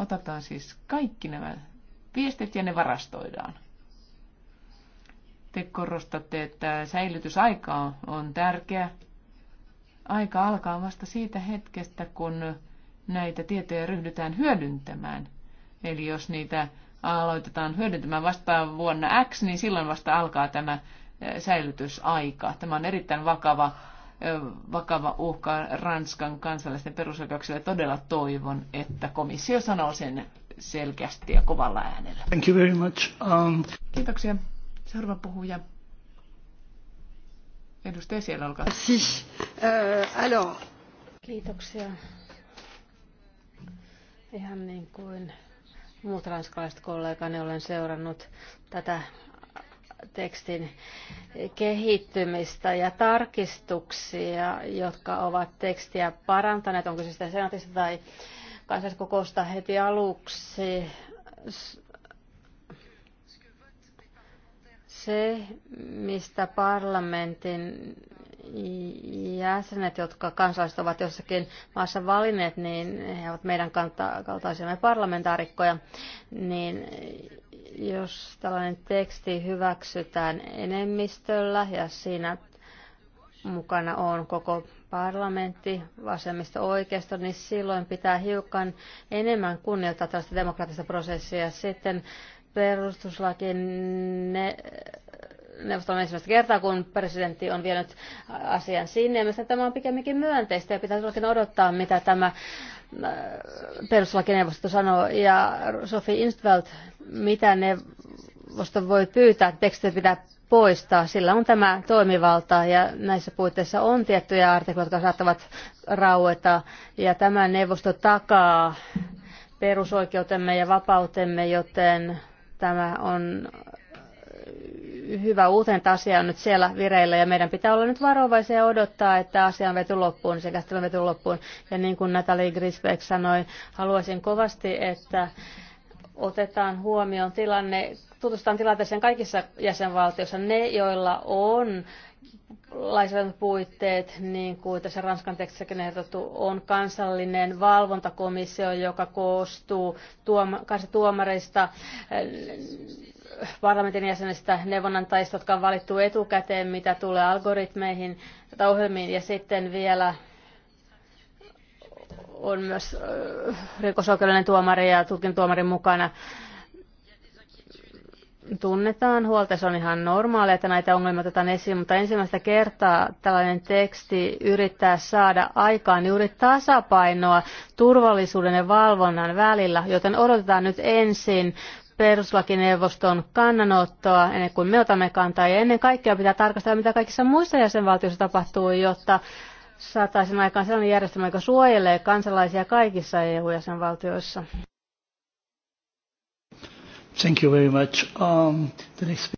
Otetaan siis kaikki nämä viestit ja ne varastoidaan. Te korostatte, että säilytysaika on tärkeä. Aika alkaa vasta siitä hetkestä, kun näitä tietoja ryhdytään hyödyntämään. Eli jos niitä aloitetaan hyödyntämään vasta vuonna X, niin silloin vasta alkaa tämä säilytysaika. Tämä on erittäin vakava vakava uhka Ranskan kansalaisten perusoikeuksille. Todella toivon, että komissio sanoo sen selkeästi ja kovalla äänellä. Thank you very much. Um... Kiitoksia. Seuraava puhuja. Edustaja siellä, olkaa. Uh, Kiitoksia. Ihan niin kuin muut ranskalaiset kollegani olen seurannut tätä tekstin kehittymistä ja tarkistuksia, jotka ovat tekstiä parantaneet, onko se sitä senaatista tai kansalliskokousta heti aluksi. Se, mistä parlamentin jäsenet, jotka kansalaiset ovat jossakin maassa valinneet, niin he ovat meidän kaltaisiamme parlamentaarikkoja, niin jos tällainen teksti hyväksytään enemmistöllä ja siinä mukana on koko parlamentti, vasemmista oikeisto, niin silloin pitää hiukan enemmän kunnioittaa tällaista demokraattista prosessia. Sitten perustuslaki ne, neuvoston ensimmäistä kertaa, kun presidentti on vienyt asian sinne. Ja mielestäni tämä on pikemminkin myönteistä ja pitää todellakin odottaa, mitä tämä äh, perustuslakineuvosto sanoo. Ja Sofi Instveld mitä neuvosto voi pyytää, tekstit pitää poistaa. Sillä on tämä toimivalta ja näissä puitteissa on tiettyjä artikloita, jotka saattavat raueta. Ja tämä neuvosto takaa perusoikeutemme ja vapautemme, joten tämä on hyvä uuteen, että asia on nyt siellä vireillä ja meidän pitää olla nyt varovaisia ja odottaa, että asia on vety loppuun, se käsittely on vety loppuun. Ja niin kuin Natalie Grisbeck sanoi, haluaisin kovasti, että otetaan huomioon tilanne, tutustutaan tilanteeseen kaikissa jäsenvaltioissa. Ne, joilla on puitteet, niin kuin tässä Ranskan tekstissäkin ehdotettu, on kansallinen valvontakomissio, joka koostuu tuoma, tuomareista, parlamentin jäsenistä, neuvonantajista, jotka on valittu etukäteen, mitä tulee algoritmeihin tai ohjelmiin, ja sitten vielä on myös rikosoikeudellinen tuomari ja tuomarin mukana. Tunnetaan huolta, se on ihan normaalia, että näitä ongelmia otetaan esiin, mutta ensimmäistä kertaa tällainen teksti yrittää saada aikaan juuri tasapainoa turvallisuuden ja valvonnan välillä, joten odotetaan nyt ensin peruslakineuvoston kannanottoa ennen kuin me otamme kantaa. Ja ennen kaikkea pitää tarkastella, mitä kaikissa muissa jäsenvaltioissa tapahtuu, jotta saataisiin aikaan sellainen järjestelmä, joka suojelee kansalaisia kaikissa EU-jäsenvaltioissa. Thank you very much. Um, the next...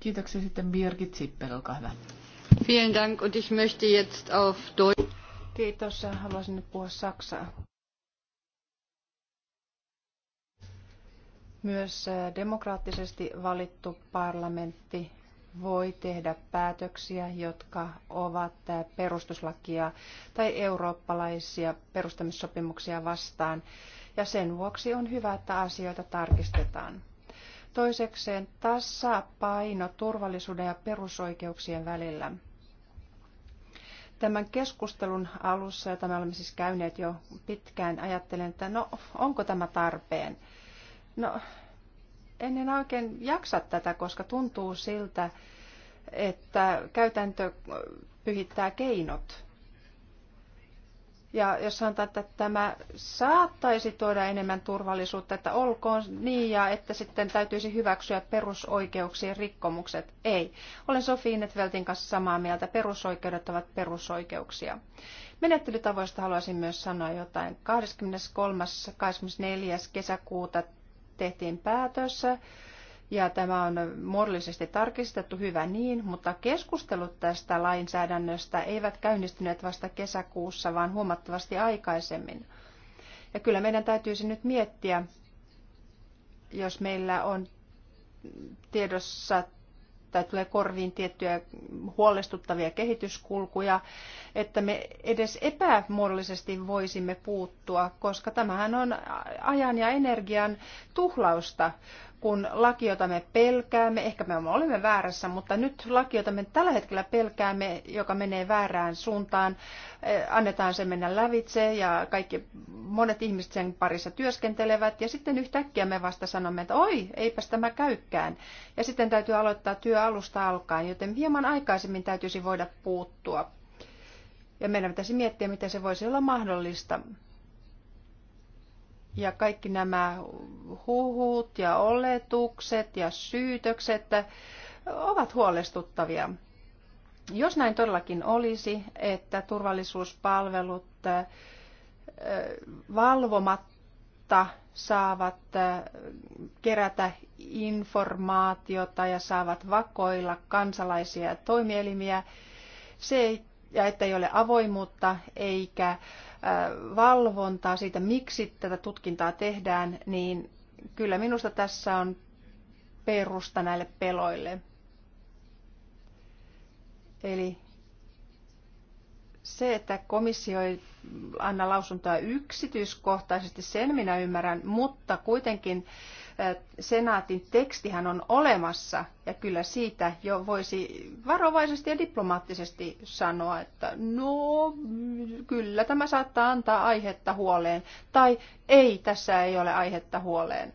Kiitoksia sitten Birgit Zippel, olkaa hyvä. Vielen Dank und ich möchte jetzt auf Deutsch. Kiitos, haluaisin nyt puhua saksaa. Myös äh, demokraattisesti valittu parlamentti voi tehdä päätöksiä, jotka ovat perustuslakia tai eurooppalaisia perustamissopimuksia vastaan, ja sen vuoksi on hyvä, että asioita tarkistetaan. Toisekseen tasapaino turvallisuuden ja perusoikeuksien välillä. Tämän keskustelun alussa, jota me olemme siis käyneet jo pitkään, ajattelen, että no, onko tämä tarpeen? No, en en oikein jaksa tätä, koska tuntuu siltä, että käytäntö pyhittää keinot. Ja jos sanotaan, että tämä saattaisi tuoda enemmän turvallisuutta, että olkoon niin ja että sitten täytyisi hyväksyä perusoikeuksien rikkomukset. Ei. Olen Sofi Netveltin kanssa samaa mieltä. Perusoikeudet ovat perusoikeuksia. Menettelytavoista haluaisin myös sanoa jotain. 23. 24. kesäkuuta tehtiin päätös ja tämä on muodollisesti tarkistettu, hyvä niin, mutta keskustelut tästä lainsäädännöstä eivät käynnistyneet vasta kesäkuussa, vaan huomattavasti aikaisemmin. Ja kyllä meidän täytyisi nyt miettiä, jos meillä on tiedossa tai tulee korviin tiettyjä huolestuttavia kehityskulkuja, että me edes epämuodollisesti voisimme puuttua, koska tämähän on ajan ja energian tuhlausta kun laki, jota me pelkäämme, ehkä me olemme väärässä, mutta nyt laki, jota me tällä hetkellä pelkäämme, joka menee väärään suuntaan, eh, annetaan sen mennä lävitse ja kaikki monet ihmiset sen parissa työskentelevät ja sitten yhtäkkiä me vasta sanomme, että oi, eipäs tämä käykään. Ja sitten täytyy aloittaa työ alusta alkaen, joten hieman aikaisemmin täytyisi voida puuttua. Ja meidän pitäisi miettiä, miten se voisi olla mahdollista ja kaikki nämä huhut ja oletukset ja syytökset ovat huolestuttavia. Jos näin todellakin olisi, että turvallisuuspalvelut valvomatta saavat kerätä informaatiota ja saavat vakoilla kansalaisia ja toimielimiä, se ei ja että ei ole avoimuutta eikä äh, valvontaa siitä, miksi tätä tutkintaa tehdään, niin kyllä minusta tässä on perusta näille peloille. Eli se, että komissio ei anna lausuntoa yksityiskohtaisesti, sen minä ymmärrän, mutta kuitenkin äh, senaatin tekstihän on olemassa ja kyllä siitä jo voisi varovaisesti ja diplomaattisesti sanoa, että no kyllä tämä saattaa antaa aihetta huoleen tai ei tässä ei ole aihetta huoleen.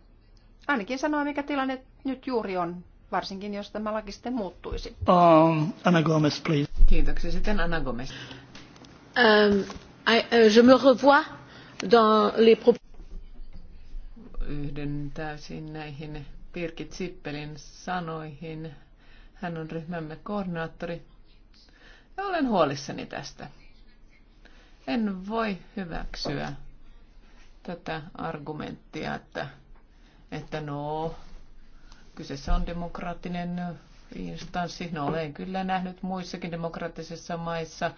Ainakin sanoa, mikä tilanne nyt juuri on, varsinkin jos tämä laki sitten muuttuisi. Um, Anna Gomez, please. Kiitoksia. Sitten Anna Gomez. Um, I, uh, je me revois dans les propos yhdyn täysin näihin Pirkit Sippelin sanoihin. Hän on ryhmämme koordinaattori. Ja olen huolissani tästä. En voi hyväksyä tätä argumenttia, että, että no, kyseessä on demokraattinen instanssi. No olen kyllä nähnyt muissakin demokraattisissa maissa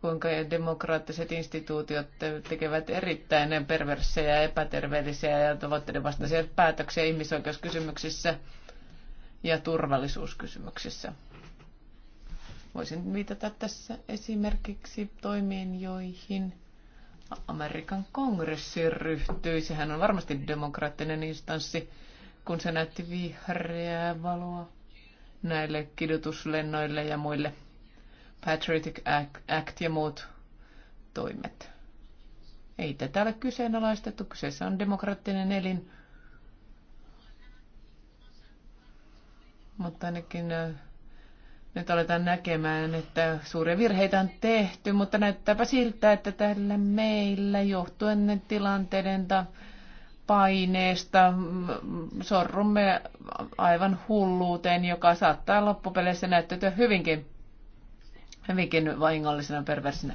kuinka demokraattiset instituutiot tekevät erittäin perversejä ja epäterveellisiä ja tavoitteiden vastaisia päätöksiä ihmisoikeuskysymyksissä ja turvallisuuskysymyksissä. Voisin viitata tässä esimerkiksi toimiin, joihin Amerikan kongressi ryhtyi. Sehän on varmasti demokraattinen instanssi, kun se näytti vihreää valoa näille kidutuslennoille ja muille – Patriotic Act ja muut toimet. Ei tätä ole kyseenalaistettu. Kyseessä on demokraattinen elin. Mutta ainakin nyt aletaan näkemään, että suuria virheitä on tehty, mutta näyttääpä siltä, että tällä meillä johtuen tilanteiden paineesta sorrumme aivan hulluuteen, joka saattaa loppupeleissä näyttäytyä hyvinkin hyvinkin vahingollisena perversinä.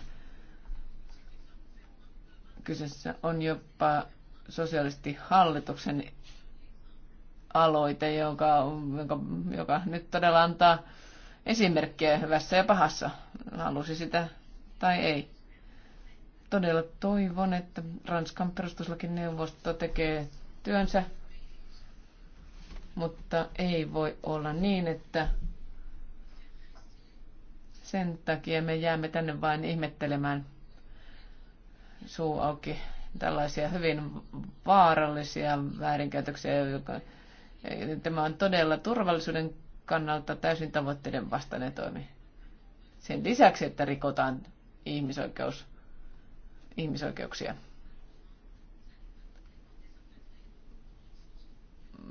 Kyseessä on jopa sosiaalisesti hallituksen aloite, joka, joka, joka nyt todella antaa esimerkkejä hyvässä ja pahassa, halusi sitä tai ei. Todella toivon, että Ranskan perustuslakineuvosto tekee työnsä, mutta ei voi olla niin, että sen takia me jäämme tänne vain ihmettelemään suu auki tällaisia hyvin vaarallisia väärinkäytöksiä, joka, tämä on todella turvallisuuden kannalta täysin tavoitteiden vastainen toimi. Sen lisäksi, että rikotaan ihmisoikeus, ihmisoikeuksia.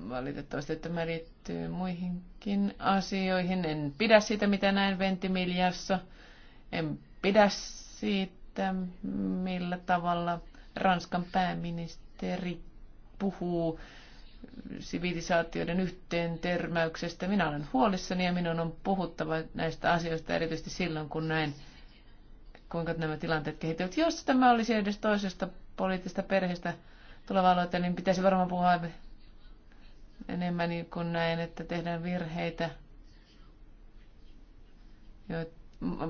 Valitettavasti tämä liittyy muihinkin asioihin. En pidä siitä, mitä näin Ventimiljassa. En pidä siitä, millä tavalla Ranskan pääministeri puhuu sivilisaatioiden yhteen törmäyksestä. Minä olen huolissani ja minun on puhuttava näistä asioista erityisesti silloin, kun näin, kuinka nämä tilanteet kehittyvät. Jos tämä olisi edes toisesta poliittisesta perheestä tuleva aloite, niin pitäisi varmaan puhua enemmän, niin kun näen, että tehdään virheitä.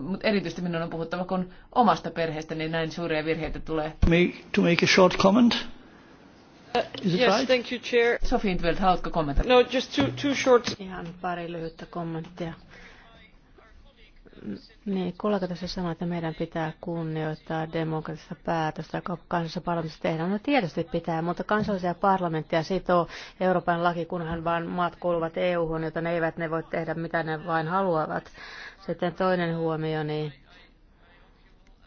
Mutta erityisesti minun on puhuttava, kun omasta perheestä niin näin suuria virheitä tulee. Make, to make a short comment. Uh, yes, right? thank you, Chair. Sophie Intveld, haluatko kommentoida? No, just two, two short... Ihan pari lyhyttä kommenttia niin, kollega tässä sanoi, että meidän pitää kunnioittaa demokratista päätöstä, joka kansallisessa parlamentissa tehdään. No tietysti pitää, mutta kansallisia parlamentteja sitoo Euroopan laki, kunhan vain maat kuuluvat EU-hun, joten eivät ne voi tehdä mitä ne vain haluavat. Sitten toinen huomio, niin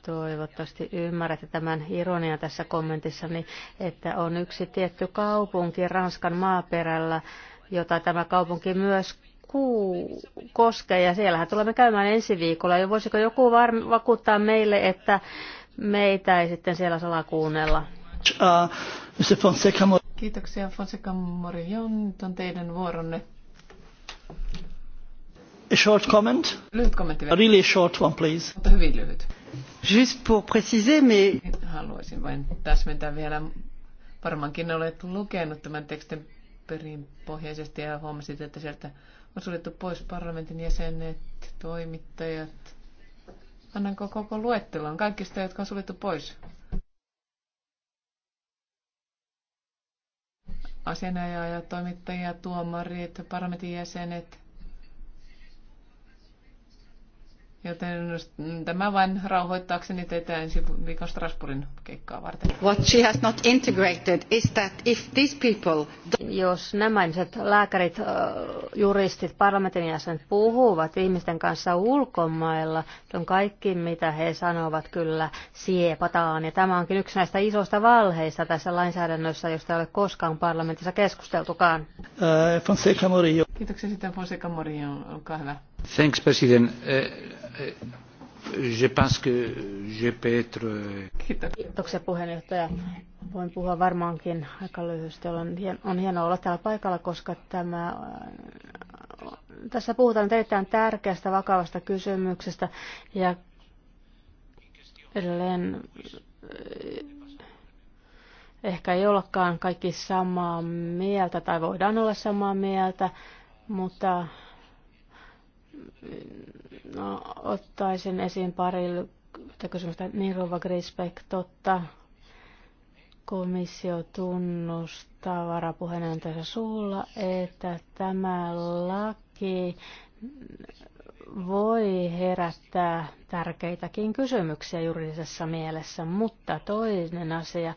toivottavasti ymmärrätte tämän ironian tässä niin että on yksi tietty kaupunki Ranskan maaperällä, jota tämä kaupunki myös kuu koske ja siellähän tulemme käymään ensi viikolla. Ja voisiko joku varm- vakuuttaa meille, että meitä ei sitten siellä kuunnella? Uh, Kiitoksia Fonseca Morion, on teidän vuoronne. A short comment? Lyhyt kommentti. A really short one, please. Mutta hyvin lyhyt. Just pour préciser, mais... Haluaisin vain täsmentää vielä. Varmaankin olet lukenut tämän tekstin perinpohjaisesti ja huomasit, että sieltä on suljettu pois parlamentin jäsenet, toimittajat. Annanko koko luettelon kaikista, jotka on suljettu pois? Asianajajat, toimittajat, tuomarit, parlamentin jäsenet, Joten tämä vain rauhoittaakseni teitä ensi viikon Strasbourgin keikkaa varten. What she has not integrated is that if these people... Jos nämä ihmiset, lääkärit, juristit, parlamentin jäsenet puhuvat ihmisten kanssa ulkomailla, on kaikki mitä he sanovat kyllä siepataan. Ja tämä onkin yksi näistä isoista valheista tässä lainsäädännössä, josta ei ole koskaan parlamentissa keskusteltukaan. Uh, Fonseca Morillo. Kiitoksia sitten Fonseca Morillo, olkaa hyvä le président uh, uh, Je pense que je peux être... Uh, Kiitoksia puheenjohtaja. Voin puhua varmaankin aika lyhyesti. On, on hienoa olla täällä paikalla, koska tämä tässä puhutaan erittäin tärkeästä, vakavasta kysymyksestä ja edelleen ehkä ei ollakaan kaikki samaa mieltä tai voidaan olla samaa mieltä, mutta no, ottaisin esiin pari kysymystä. Niin Rova Grisbeck, totta, komissio tunnustaa varapuheenjohtajansa suulla, että tämä laki voi herättää tärkeitäkin kysymyksiä juridisessa mielessä, mutta toinen asia,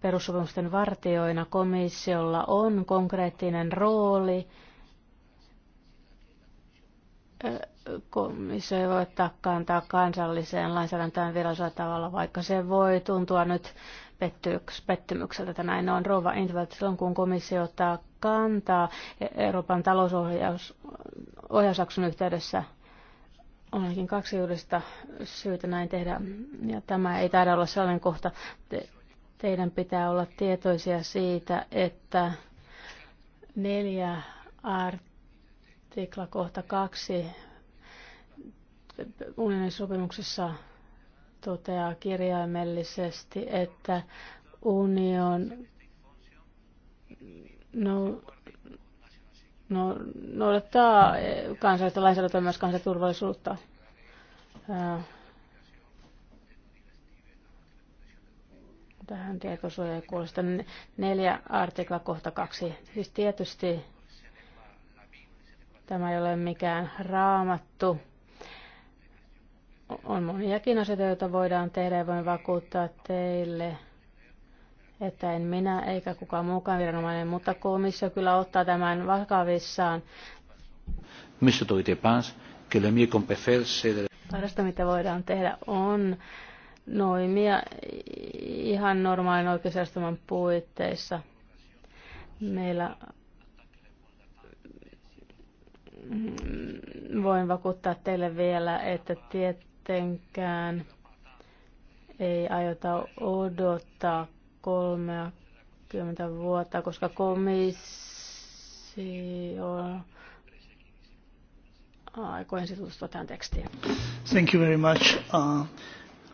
perussopimusten vartioina komissiolla on konkreettinen rooli komissio ei voi ottaa kantaa kansalliseen lainsäädäntöön virallisella tavalla, vaikka se voi tuntua nyt pettymykseltä, että näin on. Rova Intveld, silloin kun komissio ottaa kantaa Euroopan talousohjausjakson yhteydessä, on ainakin kaksi juurista syytä näin tehdä, ja tämä ei taida olla sellainen kohta. teidän pitää olla tietoisia siitä, että neljä art artikla kohta kaksi unionin sopimuksessa toteaa kirjaimellisesti, että union no, no, noudattaa kansallista lainsäädäntöä myös kansanturvallisuutta. Tähän tietosuojakuulosta neljä artikla kohta kaksi. Siis tietysti Tämä ei ole mikään raamattu. On moniakin asioita, joita voidaan tehdä ja voin vakuuttaa teille, että en minä eikä kukaan muukaan viranomainen, mutta komissio kyllä ottaa tämän vakavissaan. Missä tuli que Kyllä mieux Parasta, mitä voidaan tehdä, on noimia ihan normaalin oikeusjärjestelmän puitteissa. Meillä Mm, voin vakuuttaa teille vielä, että tietenkään ei aiota odottaa 30 vuotta, koska komissio aikoin tutustua tähän tekstiin. Thank you very much. Uh,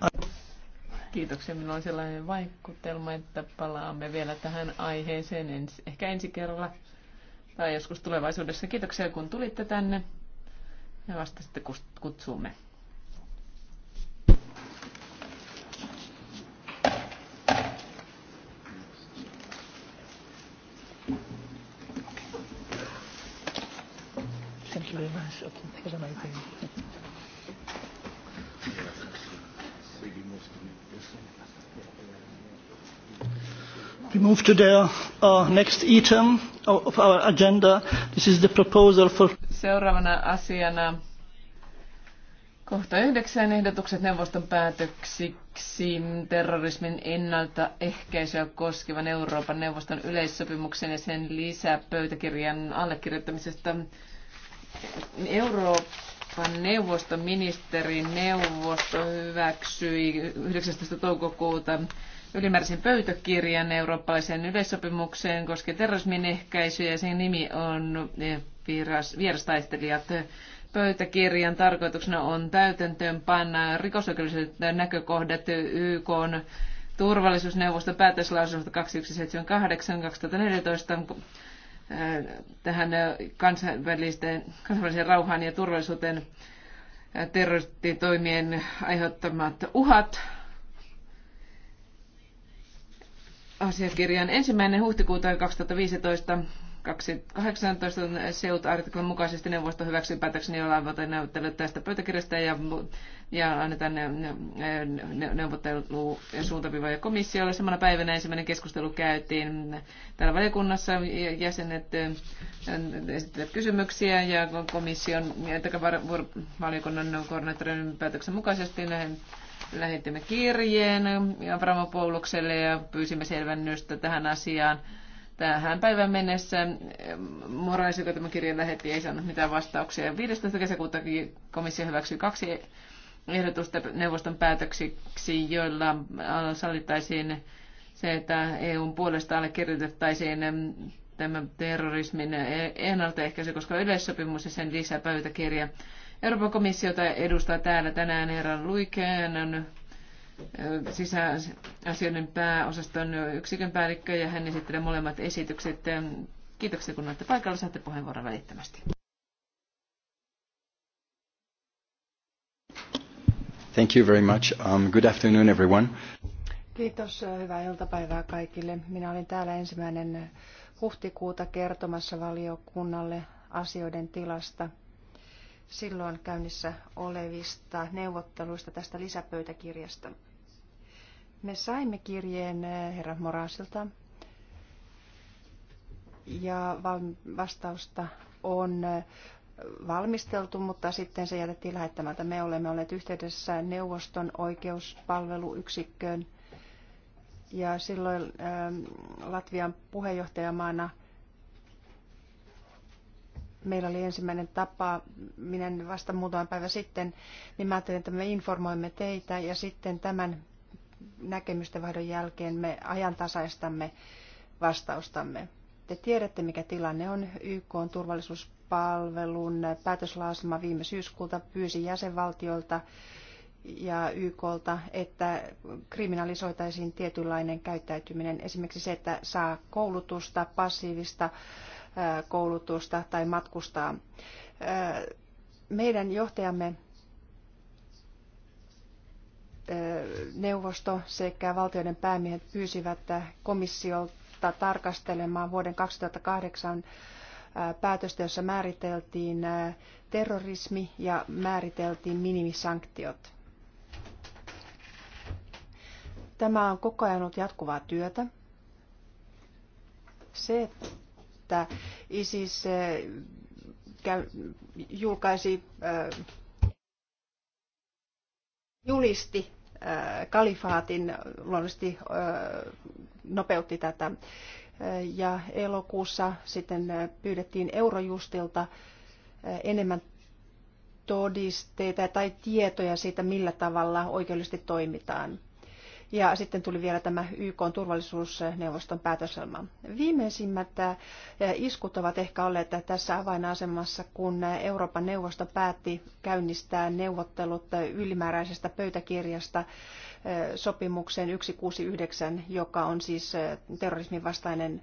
I... Kiitoksia. Minulla on sellainen vaikutelma, että palaamme vielä tähän aiheeseen ens, ehkä ensi kerralla tai joskus tulevaisuudessa. Kiitoksia, kun tulitte tänne ja vasta sitten kutsumme. Thank you very much. Okay. We move to the uh, next item of our agenda. This is the proposal for... Seuraavana asiana kohta yhdeksän ehdotukset neuvoston päätöksiksi terrorismin ennaltaehkäisyä koskevan Euroopan neuvoston yleissopimuksen ja sen lisäpöytäkirjan allekirjoittamisesta Euroopan neuvoston neuvosto hyväksyi 19. toukokuuta ylimääräisen pöytäkirjan eurooppalaiseen yleissopimukseen koskien terrorismin ehkäisyä ja sen nimi on eh, vierastaistelijat. Pöytäkirjan tarkoituksena on täytäntöönpanna rikosoikeudelliset näkökohdat YK on turvallisuusneuvoston päätöslausunnosta 2178 2014 tähän kansainväliseen, kansainväliseen rauhaan ja turvallisuuteen eh, terroristitoimien aiheuttamat uhat asiakirjan ensimmäinen huhtikuuta 2015 2018 SEUT-artiklan mukaisesti neuvosto hyväksyi päätöksen, jolla avataan neuvottelut tästä pöytäkirjasta ja, ja annetaan ne, ne, ne, neuvottelu- ja suuntaviivoja komissiolle. Samana päivänä ensimmäinen keskustelu käytiin täällä valiokunnassa. Jäsenet esittivät kysymyksiä ja komission ja valiokunnan koordinaattorin päätöksen mukaisesti näihin lähetimme kirjeen Avramopoulokselle ja pyysimme selvennystä tähän asiaan. Tähän päivän mennessä Morais, joka tämän kirjan lähetti, ei saanut mitään vastauksia. 15. kesäkuuta komissio hyväksyi kaksi ehdotusta neuvoston päätöksiksi, joilla sallittaisiin se, että EUn puolesta allekirjoitettaisiin tämä terrorismin ennaltaehkäisy, koska yleissopimus ja sen lisäpöytäkirja Euroopan komissiota edustaa täällä tänään herra Luikeen, sisäasioiden pääosaston yksikön päällikkö ja hän esittelee molemmat esitykset. Kiitoksia kun olette paikalla, saatte puheenvuoron välittömästi. Thank you very much. Um, good afternoon everyone. Kiitos, hyvää iltapäivää kaikille. Minä olin täällä ensimmäinen huhtikuuta kertomassa valiokunnalle asioiden tilasta – silloin käynnissä olevista neuvotteluista tästä lisäpöytäkirjasta. Me saimme kirjeen eh, herra Morasilta ja vastausta on eh, valmisteltu, mutta sitten se jätettiin lähettämättä. Me olemme olleet yhteydessä neuvoston oikeuspalveluyksikköön ja silloin eh, Latvian puheenjohtajamaana – meillä oli ensimmäinen tapa, minä vasta muutama päivä sitten, niin mä ajattelin, että me informoimme teitä ja sitten tämän näkemysten vaihdon jälkeen me ajantasaistamme vastaustamme. Te tiedätte, mikä tilanne on. YK on turvallisuuspalvelun päätöslausuma viime syyskuulta pyysi jäsenvaltioilta ja YKlta, että kriminalisoitaisiin tietynlainen käyttäytyminen. Esimerkiksi se, että saa koulutusta, passiivista Äh, koulutusta tai matkustaa. Äh, meidän johtajamme äh, neuvosto sekä valtioiden päämiehet pyysivät komissiolta tarkastelemaan vuoden 2008 päätöstä, jossa määriteltiin terrorismi ja määriteltiin minimisanktiot. Tämä on koko ajan ollut jatkuvaa työtä. Se, että ISIS eh, julkaisi eh, julisti eh, kalifaatin, luonnollisesti nopeutti tätä. Ja elokuussa sitten pyydettiin Eurojustilta enemmän todisteita tai tietoja siitä, millä tavalla oikeudellisesti toimitaan. Ja sitten tuli vielä tämä YK turvallisuusneuvoston päätöselma. Viimeisimmät eh, iskut ovat ehkä olleet tässä avainasemassa, kun Euroopan neuvosto päätti käynnistää neuvottelut ylimääräisestä pöytäkirjasta eh, sopimukseen 169, joka on siis eh, terrorismin vastainen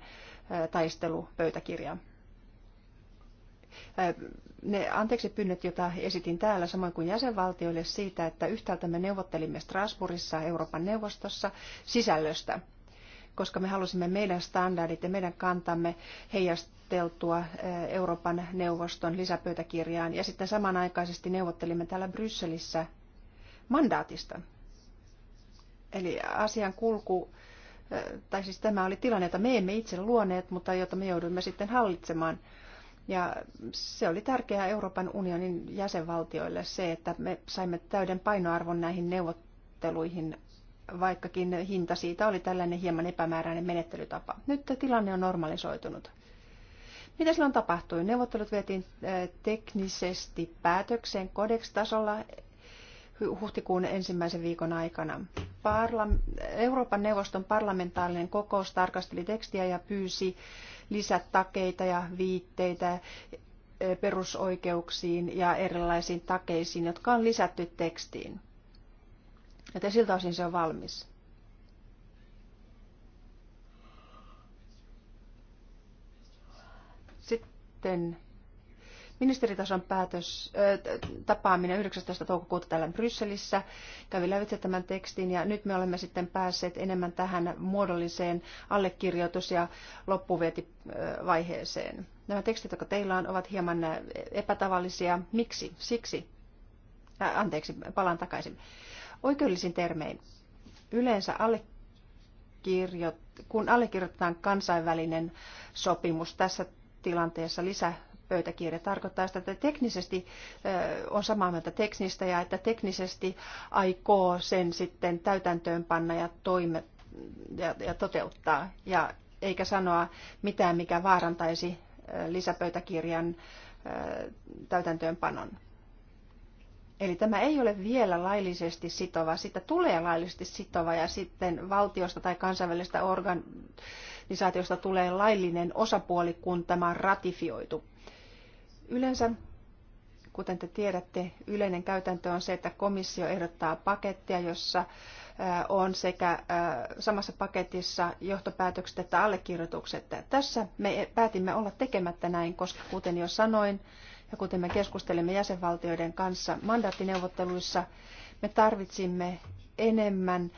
taistelupöytäkirja ne anteeksi pyynnöt, joita esitin täällä samoin kuin jäsenvaltioille siitä, että yhtäältä me neuvottelimme Strasbourgissa Euroopan neuvostossa sisällöstä, koska me halusimme meidän standardit ja meidän kantamme heijasteltua Euroopan neuvoston lisäpöytäkirjaan. Ja sitten samanaikaisesti neuvottelimme täällä Brysselissä mandaatista. Eli asian kulku, tai siis tämä oli tilanne, jota me emme itse luoneet, mutta jota me jouduimme sitten hallitsemaan – ja se oli tärkeää Euroopan unionin jäsenvaltioille se, että me saimme täyden painoarvon näihin neuvotteluihin, vaikkakin hinta siitä oli tällainen hieman epämääräinen menettelytapa. Nyt tilanne on normalisoitunut. Mitä silloin tapahtui? Neuvottelut vietiin eh, teknisesti päätökseen kodekstasolla huhtikuun ensimmäisen viikon aikana. Euroopan neuvoston parlamentaarinen kokous tarkasteli tekstiä ja pyysi lisätakeita ja viitteitä eh, perusoikeuksiin ja erilaisiin takeisiin, jotka on lisätty tekstiin. Joten siltä osin se on valmis. Sitten Ministeritason päätös, äh, tapaaminen 19. toukokuuta täällä Brysselissä kävi lävitse tämän tekstin ja nyt me olemme sitten päässeet enemmän tähän muodolliseen allekirjoitus- ja loppuvietivaiheeseen. Nämä tekstit, jotka teillä on, ovat hieman epätavallisia. Miksi? Siksi. Äh, anteeksi, palaan takaisin. Oikeudellisin termein. Yleensä allekirjo, kun allekirjoitetaan kansainvälinen sopimus tässä tilanteessa lisä pöytäkirja. Tarkoittaa sitä, että teknisesti on samaa mieltä teknistä ja että teknisesti aikoo sen sitten täytäntöönpanna ja, toime, ja, ja toteuttaa. Ja eikä sanoa mitään, mikä vaarantaisi lisäpöytäkirjan täytäntöönpanon. Eli tämä ei ole vielä laillisesti sitova, sitä tulee laillisesti sitova ja sitten valtiosta tai kansainvälisestä organisaatiosta tulee laillinen osapuoli, kun tämä on ratifioitu. Yleensä, kuten te tiedätte, yleinen käytäntö on se, että komissio ehdottaa pakettia, jossa on sekä samassa paketissa johtopäätökset että allekirjoitukset. Tässä me päätimme olla tekemättä näin, koska kuten jo sanoin, ja kuten me keskustelimme jäsenvaltioiden kanssa mandaattineuvotteluissa, me tarvitsimme enemmän,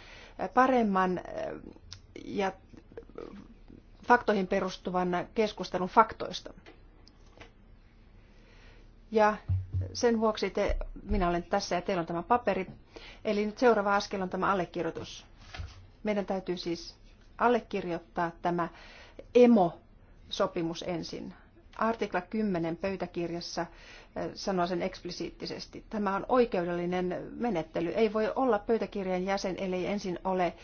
paremman ja faktoihin perustuvan keskustelun faktoista. Ja sen vuoksi te, minä olen tässä ja teillä on tämä paperi. Eli nyt seuraava askel on tämä allekirjoitus. Meidän täytyy siis allekirjoittaa tämä emo-sopimus ensin. Artikla 10 pöytäkirjassa eh, sanoo sen eksplisiittisesti. Tämä on oikeudellinen menettely. Ei voi olla pöytäkirjan jäsen, ellei ensin ole eh,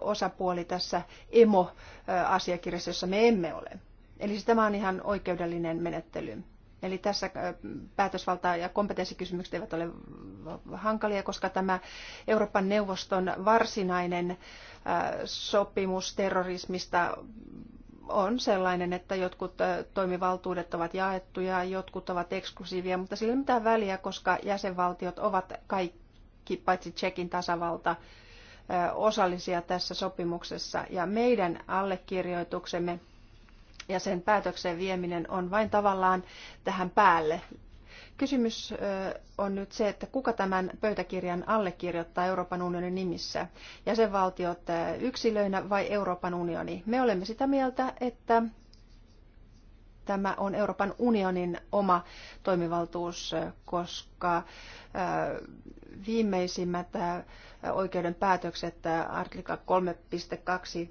osapuoli tässä emo-asiakirjassa, eh, jossa me emme ole. Eli siis tämä on ihan oikeudellinen menettely. Eli tässä äh, päätösvalta- ja kompetenssikysymykset eivät ole hankalia, koska tämä Euroopan neuvoston varsinainen äh, sopimus terrorismista on sellainen, että jotkut äh, toimivaltuudet ovat jaettuja, jotkut ovat eksklusiivia, mutta sillä ei ole mitään väliä, koska jäsenvaltiot ovat kaikki, paitsi Tsekin tasavalta, osallisia tässä sopimuksessa. Ja meidän allekirjoituksemme ja sen päätökseen vieminen on vain tavallaan tähän päälle. Kysymys on nyt se, että kuka tämän pöytäkirjan allekirjoittaa Euroopan unionin nimissä, jäsenvaltiot yksilöinä vai Euroopan unioni? Me olemme sitä mieltä, että tämä on Euroopan unionin oma toimivaltuus, koska viimeisimmät oikeuden päätökset, artikla 3.2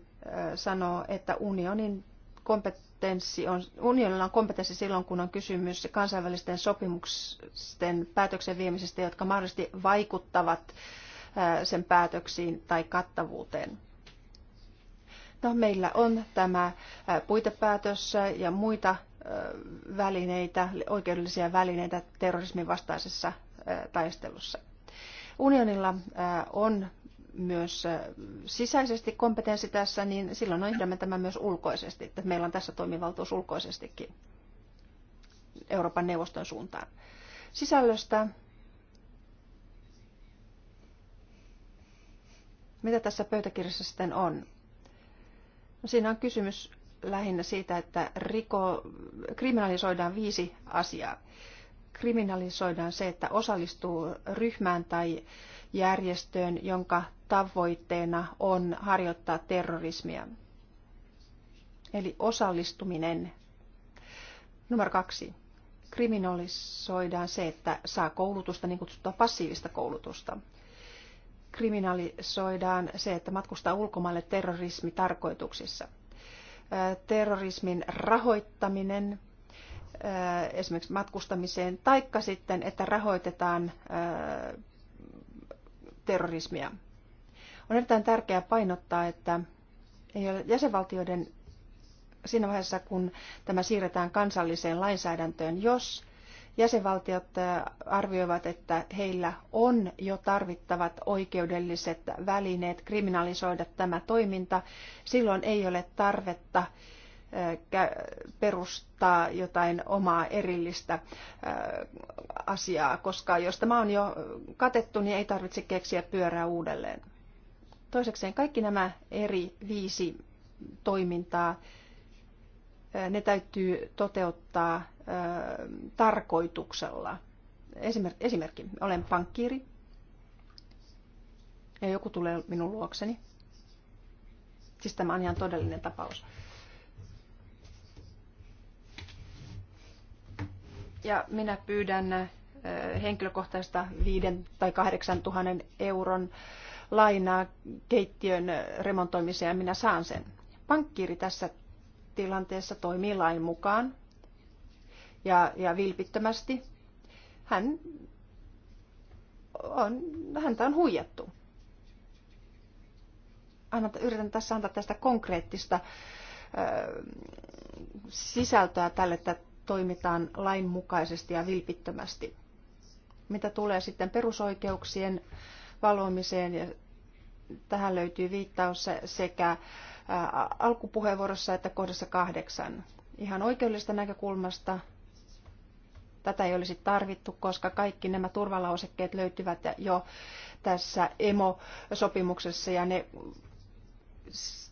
sanoo, että unionin kompetenssi kompetenssi on, unionilla on kompetenssi silloin, kun on kysymys kansainvälisten sopimusten päätöksen viemisestä, jotka mahdollisesti vaikuttavat sen päätöksiin tai kattavuuteen. No, meillä on tämä puitepäätös ja muita välineitä, oikeudellisia välineitä terrorismin vastaisessa taistelussa. Unionilla on myös äh, sisäisesti kompetenssi tässä, niin silloin ohjaamme tämän myös ulkoisesti. Että meillä on tässä toimivaltuus ulkoisestikin Euroopan neuvoston suuntaan. Sisällöstä. Mitä tässä pöytäkirjassa sitten on? No, siinä on kysymys lähinnä siitä, että riko, kriminalisoidaan viisi asiaa. Kriminalisoidaan se, että osallistuu ryhmään tai järjestöön, jonka tavoitteena on harjoittaa terrorismia. Eli osallistuminen. Numero kaksi. Kriminalisoidaan se, että saa koulutusta, niin kutsuttua passiivista koulutusta. Kriminalisoidaan se, että matkustaa ulkomaille terrorismitarkoituksissa. Terrorismin rahoittaminen, esimerkiksi matkustamiseen, taikka sitten, että rahoitetaan terrorismia. On erittäin tärkeää painottaa, että ei ole jäsenvaltioiden siinä vaiheessa, kun tämä siirretään kansalliseen lainsäädäntöön, jos jäsenvaltiot arvioivat, että heillä on jo tarvittavat oikeudelliset välineet kriminalisoida tämä toiminta, silloin ei ole tarvetta perustaa jotain omaa erillistä asiaa, koska jos tämä on jo katettu, niin ei tarvitse keksiä pyörää uudelleen. Toisekseen kaikki nämä eri viisi toimintaa, ne täytyy toteuttaa tarkoituksella. Esimerkki, olen pankkiiri ja joku tulee minun luokseni. Siis tämä on ihan todellinen tapaus Ja minä pyydän henkilökohtaista 5 tai 8 000 euron lainaa keittiön remontoimiseen ja minä saan sen. Pankkiiri tässä tilanteessa toimii lain mukaan ja, ja vilpittömästi. Hän on, häntä on huijattu. Anna, yritän tässä antaa tästä konkreettista ö, sisältöä tälle, että toimitaan lainmukaisesti ja vilpittömästi. Mitä tulee sitten perusoikeuksien ja tähän löytyy viittaus sekä alkupuheenvuorossa että kohdassa kahdeksan. Ihan oikeudellisesta näkökulmasta tätä ei olisi tarvittu, koska kaikki nämä turvalausekkeet löytyvät jo tässä emo-sopimuksessa ja ne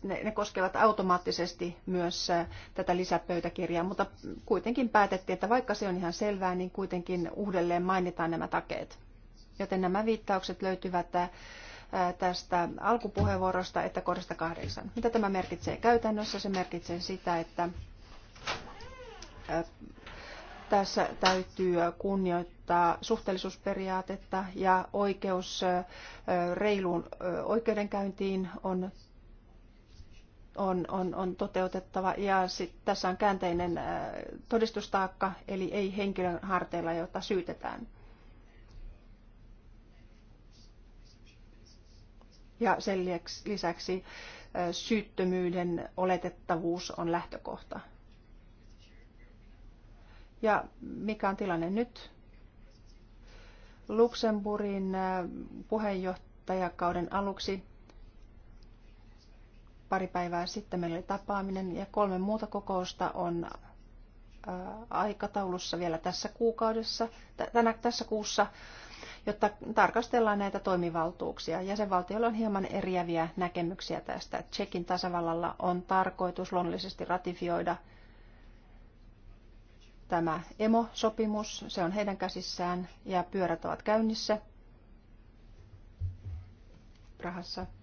ne, ne koskevat automaattisesti myös äh, tätä lisäpöytäkirjaa, mutta kuitenkin päätettiin, että vaikka se on ihan selvää, niin kuitenkin uudelleen mainitaan nämä takeet. Joten nämä viittaukset löytyvät äh, tästä alkupuheenvuorosta, että kohdasta kahdeksan. Mitä tämä merkitsee käytännössä? Se merkitsee sitä, että äh, tässä täytyy kunnioittaa suhteellisuusperiaatetta ja oikeus reiluun oikeudenkäyntiin on on, on, on toteutettava. Ja sit tässä on käänteinen äh, todistustaakka, eli ei henkilön harteilla, jota syytetään. Ja sen lisäksi äh, syyttömyyden oletettavuus on lähtökohta. Ja mikä on tilanne nyt? Luxemburgin äh, puheenjohtajakauden aluksi Pari päivää sitten meillä oli tapaaminen ja kolme muuta kokousta on aikataulussa vielä tässä kuukaudessa, tänä, tässä kuussa, jotta tarkastellaan näitä toimivaltuuksia. Jäsenvaltioilla on hieman eriäviä näkemyksiä tästä. Tsekin tasavallalla on tarkoitus luonnollisesti ratifioida tämä emo-sopimus, se on heidän käsissään ja pyörät ovat käynnissä Prahassa –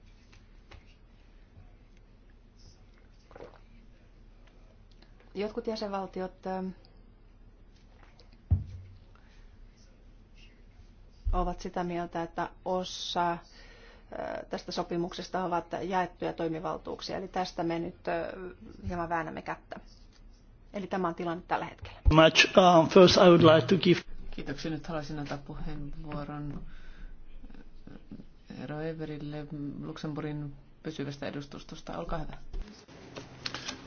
Jotkut jäsenvaltiot ovat sitä mieltä, että osa tästä sopimuksesta ovat jaettuja toimivaltuuksia. Eli tästä me nyt hieman väännämme kättä. Eli tämä on tilanne tällä hetkellä. Much, um, first I would like to give... Kiitoksia. Nyt haluaisin antaa puheenvuoron Eero Everille Luxemburgin pysyvästä edustustosta. Olkaa hyvä.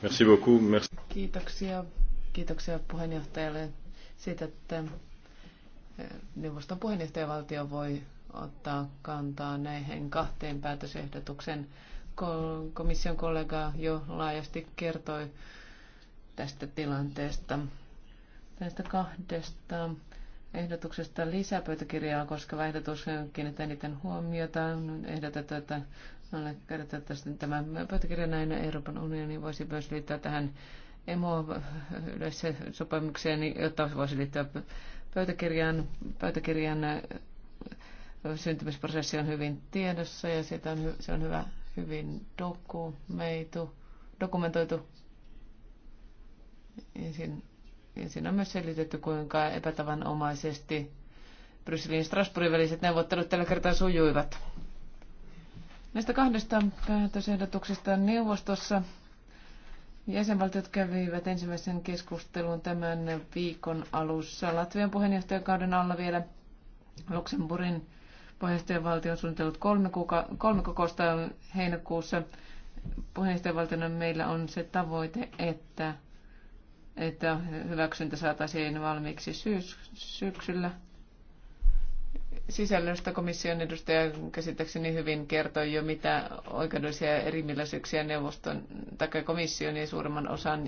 Merci beaucoup. Merci. Kiitoksia. Kiitoksia puheenjohtajalle siitä, että eh, neuvoston puheenjohtajavaltio voi ottaa kantaa näihin kahteen päätösehdotuksen. Komission kollega jo laajasti kertoi tästä tilanteesta. Näistä kahdesta ehdotuksesta lisäpöytäkirjaa koskeva ehdotus kiinnittää eniten huomiota. Ehdotetaan, että että tämä pöytäkirja näin Euroopan unioni voisi myös liittyä tähän emo sopimukseen, jotta voisi liittyä pöytäkirjaan. Pöytäkirjan syntymisprosessi on hyvin tiedossa ja siitä on, se on hyvä, hyvin dokumentoitu. dokumentoitu. Ja siinä, ja siinä on myös selitetty, kuinka epätavanomaisesti Brysselin ja Strasbourgin väliset neuvottelut tällä kertaa sujuivat. Näistä kahdesta päätösehdotuksesta neuvostossa jäsenvaltiot kävivät ensimmäisen keskustelun tämän viikon alussa Latvian puheenjohtajakauden alla vielä Luxemburgin puheenjohtajavaltion on suunnitellut kolme, kolme kokousta heinäkuussa. Puheenjohtajavaltiona meillä on se tavoite, että, että hyväksyntä saataisiin valmiiksi syys, syksyllä sisällöstä komission edustaja käsittääkseni hyvin kertoi jo, mitä oikeudellisia erimielisyyksiä neuvoston tai komission ja suurimman osan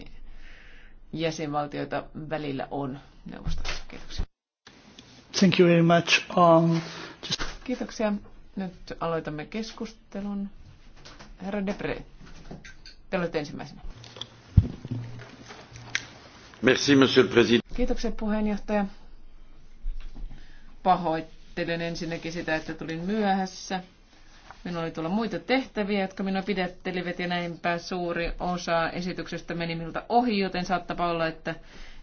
jäsenvaltioita välillä on neuvostossa. Kiitoksia. Thank you very much. Um, just... Kiitoksia. Nyt aloitamme keskustelun. Herra Debre, te olette ensimmäisenä. Merci, monsieur le président. Kiitoksia puheenjohtaja. Pahoit. Pahoittelen ensinnäkin sitä, että tulin myöhässä. Minulla oli tulla muita tehtäviä, jotka minua pidättelivät ja näinpä suuri osa esityksestä meni minulta ohi, joten saattaa olla, että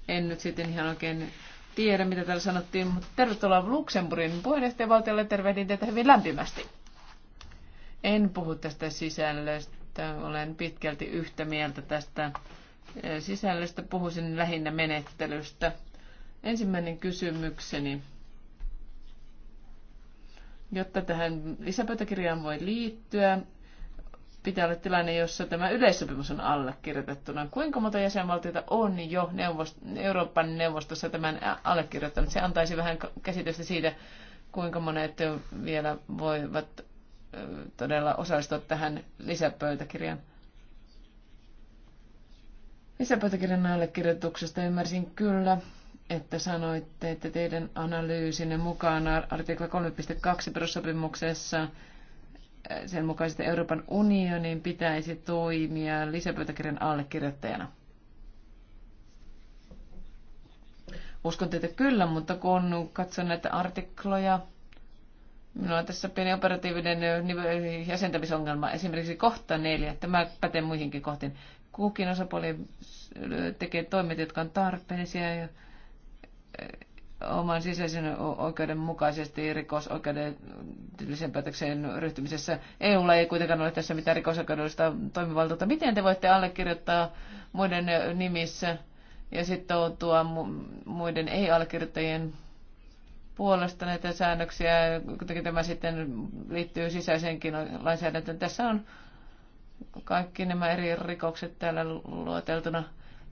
en nyt sitten ihan oikein tiedä, mitä täällä sanottiin, mutta tervetuloa Luxemburgin puheenjohtajavaltiolle, tervehdin teitä hyvin lämpimästi. En puhu tästä sisällöstä, olen pitkälti yhtä mieltä tästä eh, sisällöstä, puhuisin lähinnä menettelystä. Ensimmäinen kysymykseni Jotta tähän lisäpöytäkirjaan voi liittyä, pitää olla tilanne, jossa tämä yleissopimus on allekirjoitettuna. Kuinka monta jäsenvaltiota on jo neuvost- Euroopan neuvostossa tämän allekirjoittanut? Se antaisi vähän käsitystä siitä, kuinka monet vielä voivat todella osallistua tähän lisäpöytäkirjaan. Lisäpöytäkirjan allekirjoituksesta ymmärsin kyllä että sanoitte, että teidän analyysinne mukaan artikla 3.2 perussopimuksessa äh, sen mukaisesti Euroopan unionin pitäisi toimia lisäpöytäkirjan allekirjoittajana. Uskon teitä kyllä, mutta kun katson näitä artikloja, minulla on tässä pieni operatiivinen äh, jäsentämisongelma. Esimerkiksi kohta neljä, tämä pätee muihinkin kohtiin. Kukin osapuoli äh, tekee toimet, jotka on tarpeellisia oman sisäisen oikeuden mukaisesti rikosoikeudellisen päätökseen ryhtymisessä. EUlla ei kuitenkaan ole tässä mitään rikosoikeudellista toimivaltuutta. Miten te voitte allekirjoittaa muiden nimissä ja sitoutua muiden ei-allekirjoittajien puolesta näitä säännöksiä, kuitenkin tämä sitten liittyy sisäiseenkin lainsäädäntöön. Tässä on kaikki nämä eri rikokset täällä luoteltuna.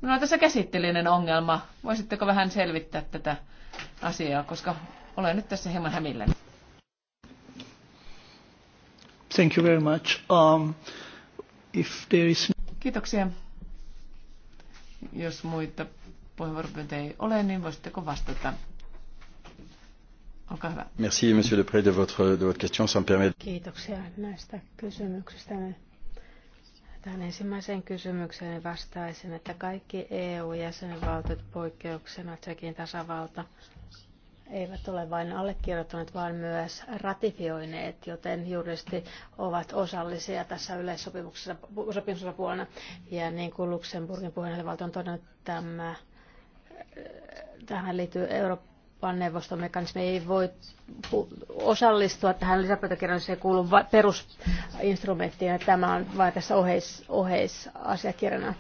Minulla on tässä käsitteellinen ongelma. Voisitteko vähän selvittää tätä asiaa, koska olen nyt tässä hieman hämilläni. Thank you very much. Um, if there is... Kiitoksia. Jos muita puheenvuoropyyntöjä ei ole, niin voisitteko vastata? Olkaa hyvä. Merci, monsieur Lepré, de votre, de votre question. Ça me permet... Kiitoksia näistä kysymyksistä. Tähän ensimmäiseen kysymykseen niin vastaisin, että kaikki EU-jäsenvaltiot poikkeuksena Tsekin tasavalta eivät ole vain allekirjoittaneet, vaan myös ratifioineet, joten juristi ovat osallisia tässä yleissopimuksessa puolena. Ja niin kuin Luxemburgin puheenjohtaja on todennut, tämä, tähän liittyy Euroopan vaan neuvostomekanismi ei voi osallistua tähän se kuuluu perusinstrumenttiin, ja tämä on vain tässä oheis, oheisasiakirjana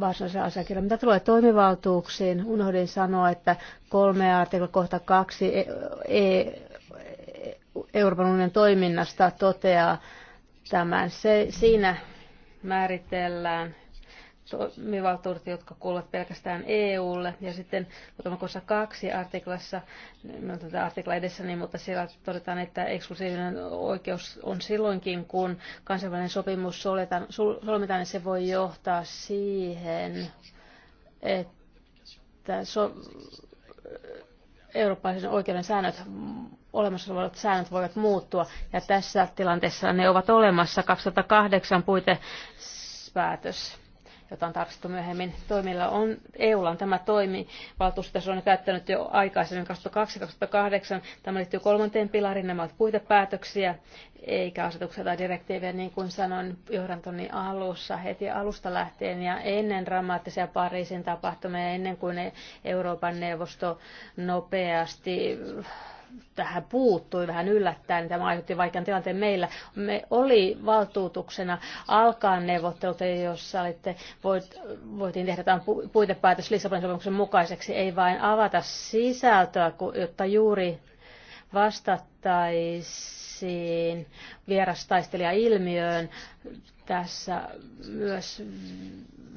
varsinaisen asiakirjan. Mitä tulee toimivaltuuksiin, unohdin sanoa, että kolme artikla kohta kaksi e- e- Euroopan unionin toiminnasta toteaa tämän. Se, siinä määritellään toimivaltuudet, jotka kuuluvat pelkästään EUlle. Ja sitten kohdassa kaksi artiklassa, no tätä artikla niin, mutta siellä todetaan, että eksklusiivinen oikeus on silloinkin, kun kansainvälinen sopimus soletan, solmitaan, niin se voi johtaa siihen, että so, eurooppalaisen oikeuden säännöt olemassa olevat säännöt voivat muuttua, ja tässä tilanteessa ne ovat olemassa 2008 puitepäätös jota on tarkistettu myöhemmin. Toimilla on, EUlla on tämä toimi. Valtuustasio on käyttänyt jo aikaisemmin 2002-2008. Tämä liittyy kolmanteen pilariin. Nämä ovat puitepäätöksiä, eikä asetuksia tai direktiivejä, niin kuin sanoin johdantoni alussa, heti alusta lähtien ja ennen dramaattisia Pariisin tapahtumia, ennen kuin Euroopan neuvosto nopeasti tähän puuttui vähän yllättäen, niin tämä aiheutti vaikean tilanteen meillä. Me oli valtuutuksena alkaa neuvottelut, jossa olitte, voit, voitiin tehdä tämän puitepäätös Lissabonin sopimuksen mukaiseksi, ei vain avata sisältöä, jotta juuri vastattaisiin vierastaistelijailmiöön. Tässä myös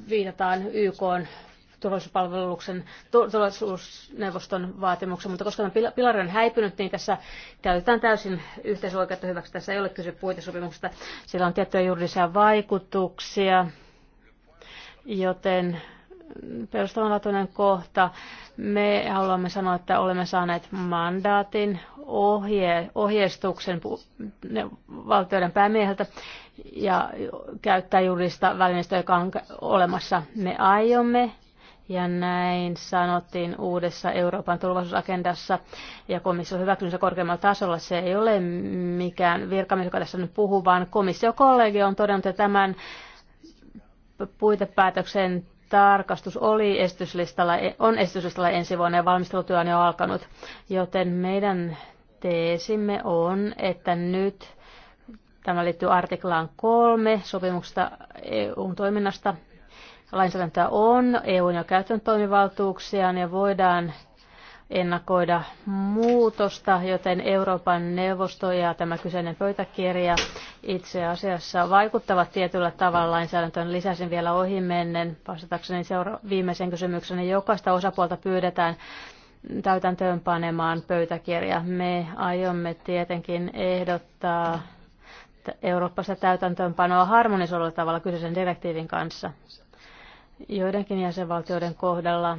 viitataan YK turvallisuuspalveluksen, turvallisuusneuvoston vaatimuksen, mutta koska tämä pilari on häipynyt, niin tässä käytetään täysin yhteisoikeutta hyväksi. Tässä ei ole kyse puitesopimuksesta. Sillä on tiettyjä juridisia vaikutuksia, joten perustavanlaatuinen kohta. Me haluamme sanoa, että olemme saaneet mandaatin ohje, ohjeistuksen valtioiden päämieheltä ja käyttää juridista välineistöä, joka on olemassa. Me aiomme ja näin sanottiin uudessa Euroopan turvallisuusagendassa ja komissio hyväksynyt korkeammalla tasolla. Se ei ole mikään virkamies, joka tässä nyt puhuu, vaan komissiokollegio on todennut, että tämän puitepäätöksen tarkastus oli estyslistalla on estyslistalla ensi vuonna ja valmistelutyö on jo alkanut. Joten meidän teesimme on, että nyt tämä liittyy artiklaan kolme sopimuksesta eu toiminnasta lainsäädäntöä on, EU on jo käyttänyt toimivaltuuksia, ja voidaan ennakoida muutosta, joten Euroopan neuvosto ja tämä kyseinen pöytäkirja itse asiassa vaikuttavat tietyllä tavalla lainsäädäntöön. Lisäsin vielä ohimennen vastatakseni seura- viimeisen kysymyksen, niin jokaista osapuolta pyydetään täytäntöönpanemaan pöytäkirja. Me aiomme tietenkin ehdottaa Euroopassa täytäntöönpanoa harmonisoidulla tavalla kyseisen direktiivin kanssa joidenkin jäsenvaltioiden kohdalla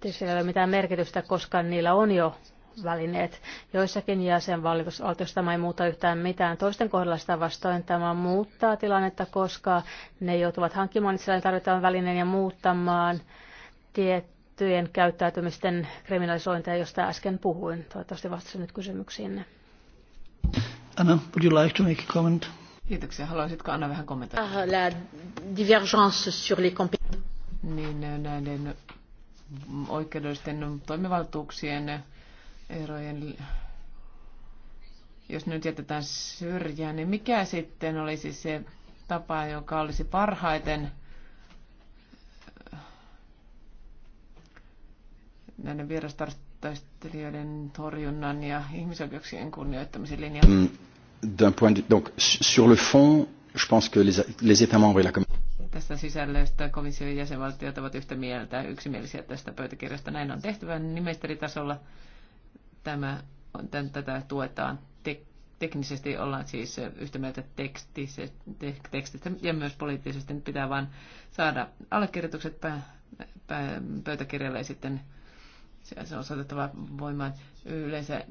tietysti ei ole mitään merkitystä, koska niillä on jo välineet. Joissakin jäsenvaltioissa tämä ei muuta yhtään mitään. Toisten kohdalla sitä vastoin tämä muuttaa tilannetta, koska ne joutuvat hankkimaan itselleen tarvittavan välineen ja muuttamaan tiettyjen käyttäytymisten kriminalisointia, josta äsken puhuin. Toivottavasti vastasin nyt kysymyksiinne. Anna, would you like to make a comment? Kiitoksia. Haluaisitko Anna vähän kommentoida? Euh, la divergence sur les compétences. Niin näiden oikeudellisten toimivaltuuksien erojen, jos nyt jätetään syrjään, niin mikä sitten olisi se tapa, joka olisi parhaiten äh, näiden vierastaistelijoiden torjunnan ja ihmisoikeuksien kunnioittamisen linjalla? Mm d'un point de, donc sur le fond, je pense que les, les États membres et la Commission tästä sisällöstä komission jäsenvaltiot ovat yhtä mieltä, yksimielisiä tästä pöytäkirjasta. Näin on tehtävä nimesteritasolla. Tämä, tämän, tätä tuetaan te, teknisesti, ollaan siis yhtä mieltä tekstissä, te, tekstistä ja myös poliittisesti. Nyt pitää vain saada allekirjoitukset pä, pä, pöytäkirjalle ja sitten se on saatettava voimaan yleensä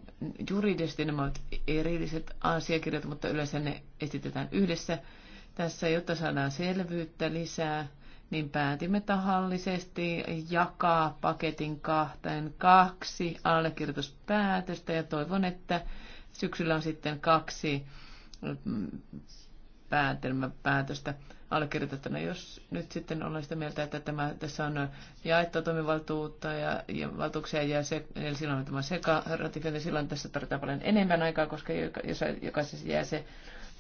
juridisesti nämä ovat erilliset asiakirjat, mutta yleensä ne esitetään yhdessä. Tässä, jotta saadaan selvyyttä lisää, niin päätimme tahallisesti jakaa paketin kahteen kaksi allekirjoituspäätöstä ja toivon, että syksyllä on sitten kaksi mm, päätelmäpäätöstä. päätöstä allekirjoitettuna. Jos nyt sitten ollaan sitä mieltä, että tämä, tässä on jaettua toimivaltuutta ja, ja valtuuksia ja se, eli silloin on tämä seka ratifiointi, silloin tässä tarvitaan paljon enemmän aikaa, koska jos, jokaisessa jää se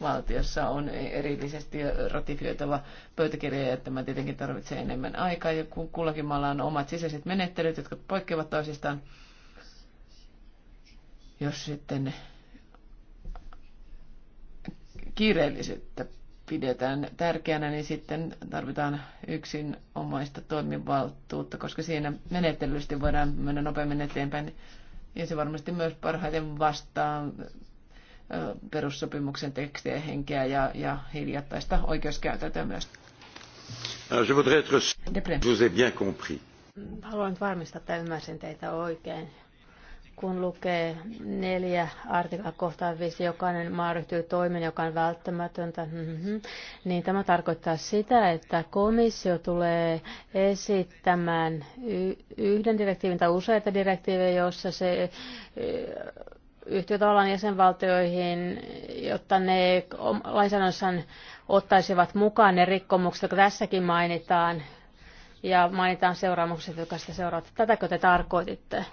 valtiossa on erillisesti ratifioitava pöytäkirja, ja tämä tietenkin tarvitsee enemmän aikaa, ja kun kullakin maalla on omat sisäiset menettelyt, jotka poikkeavat toisistaan, jos sitten kiireellisyyttä pidetään tärkeänä, niin sitten tarvitaan yksin omaista toimivaltuutta, koska siinä menettelysti voidaan mennä nopeammin eteenpäin. Ja se varmasti myös parhaiten vastaa perussopimuksen tekstiä, henkeä ja, ja hiljattaista oikeuskäytäntöä myös. Haluan varmistaa, että ymmärsin teitä oikein kun lukee neljä artiklaa kohtaan viisi, jokainen maa ryhtyy toimeen, joka on välttämätöntä, mm-hmm, niin tämä tarkoittaa sitä, että komissio tulee esittämään yhden direktiivin tai useita direktiivejä, joissa se yhtyy tavallaan jäsenvaltioihin, jotta ne lainsäädännössään ottaisivat mukaan ne rikkomukset, jotka tässäkin mainitaan, ja mainitaan seuraamukset, jotka sitä seuraavat. Tätäkö te tarkoititte?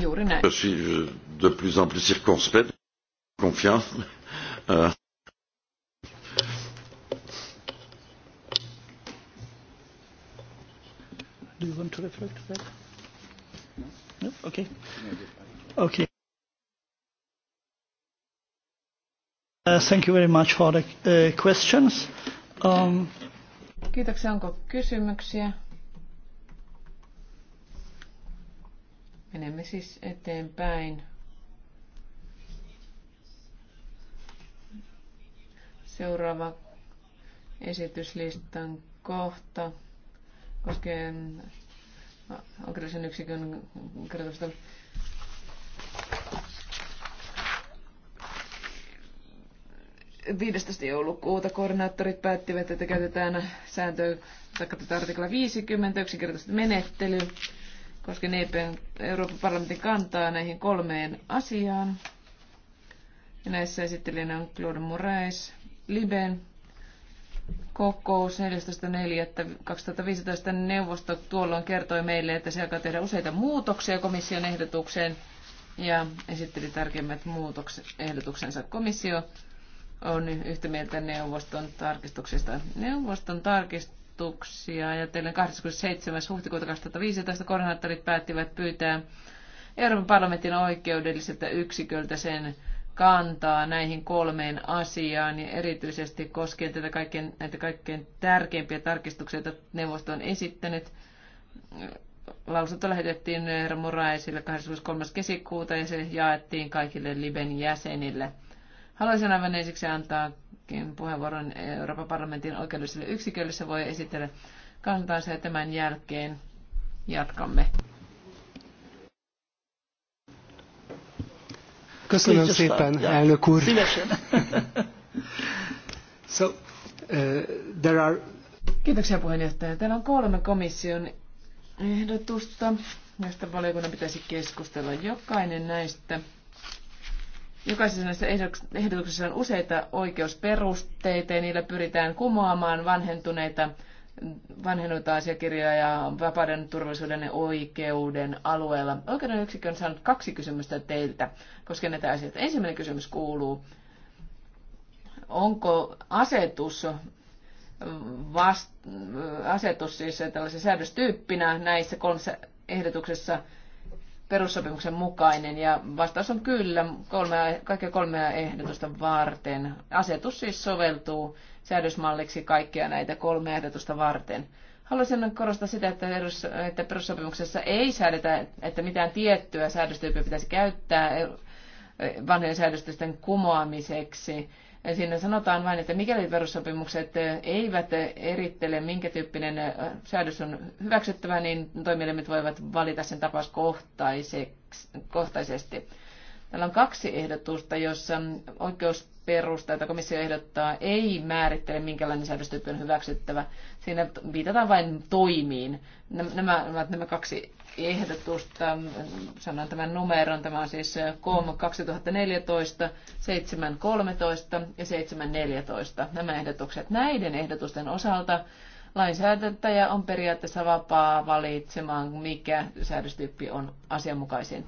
Juuri näin. de plus en plus circonspect, confiant. Euh. Do you want to reflect that? No? no? Okay. Okay. Uh, thank you very much for the uh, questions. Um, Kiitoksia. Onko kysymyksiä? Menemme siis eteenpäin. Seuraava esityslistan kohta koskee oikeudellisen yksikön kertomusta Viidestoista joulukuuta koordinaattorit päättivät, että käytetään sääntöä, tai tätä artikla 50, yksinkertaisesti menettely, koskien EPn Euroopan parlamentin kantaa näihin kolmeen asiaan. Ja näissä esittelijänä on Claude Moraes, Liben kokous 14.4.2015 neuvosto tuolloin kertoi meille, että se alkaa tehdä useita muutoksia komission ehdotukseen ja esitteli tärkeimmät muutokset, ehdotuksensa komissio on yhtä mieltä neuvoston tarkistuksesta. Neuvoston tarkist ja teille 27. huhtikuuta 2015 koordinaattorit päättivät pyytää Euroopan parlamentin oikeudelliselta yksiköltä sen kantaa näihin kolmeen asiaan ja erityisesti koskien tätä kaikkein, näitä kaikkein tärkeimpiä tarkistuksia, joita neuvosto on esittänyt. Lausunto lähetettiin Herra Moraisille 23. kesäkuuta ja se jaettiin kaikille Liben jäsenille. Haluaisin aivan ensiksi antaa puheenvuoron Euroopan parlamentin oikeudelliselle yksikölle. Se voi esitellä kantansa ja tämän jälkeen jatkamme. Köszönöm szépen, elnök úr. so, uh, there are... Kiitoksia puheenjohtaja. Täällä on kolme komission ehdotusta, joista valiokunnan pitäisi keskustella. Jokainen näistä Jokaisessa näissä ehdotuksissa on useita oikeusperusteita ja niillä pyritään kumoamaan vanhentuneita vanhennuita asiakirjoja ja vapauden, turvallisuuden ja oikeuden alueella. Oikeuden yksikkö on saanut kaksi kysymystä teiltä koskien näitä asioita. Ensimmäinen kysymys kuuluu, onko asetus, vast, asetus siis tällaisen säädöstyyppinä näissä kolmessa ehdotuksessa – perussopimuksen mukainen? Ja vastaus on kyllä, kolmea, kaikkia kolmea ehdotusta varten. Asetus siis soveltuu säädösmalliksi kaikkia näitä kolmea ehdotusta varten. Haluaisin korostaa sitä, että, perus, että perussopimuksessa ei säädetä, että mitään tiettyä säädöstyyppiä pitäisi käyttää eh, vanhojen säädöstysten kumoamiseksi Siinä sanotaan vain, että mikäli perussopimukset eivät erittele, minkä tyyppinen säädös on hyväksyttävä, niin toimielimet voivat valita sen tapauskohtaisesti. Täällä on kaksi ehdotusta, jossa oikeusperusta, jota komissio ehdottaa, ei määrittele, minkälainen säädöstyyppi on hyväksyttävä. Siinä viitataan vain toimiin. Nämä ovat nämä kaksi ehdotusta. Sanon tämän numeron. Tämä on siis COM 2014, 713 ja 714. Nämä ehdotukset näiden ehdotusten osalta lainsäätäjä on periaatteessa vapaa valitsemaan, mikä säädöstyyppi on asianmukaisin.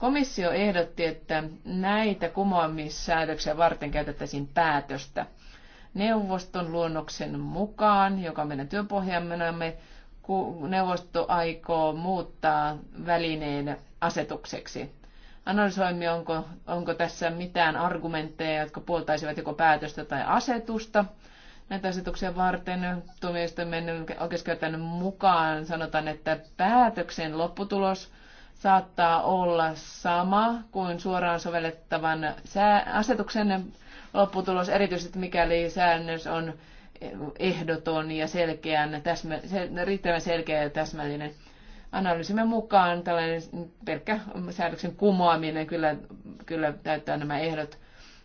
Komissio ehdotti, että näitä kumoamissäädöksiä varten käytettäisiin päätöstä. Neuvoston luonnoksen mukaan, joka meidän työpohjamme, neuvosto aikoo muuttaa välineen asetukseksi. Analysoimme, onko, onko tässä mitään argumentteja, jotka puoltaisivat joko päätöstä tai asetusta näitä asetuksia varten. Tuomioistuimen oikeuskäytännön mukaan sanotaan, että päätöksen lopputulos – saattaa olla sama kuin suoraan sovellettavan asetuksen lopputulos, erityisesti mikäli säännös on ehdoton ja selkeän, täsmä, riittävän selkeä ja täsmällinen. Analyysimme mukaan tällainen pelkkä säädöksen kumoaminen kyllä, kyllä täyttää nämä ehdot,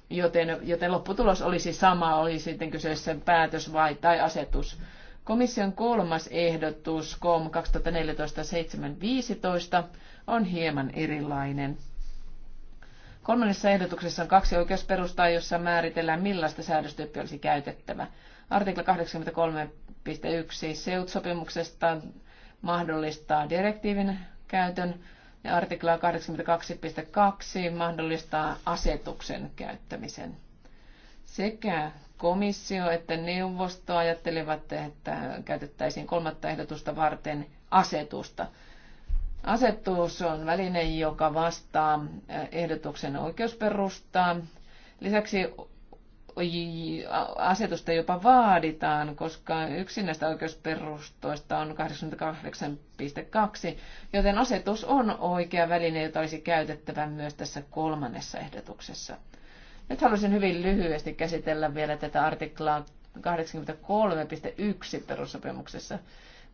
joten, joten lopputulos olisi sama, oli sitten kyseessä päätös vai, tai asetus. Komission kolmas ehdotus, COM 2014 on hieman erilainen. Kolmannessa ehdotuksessa on kaksi oikeusperustaa, jossa määritellään millaista säädöstyyppiä olisi käytettävä. Artikla 83.1 SEUT-sopimuksesta mahdollistaa direktiivin käytön ja artikla 82.2 mahdollistaa asetuksen käyttämisen. Sekä komissio että neuvosto ajattelivat, että käytettäisiin kolmatta ehdotusta varten asetusta. Asetus on väline, joka vastaa ehdotuksen oikeusperustaa. Lisäksi asetusta jopa vaaditaan, koska yksi näistä oikeusperustoista on 88.2, joten asetus on oikea väline, jota olisi käytettävä myös tässä kolmannessa ehdotuksessa. Nyt haluaisin hyvin lyhyesti käsitellä vielä tätä artiklaa 83.1 perussopimuksessa.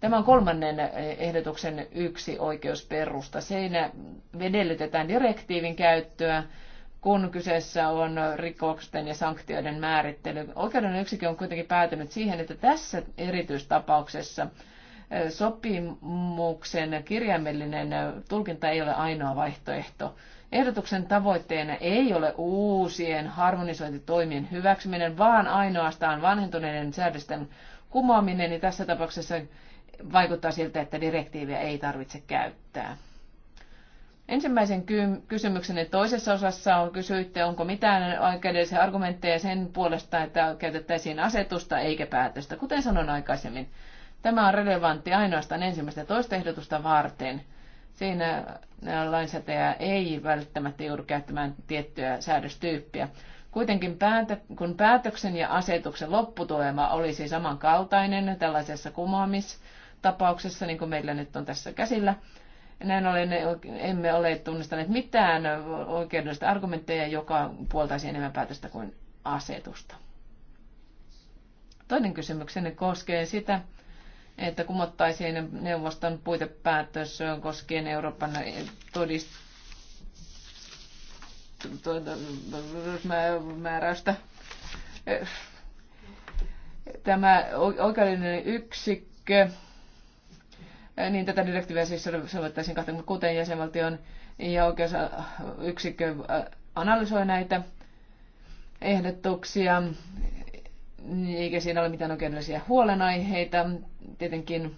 Tämä on kolmannen eh, ehdotuksen yksi oikeusperusta. Siinä edellytetään direktiivin käyttöä, kun kyseessä on rikosten ja sanktioiden määrittely. Oikeuden yksikö on kuitenkin päätynyt siihen, että tässä erityistapauksessa eh, sopimuksen kirjaimellinen eh, tulkinta ei ole ainoa vaihtoehto. Ehdotuksen tavoitteena ei ole uusien harmonisointitoimien hyväksyminen, vaan ainoastaan vanhentuneiden säädösten kumoaminen ja tässä tapauksessa vaikuttaa siltä, että direktiiviä ei tarvitse käyttää. Ensimmäisen kysymyksenne toisessa osassa on kysyitte, onko mitään oikeudellisia argumentteja sen puolesta, että käytettäisiin asetusta eikä päätöstä. Kuten sanoin aikaisemmin, tämä on relevantti ainoastaan ensimmäistä toista ehdotusta varten. Siinä lainsäätäjä ei välttämättä joudu käyttämään tiettyä säädöstyyppiä. Kuitenkin kun päätöksen ja asetuksen lopputulema olisi samankaltainen tällaisessa kumoamis- tapauksessa, niin kuin meillä nyt on tässä käsillä. Näin ollen emme ole tunnistaneet mitään oikeudellista argumentteja, joka puoltaisi enemmän päätöstä kuin asetusta. Toinen kysymykseni koskee sitä, että kumottaisiin neuvoston puitepäätös koskien Euroopan todistusmääräystä. Tämä oikeudellinen yksikkö niin tätä direktiiviä siis sovellettaisiin 26 jäsenvaltioon ja oikeusyksikkö analysoi näitä ehdotuksia, eikä siinä ole mitään oikeudellisia huolenaiheita. Tietenkin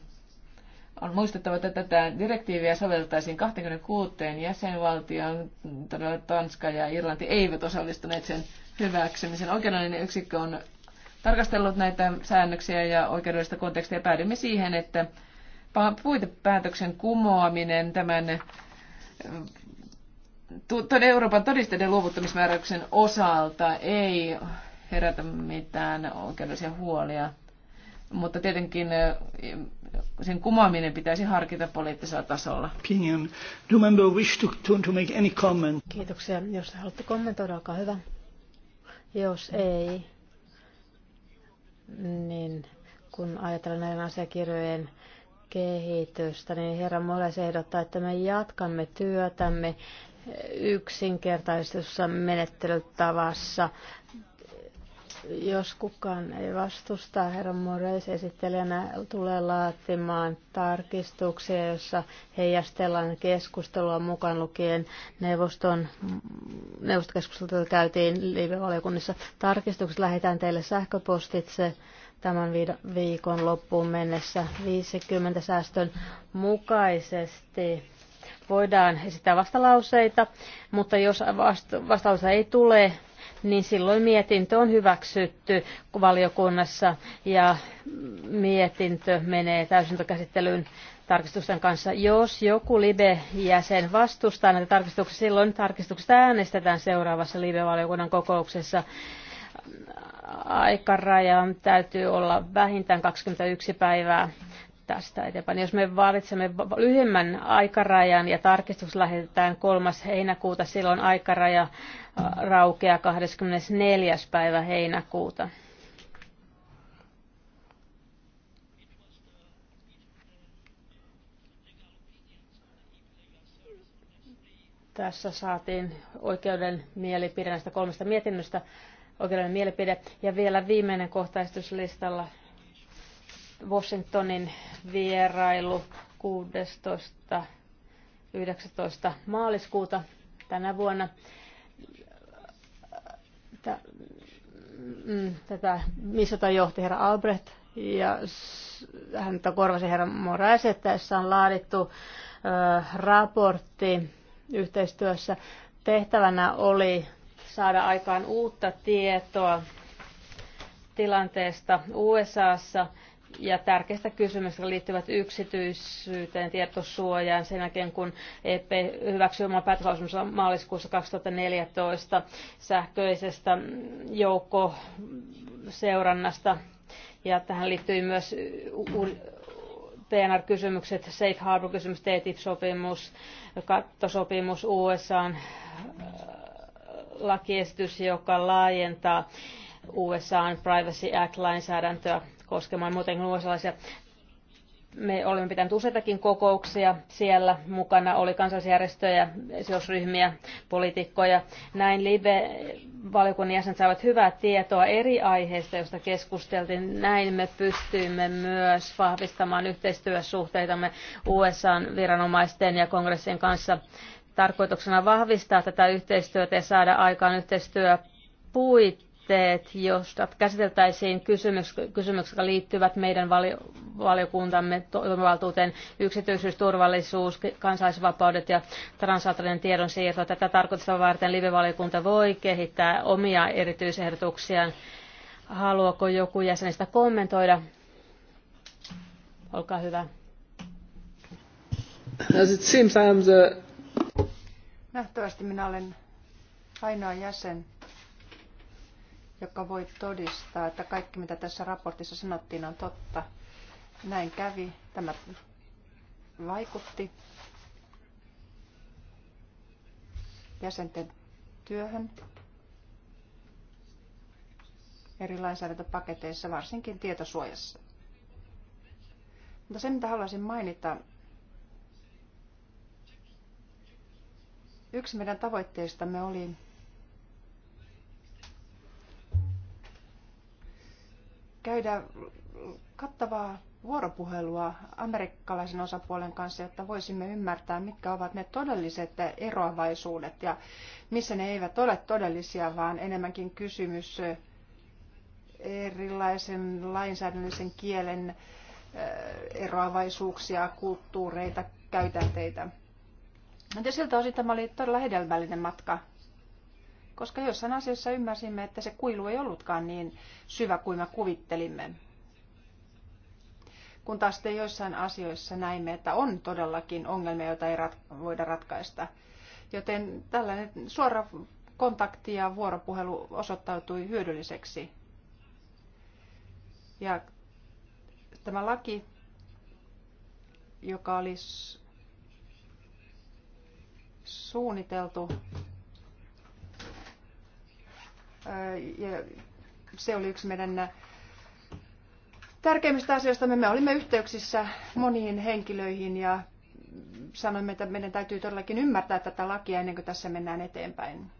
on muistettava, että tätä direktiiviä sovellettaisiin 26 jäsenvaltioon. Todella Tanska ja Irlanti eivät osallistuneet sen hyväksymisen. Oikeudellinen yksikkö on tarkastellut näitä säännöksiä ja oikeudellista kontekstia. Päädymme siihen, että puitepäätöksen kumoaminen tämän Euroopan todisteiden luovuttamismääräyksen osalta ei herätä mitään oikeudellisia huolia. Mutta tietenkin sen kumoaminen pitäisi harkita poliittisella tasolla. Kiitoksia. Jos haluatte kommentoida, olkaa hyvä. Jos ei, niin kun ajatellaan näiden asiakirjojen kehitystä, niin herra Moles ehdottaa, että me jatkamme työtämme yksinkertaisessa menettelytavassa jos kukaan ei vastusta, herra Moreis esittelijänä tulee laatimaan tarkistuksia, jossa heijastellaan keskustelua mukaan lukien neuvoston, neuvostokeskustelua, jota käytiin liivevaliokunnissa. Tarkistukset lähetään teille sähköpostitse tämän viikon loppuun mennessä 50 säästön mukaisesti voidaan esittää vastalauseita, mutta jos vastalauseita ei tule, niin silloin mietintö on hyväksytty valiokunnassa ja mietintö menee täysintokäsittelyyn tarkistusten kanssa. Jos joku LIBE-jäsen vastustaa näitä tarkistuksia, silloin tarkistuksista äänestetään seuraavassa LIBE-valiokunnan kokouksessa. Aikarajan täytyy olla vähintään 21 päivää tästä eteenpäin. Jos me valitsemme lyhyemmän aikarajan ja tarkistus lähetetään 3. heinäkuuta, silloin aikaraja raukeaa 24. päivä heinäkuuta. Tässä saatiin oikeuden mielipide näistä kolmesta mietinnöstä, oikeuden mielipide. Ja vielä viimeinen kohtaistuslistalla Washingtonin vierailu 16. 19. maaliskuuta tänä vuonna. Mm, tätä missä johti herra Albrecht ja hän tota korvasi herra Moraes, että tässä on laadittu raportti yhteistyössä. Tehtävänä oli saada aikaan uutta tietoa tilanteesta USAssa ja tärkeistä kysymyksistä liittyvät yksityisyyteen, tietosuojaan sen jälkeen, kun EP hyväksyi oman päätöslausunsa maaliskuussa 2014 sähköisestä joukkoseurannasta. Ja tähän liittyy myös PNR-kysymykset, Safe Harbor-kysymys, TTIP-sopimus, kattosopimus USAn äh, lakiesitys, joka laajentaa USAn Privacy Act-lainsäädäntöä koskemaan muuten sellaisia me olemme pitäneet useitakin kokouksia siellä. Mukana oli kansalaisjärjestöjä, sidosryhmiä, poliitikkoja. Näin live valiokunnan jäsenet saivat hyvää tietoa eri aiheista, joista keskusteltiin. Näin me pystyimme myös vahvistamaan yhteistyösuhteitamme USA-viranomaisten ja kongressin kanssa. Tarkoituksena vahvistaa tätä yhteistyötä ja saada aikaan yhteistyöpuitteita aloitteet, josta käsiteltäisiin kysymyksiä, jotka liittyvät meidän valiokuntamme toimivaltuuteen, yksityisyys, turvallisuus, kansalaisvapaudet ja transatlanttinen tiedonsiirto. Tätä tarkoitusta varten live-valiokunta voi kehittää omia erityisehdotuksiaan. Haluaako joku jäsenistä kommentoida? Olkaa hyvä. As it seems the... Nähtävästi minä olen ainoa jäsen, joka voi todistaa, että kaikki mitä tässä raportissa sanottiin on totta. Näin kävi. Tämä vaikutti jäsenten työhön eri lainsäädäntöpaketeissa, varsinkin tietosuojassa. Mutta se, mitä haluaisin mainita, yksi meidän tavoitteistamme oli käydä kattavaa vuoropuhelua amerikkalaisen osapuolen kanssa, jotta voisimme ymmärtää, mitkä ovat ne todelliset eroavaisuudet ja missä ne eivät ole todellisia, vaan enemmänkin kysymys erilaisen lainsäädännöllisen kielen eroavaisuuksia, kulttuureita, käytänteitä. Ja siltä osin tämä oli todella hedelmällinen matka koska jossain asiassa ymmärsimme, että se kuilu ei ollutkaan niin syvä kuin me kuvittelimme. Kun taas sitten joissain asioissa näimme, että on todellakin ongelmia, joita ei rat- voida ratkaista. Joten tällainen suora kontakti ja vuoropuhelu osoittautui hyödylliseksi. Ja tämä laki, joka oli suunniteltu ja se oli yksi meidän tärkeimmistä asioista. Me olimme yhteyksissä moniin henkilöihin ja sanoimme, että meidän täytyy todellakin ymmärtää tätä lakia ennen kuin tässä mennään eteenpäin.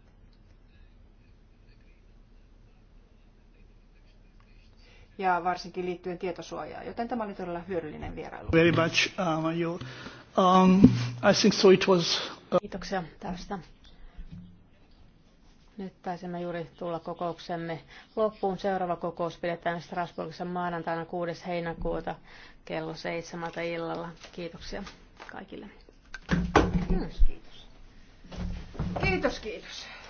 ja varsinkin liittyen tietosuojaan, joten tämä oli todella hyödyllinen vierailu. Very much, um, uh, you, um, I think so it was, uh... Kiitoksia tästä nyt taisimme juuri tulla kokouksemme loppuun. Seuraava kokous pidetään Strasbourgissa maanantaina 6. heinäkuuta kello 7 illalla. Kiitoksia kaikille. Kiitos, kiitos. Kiitos, kiitos.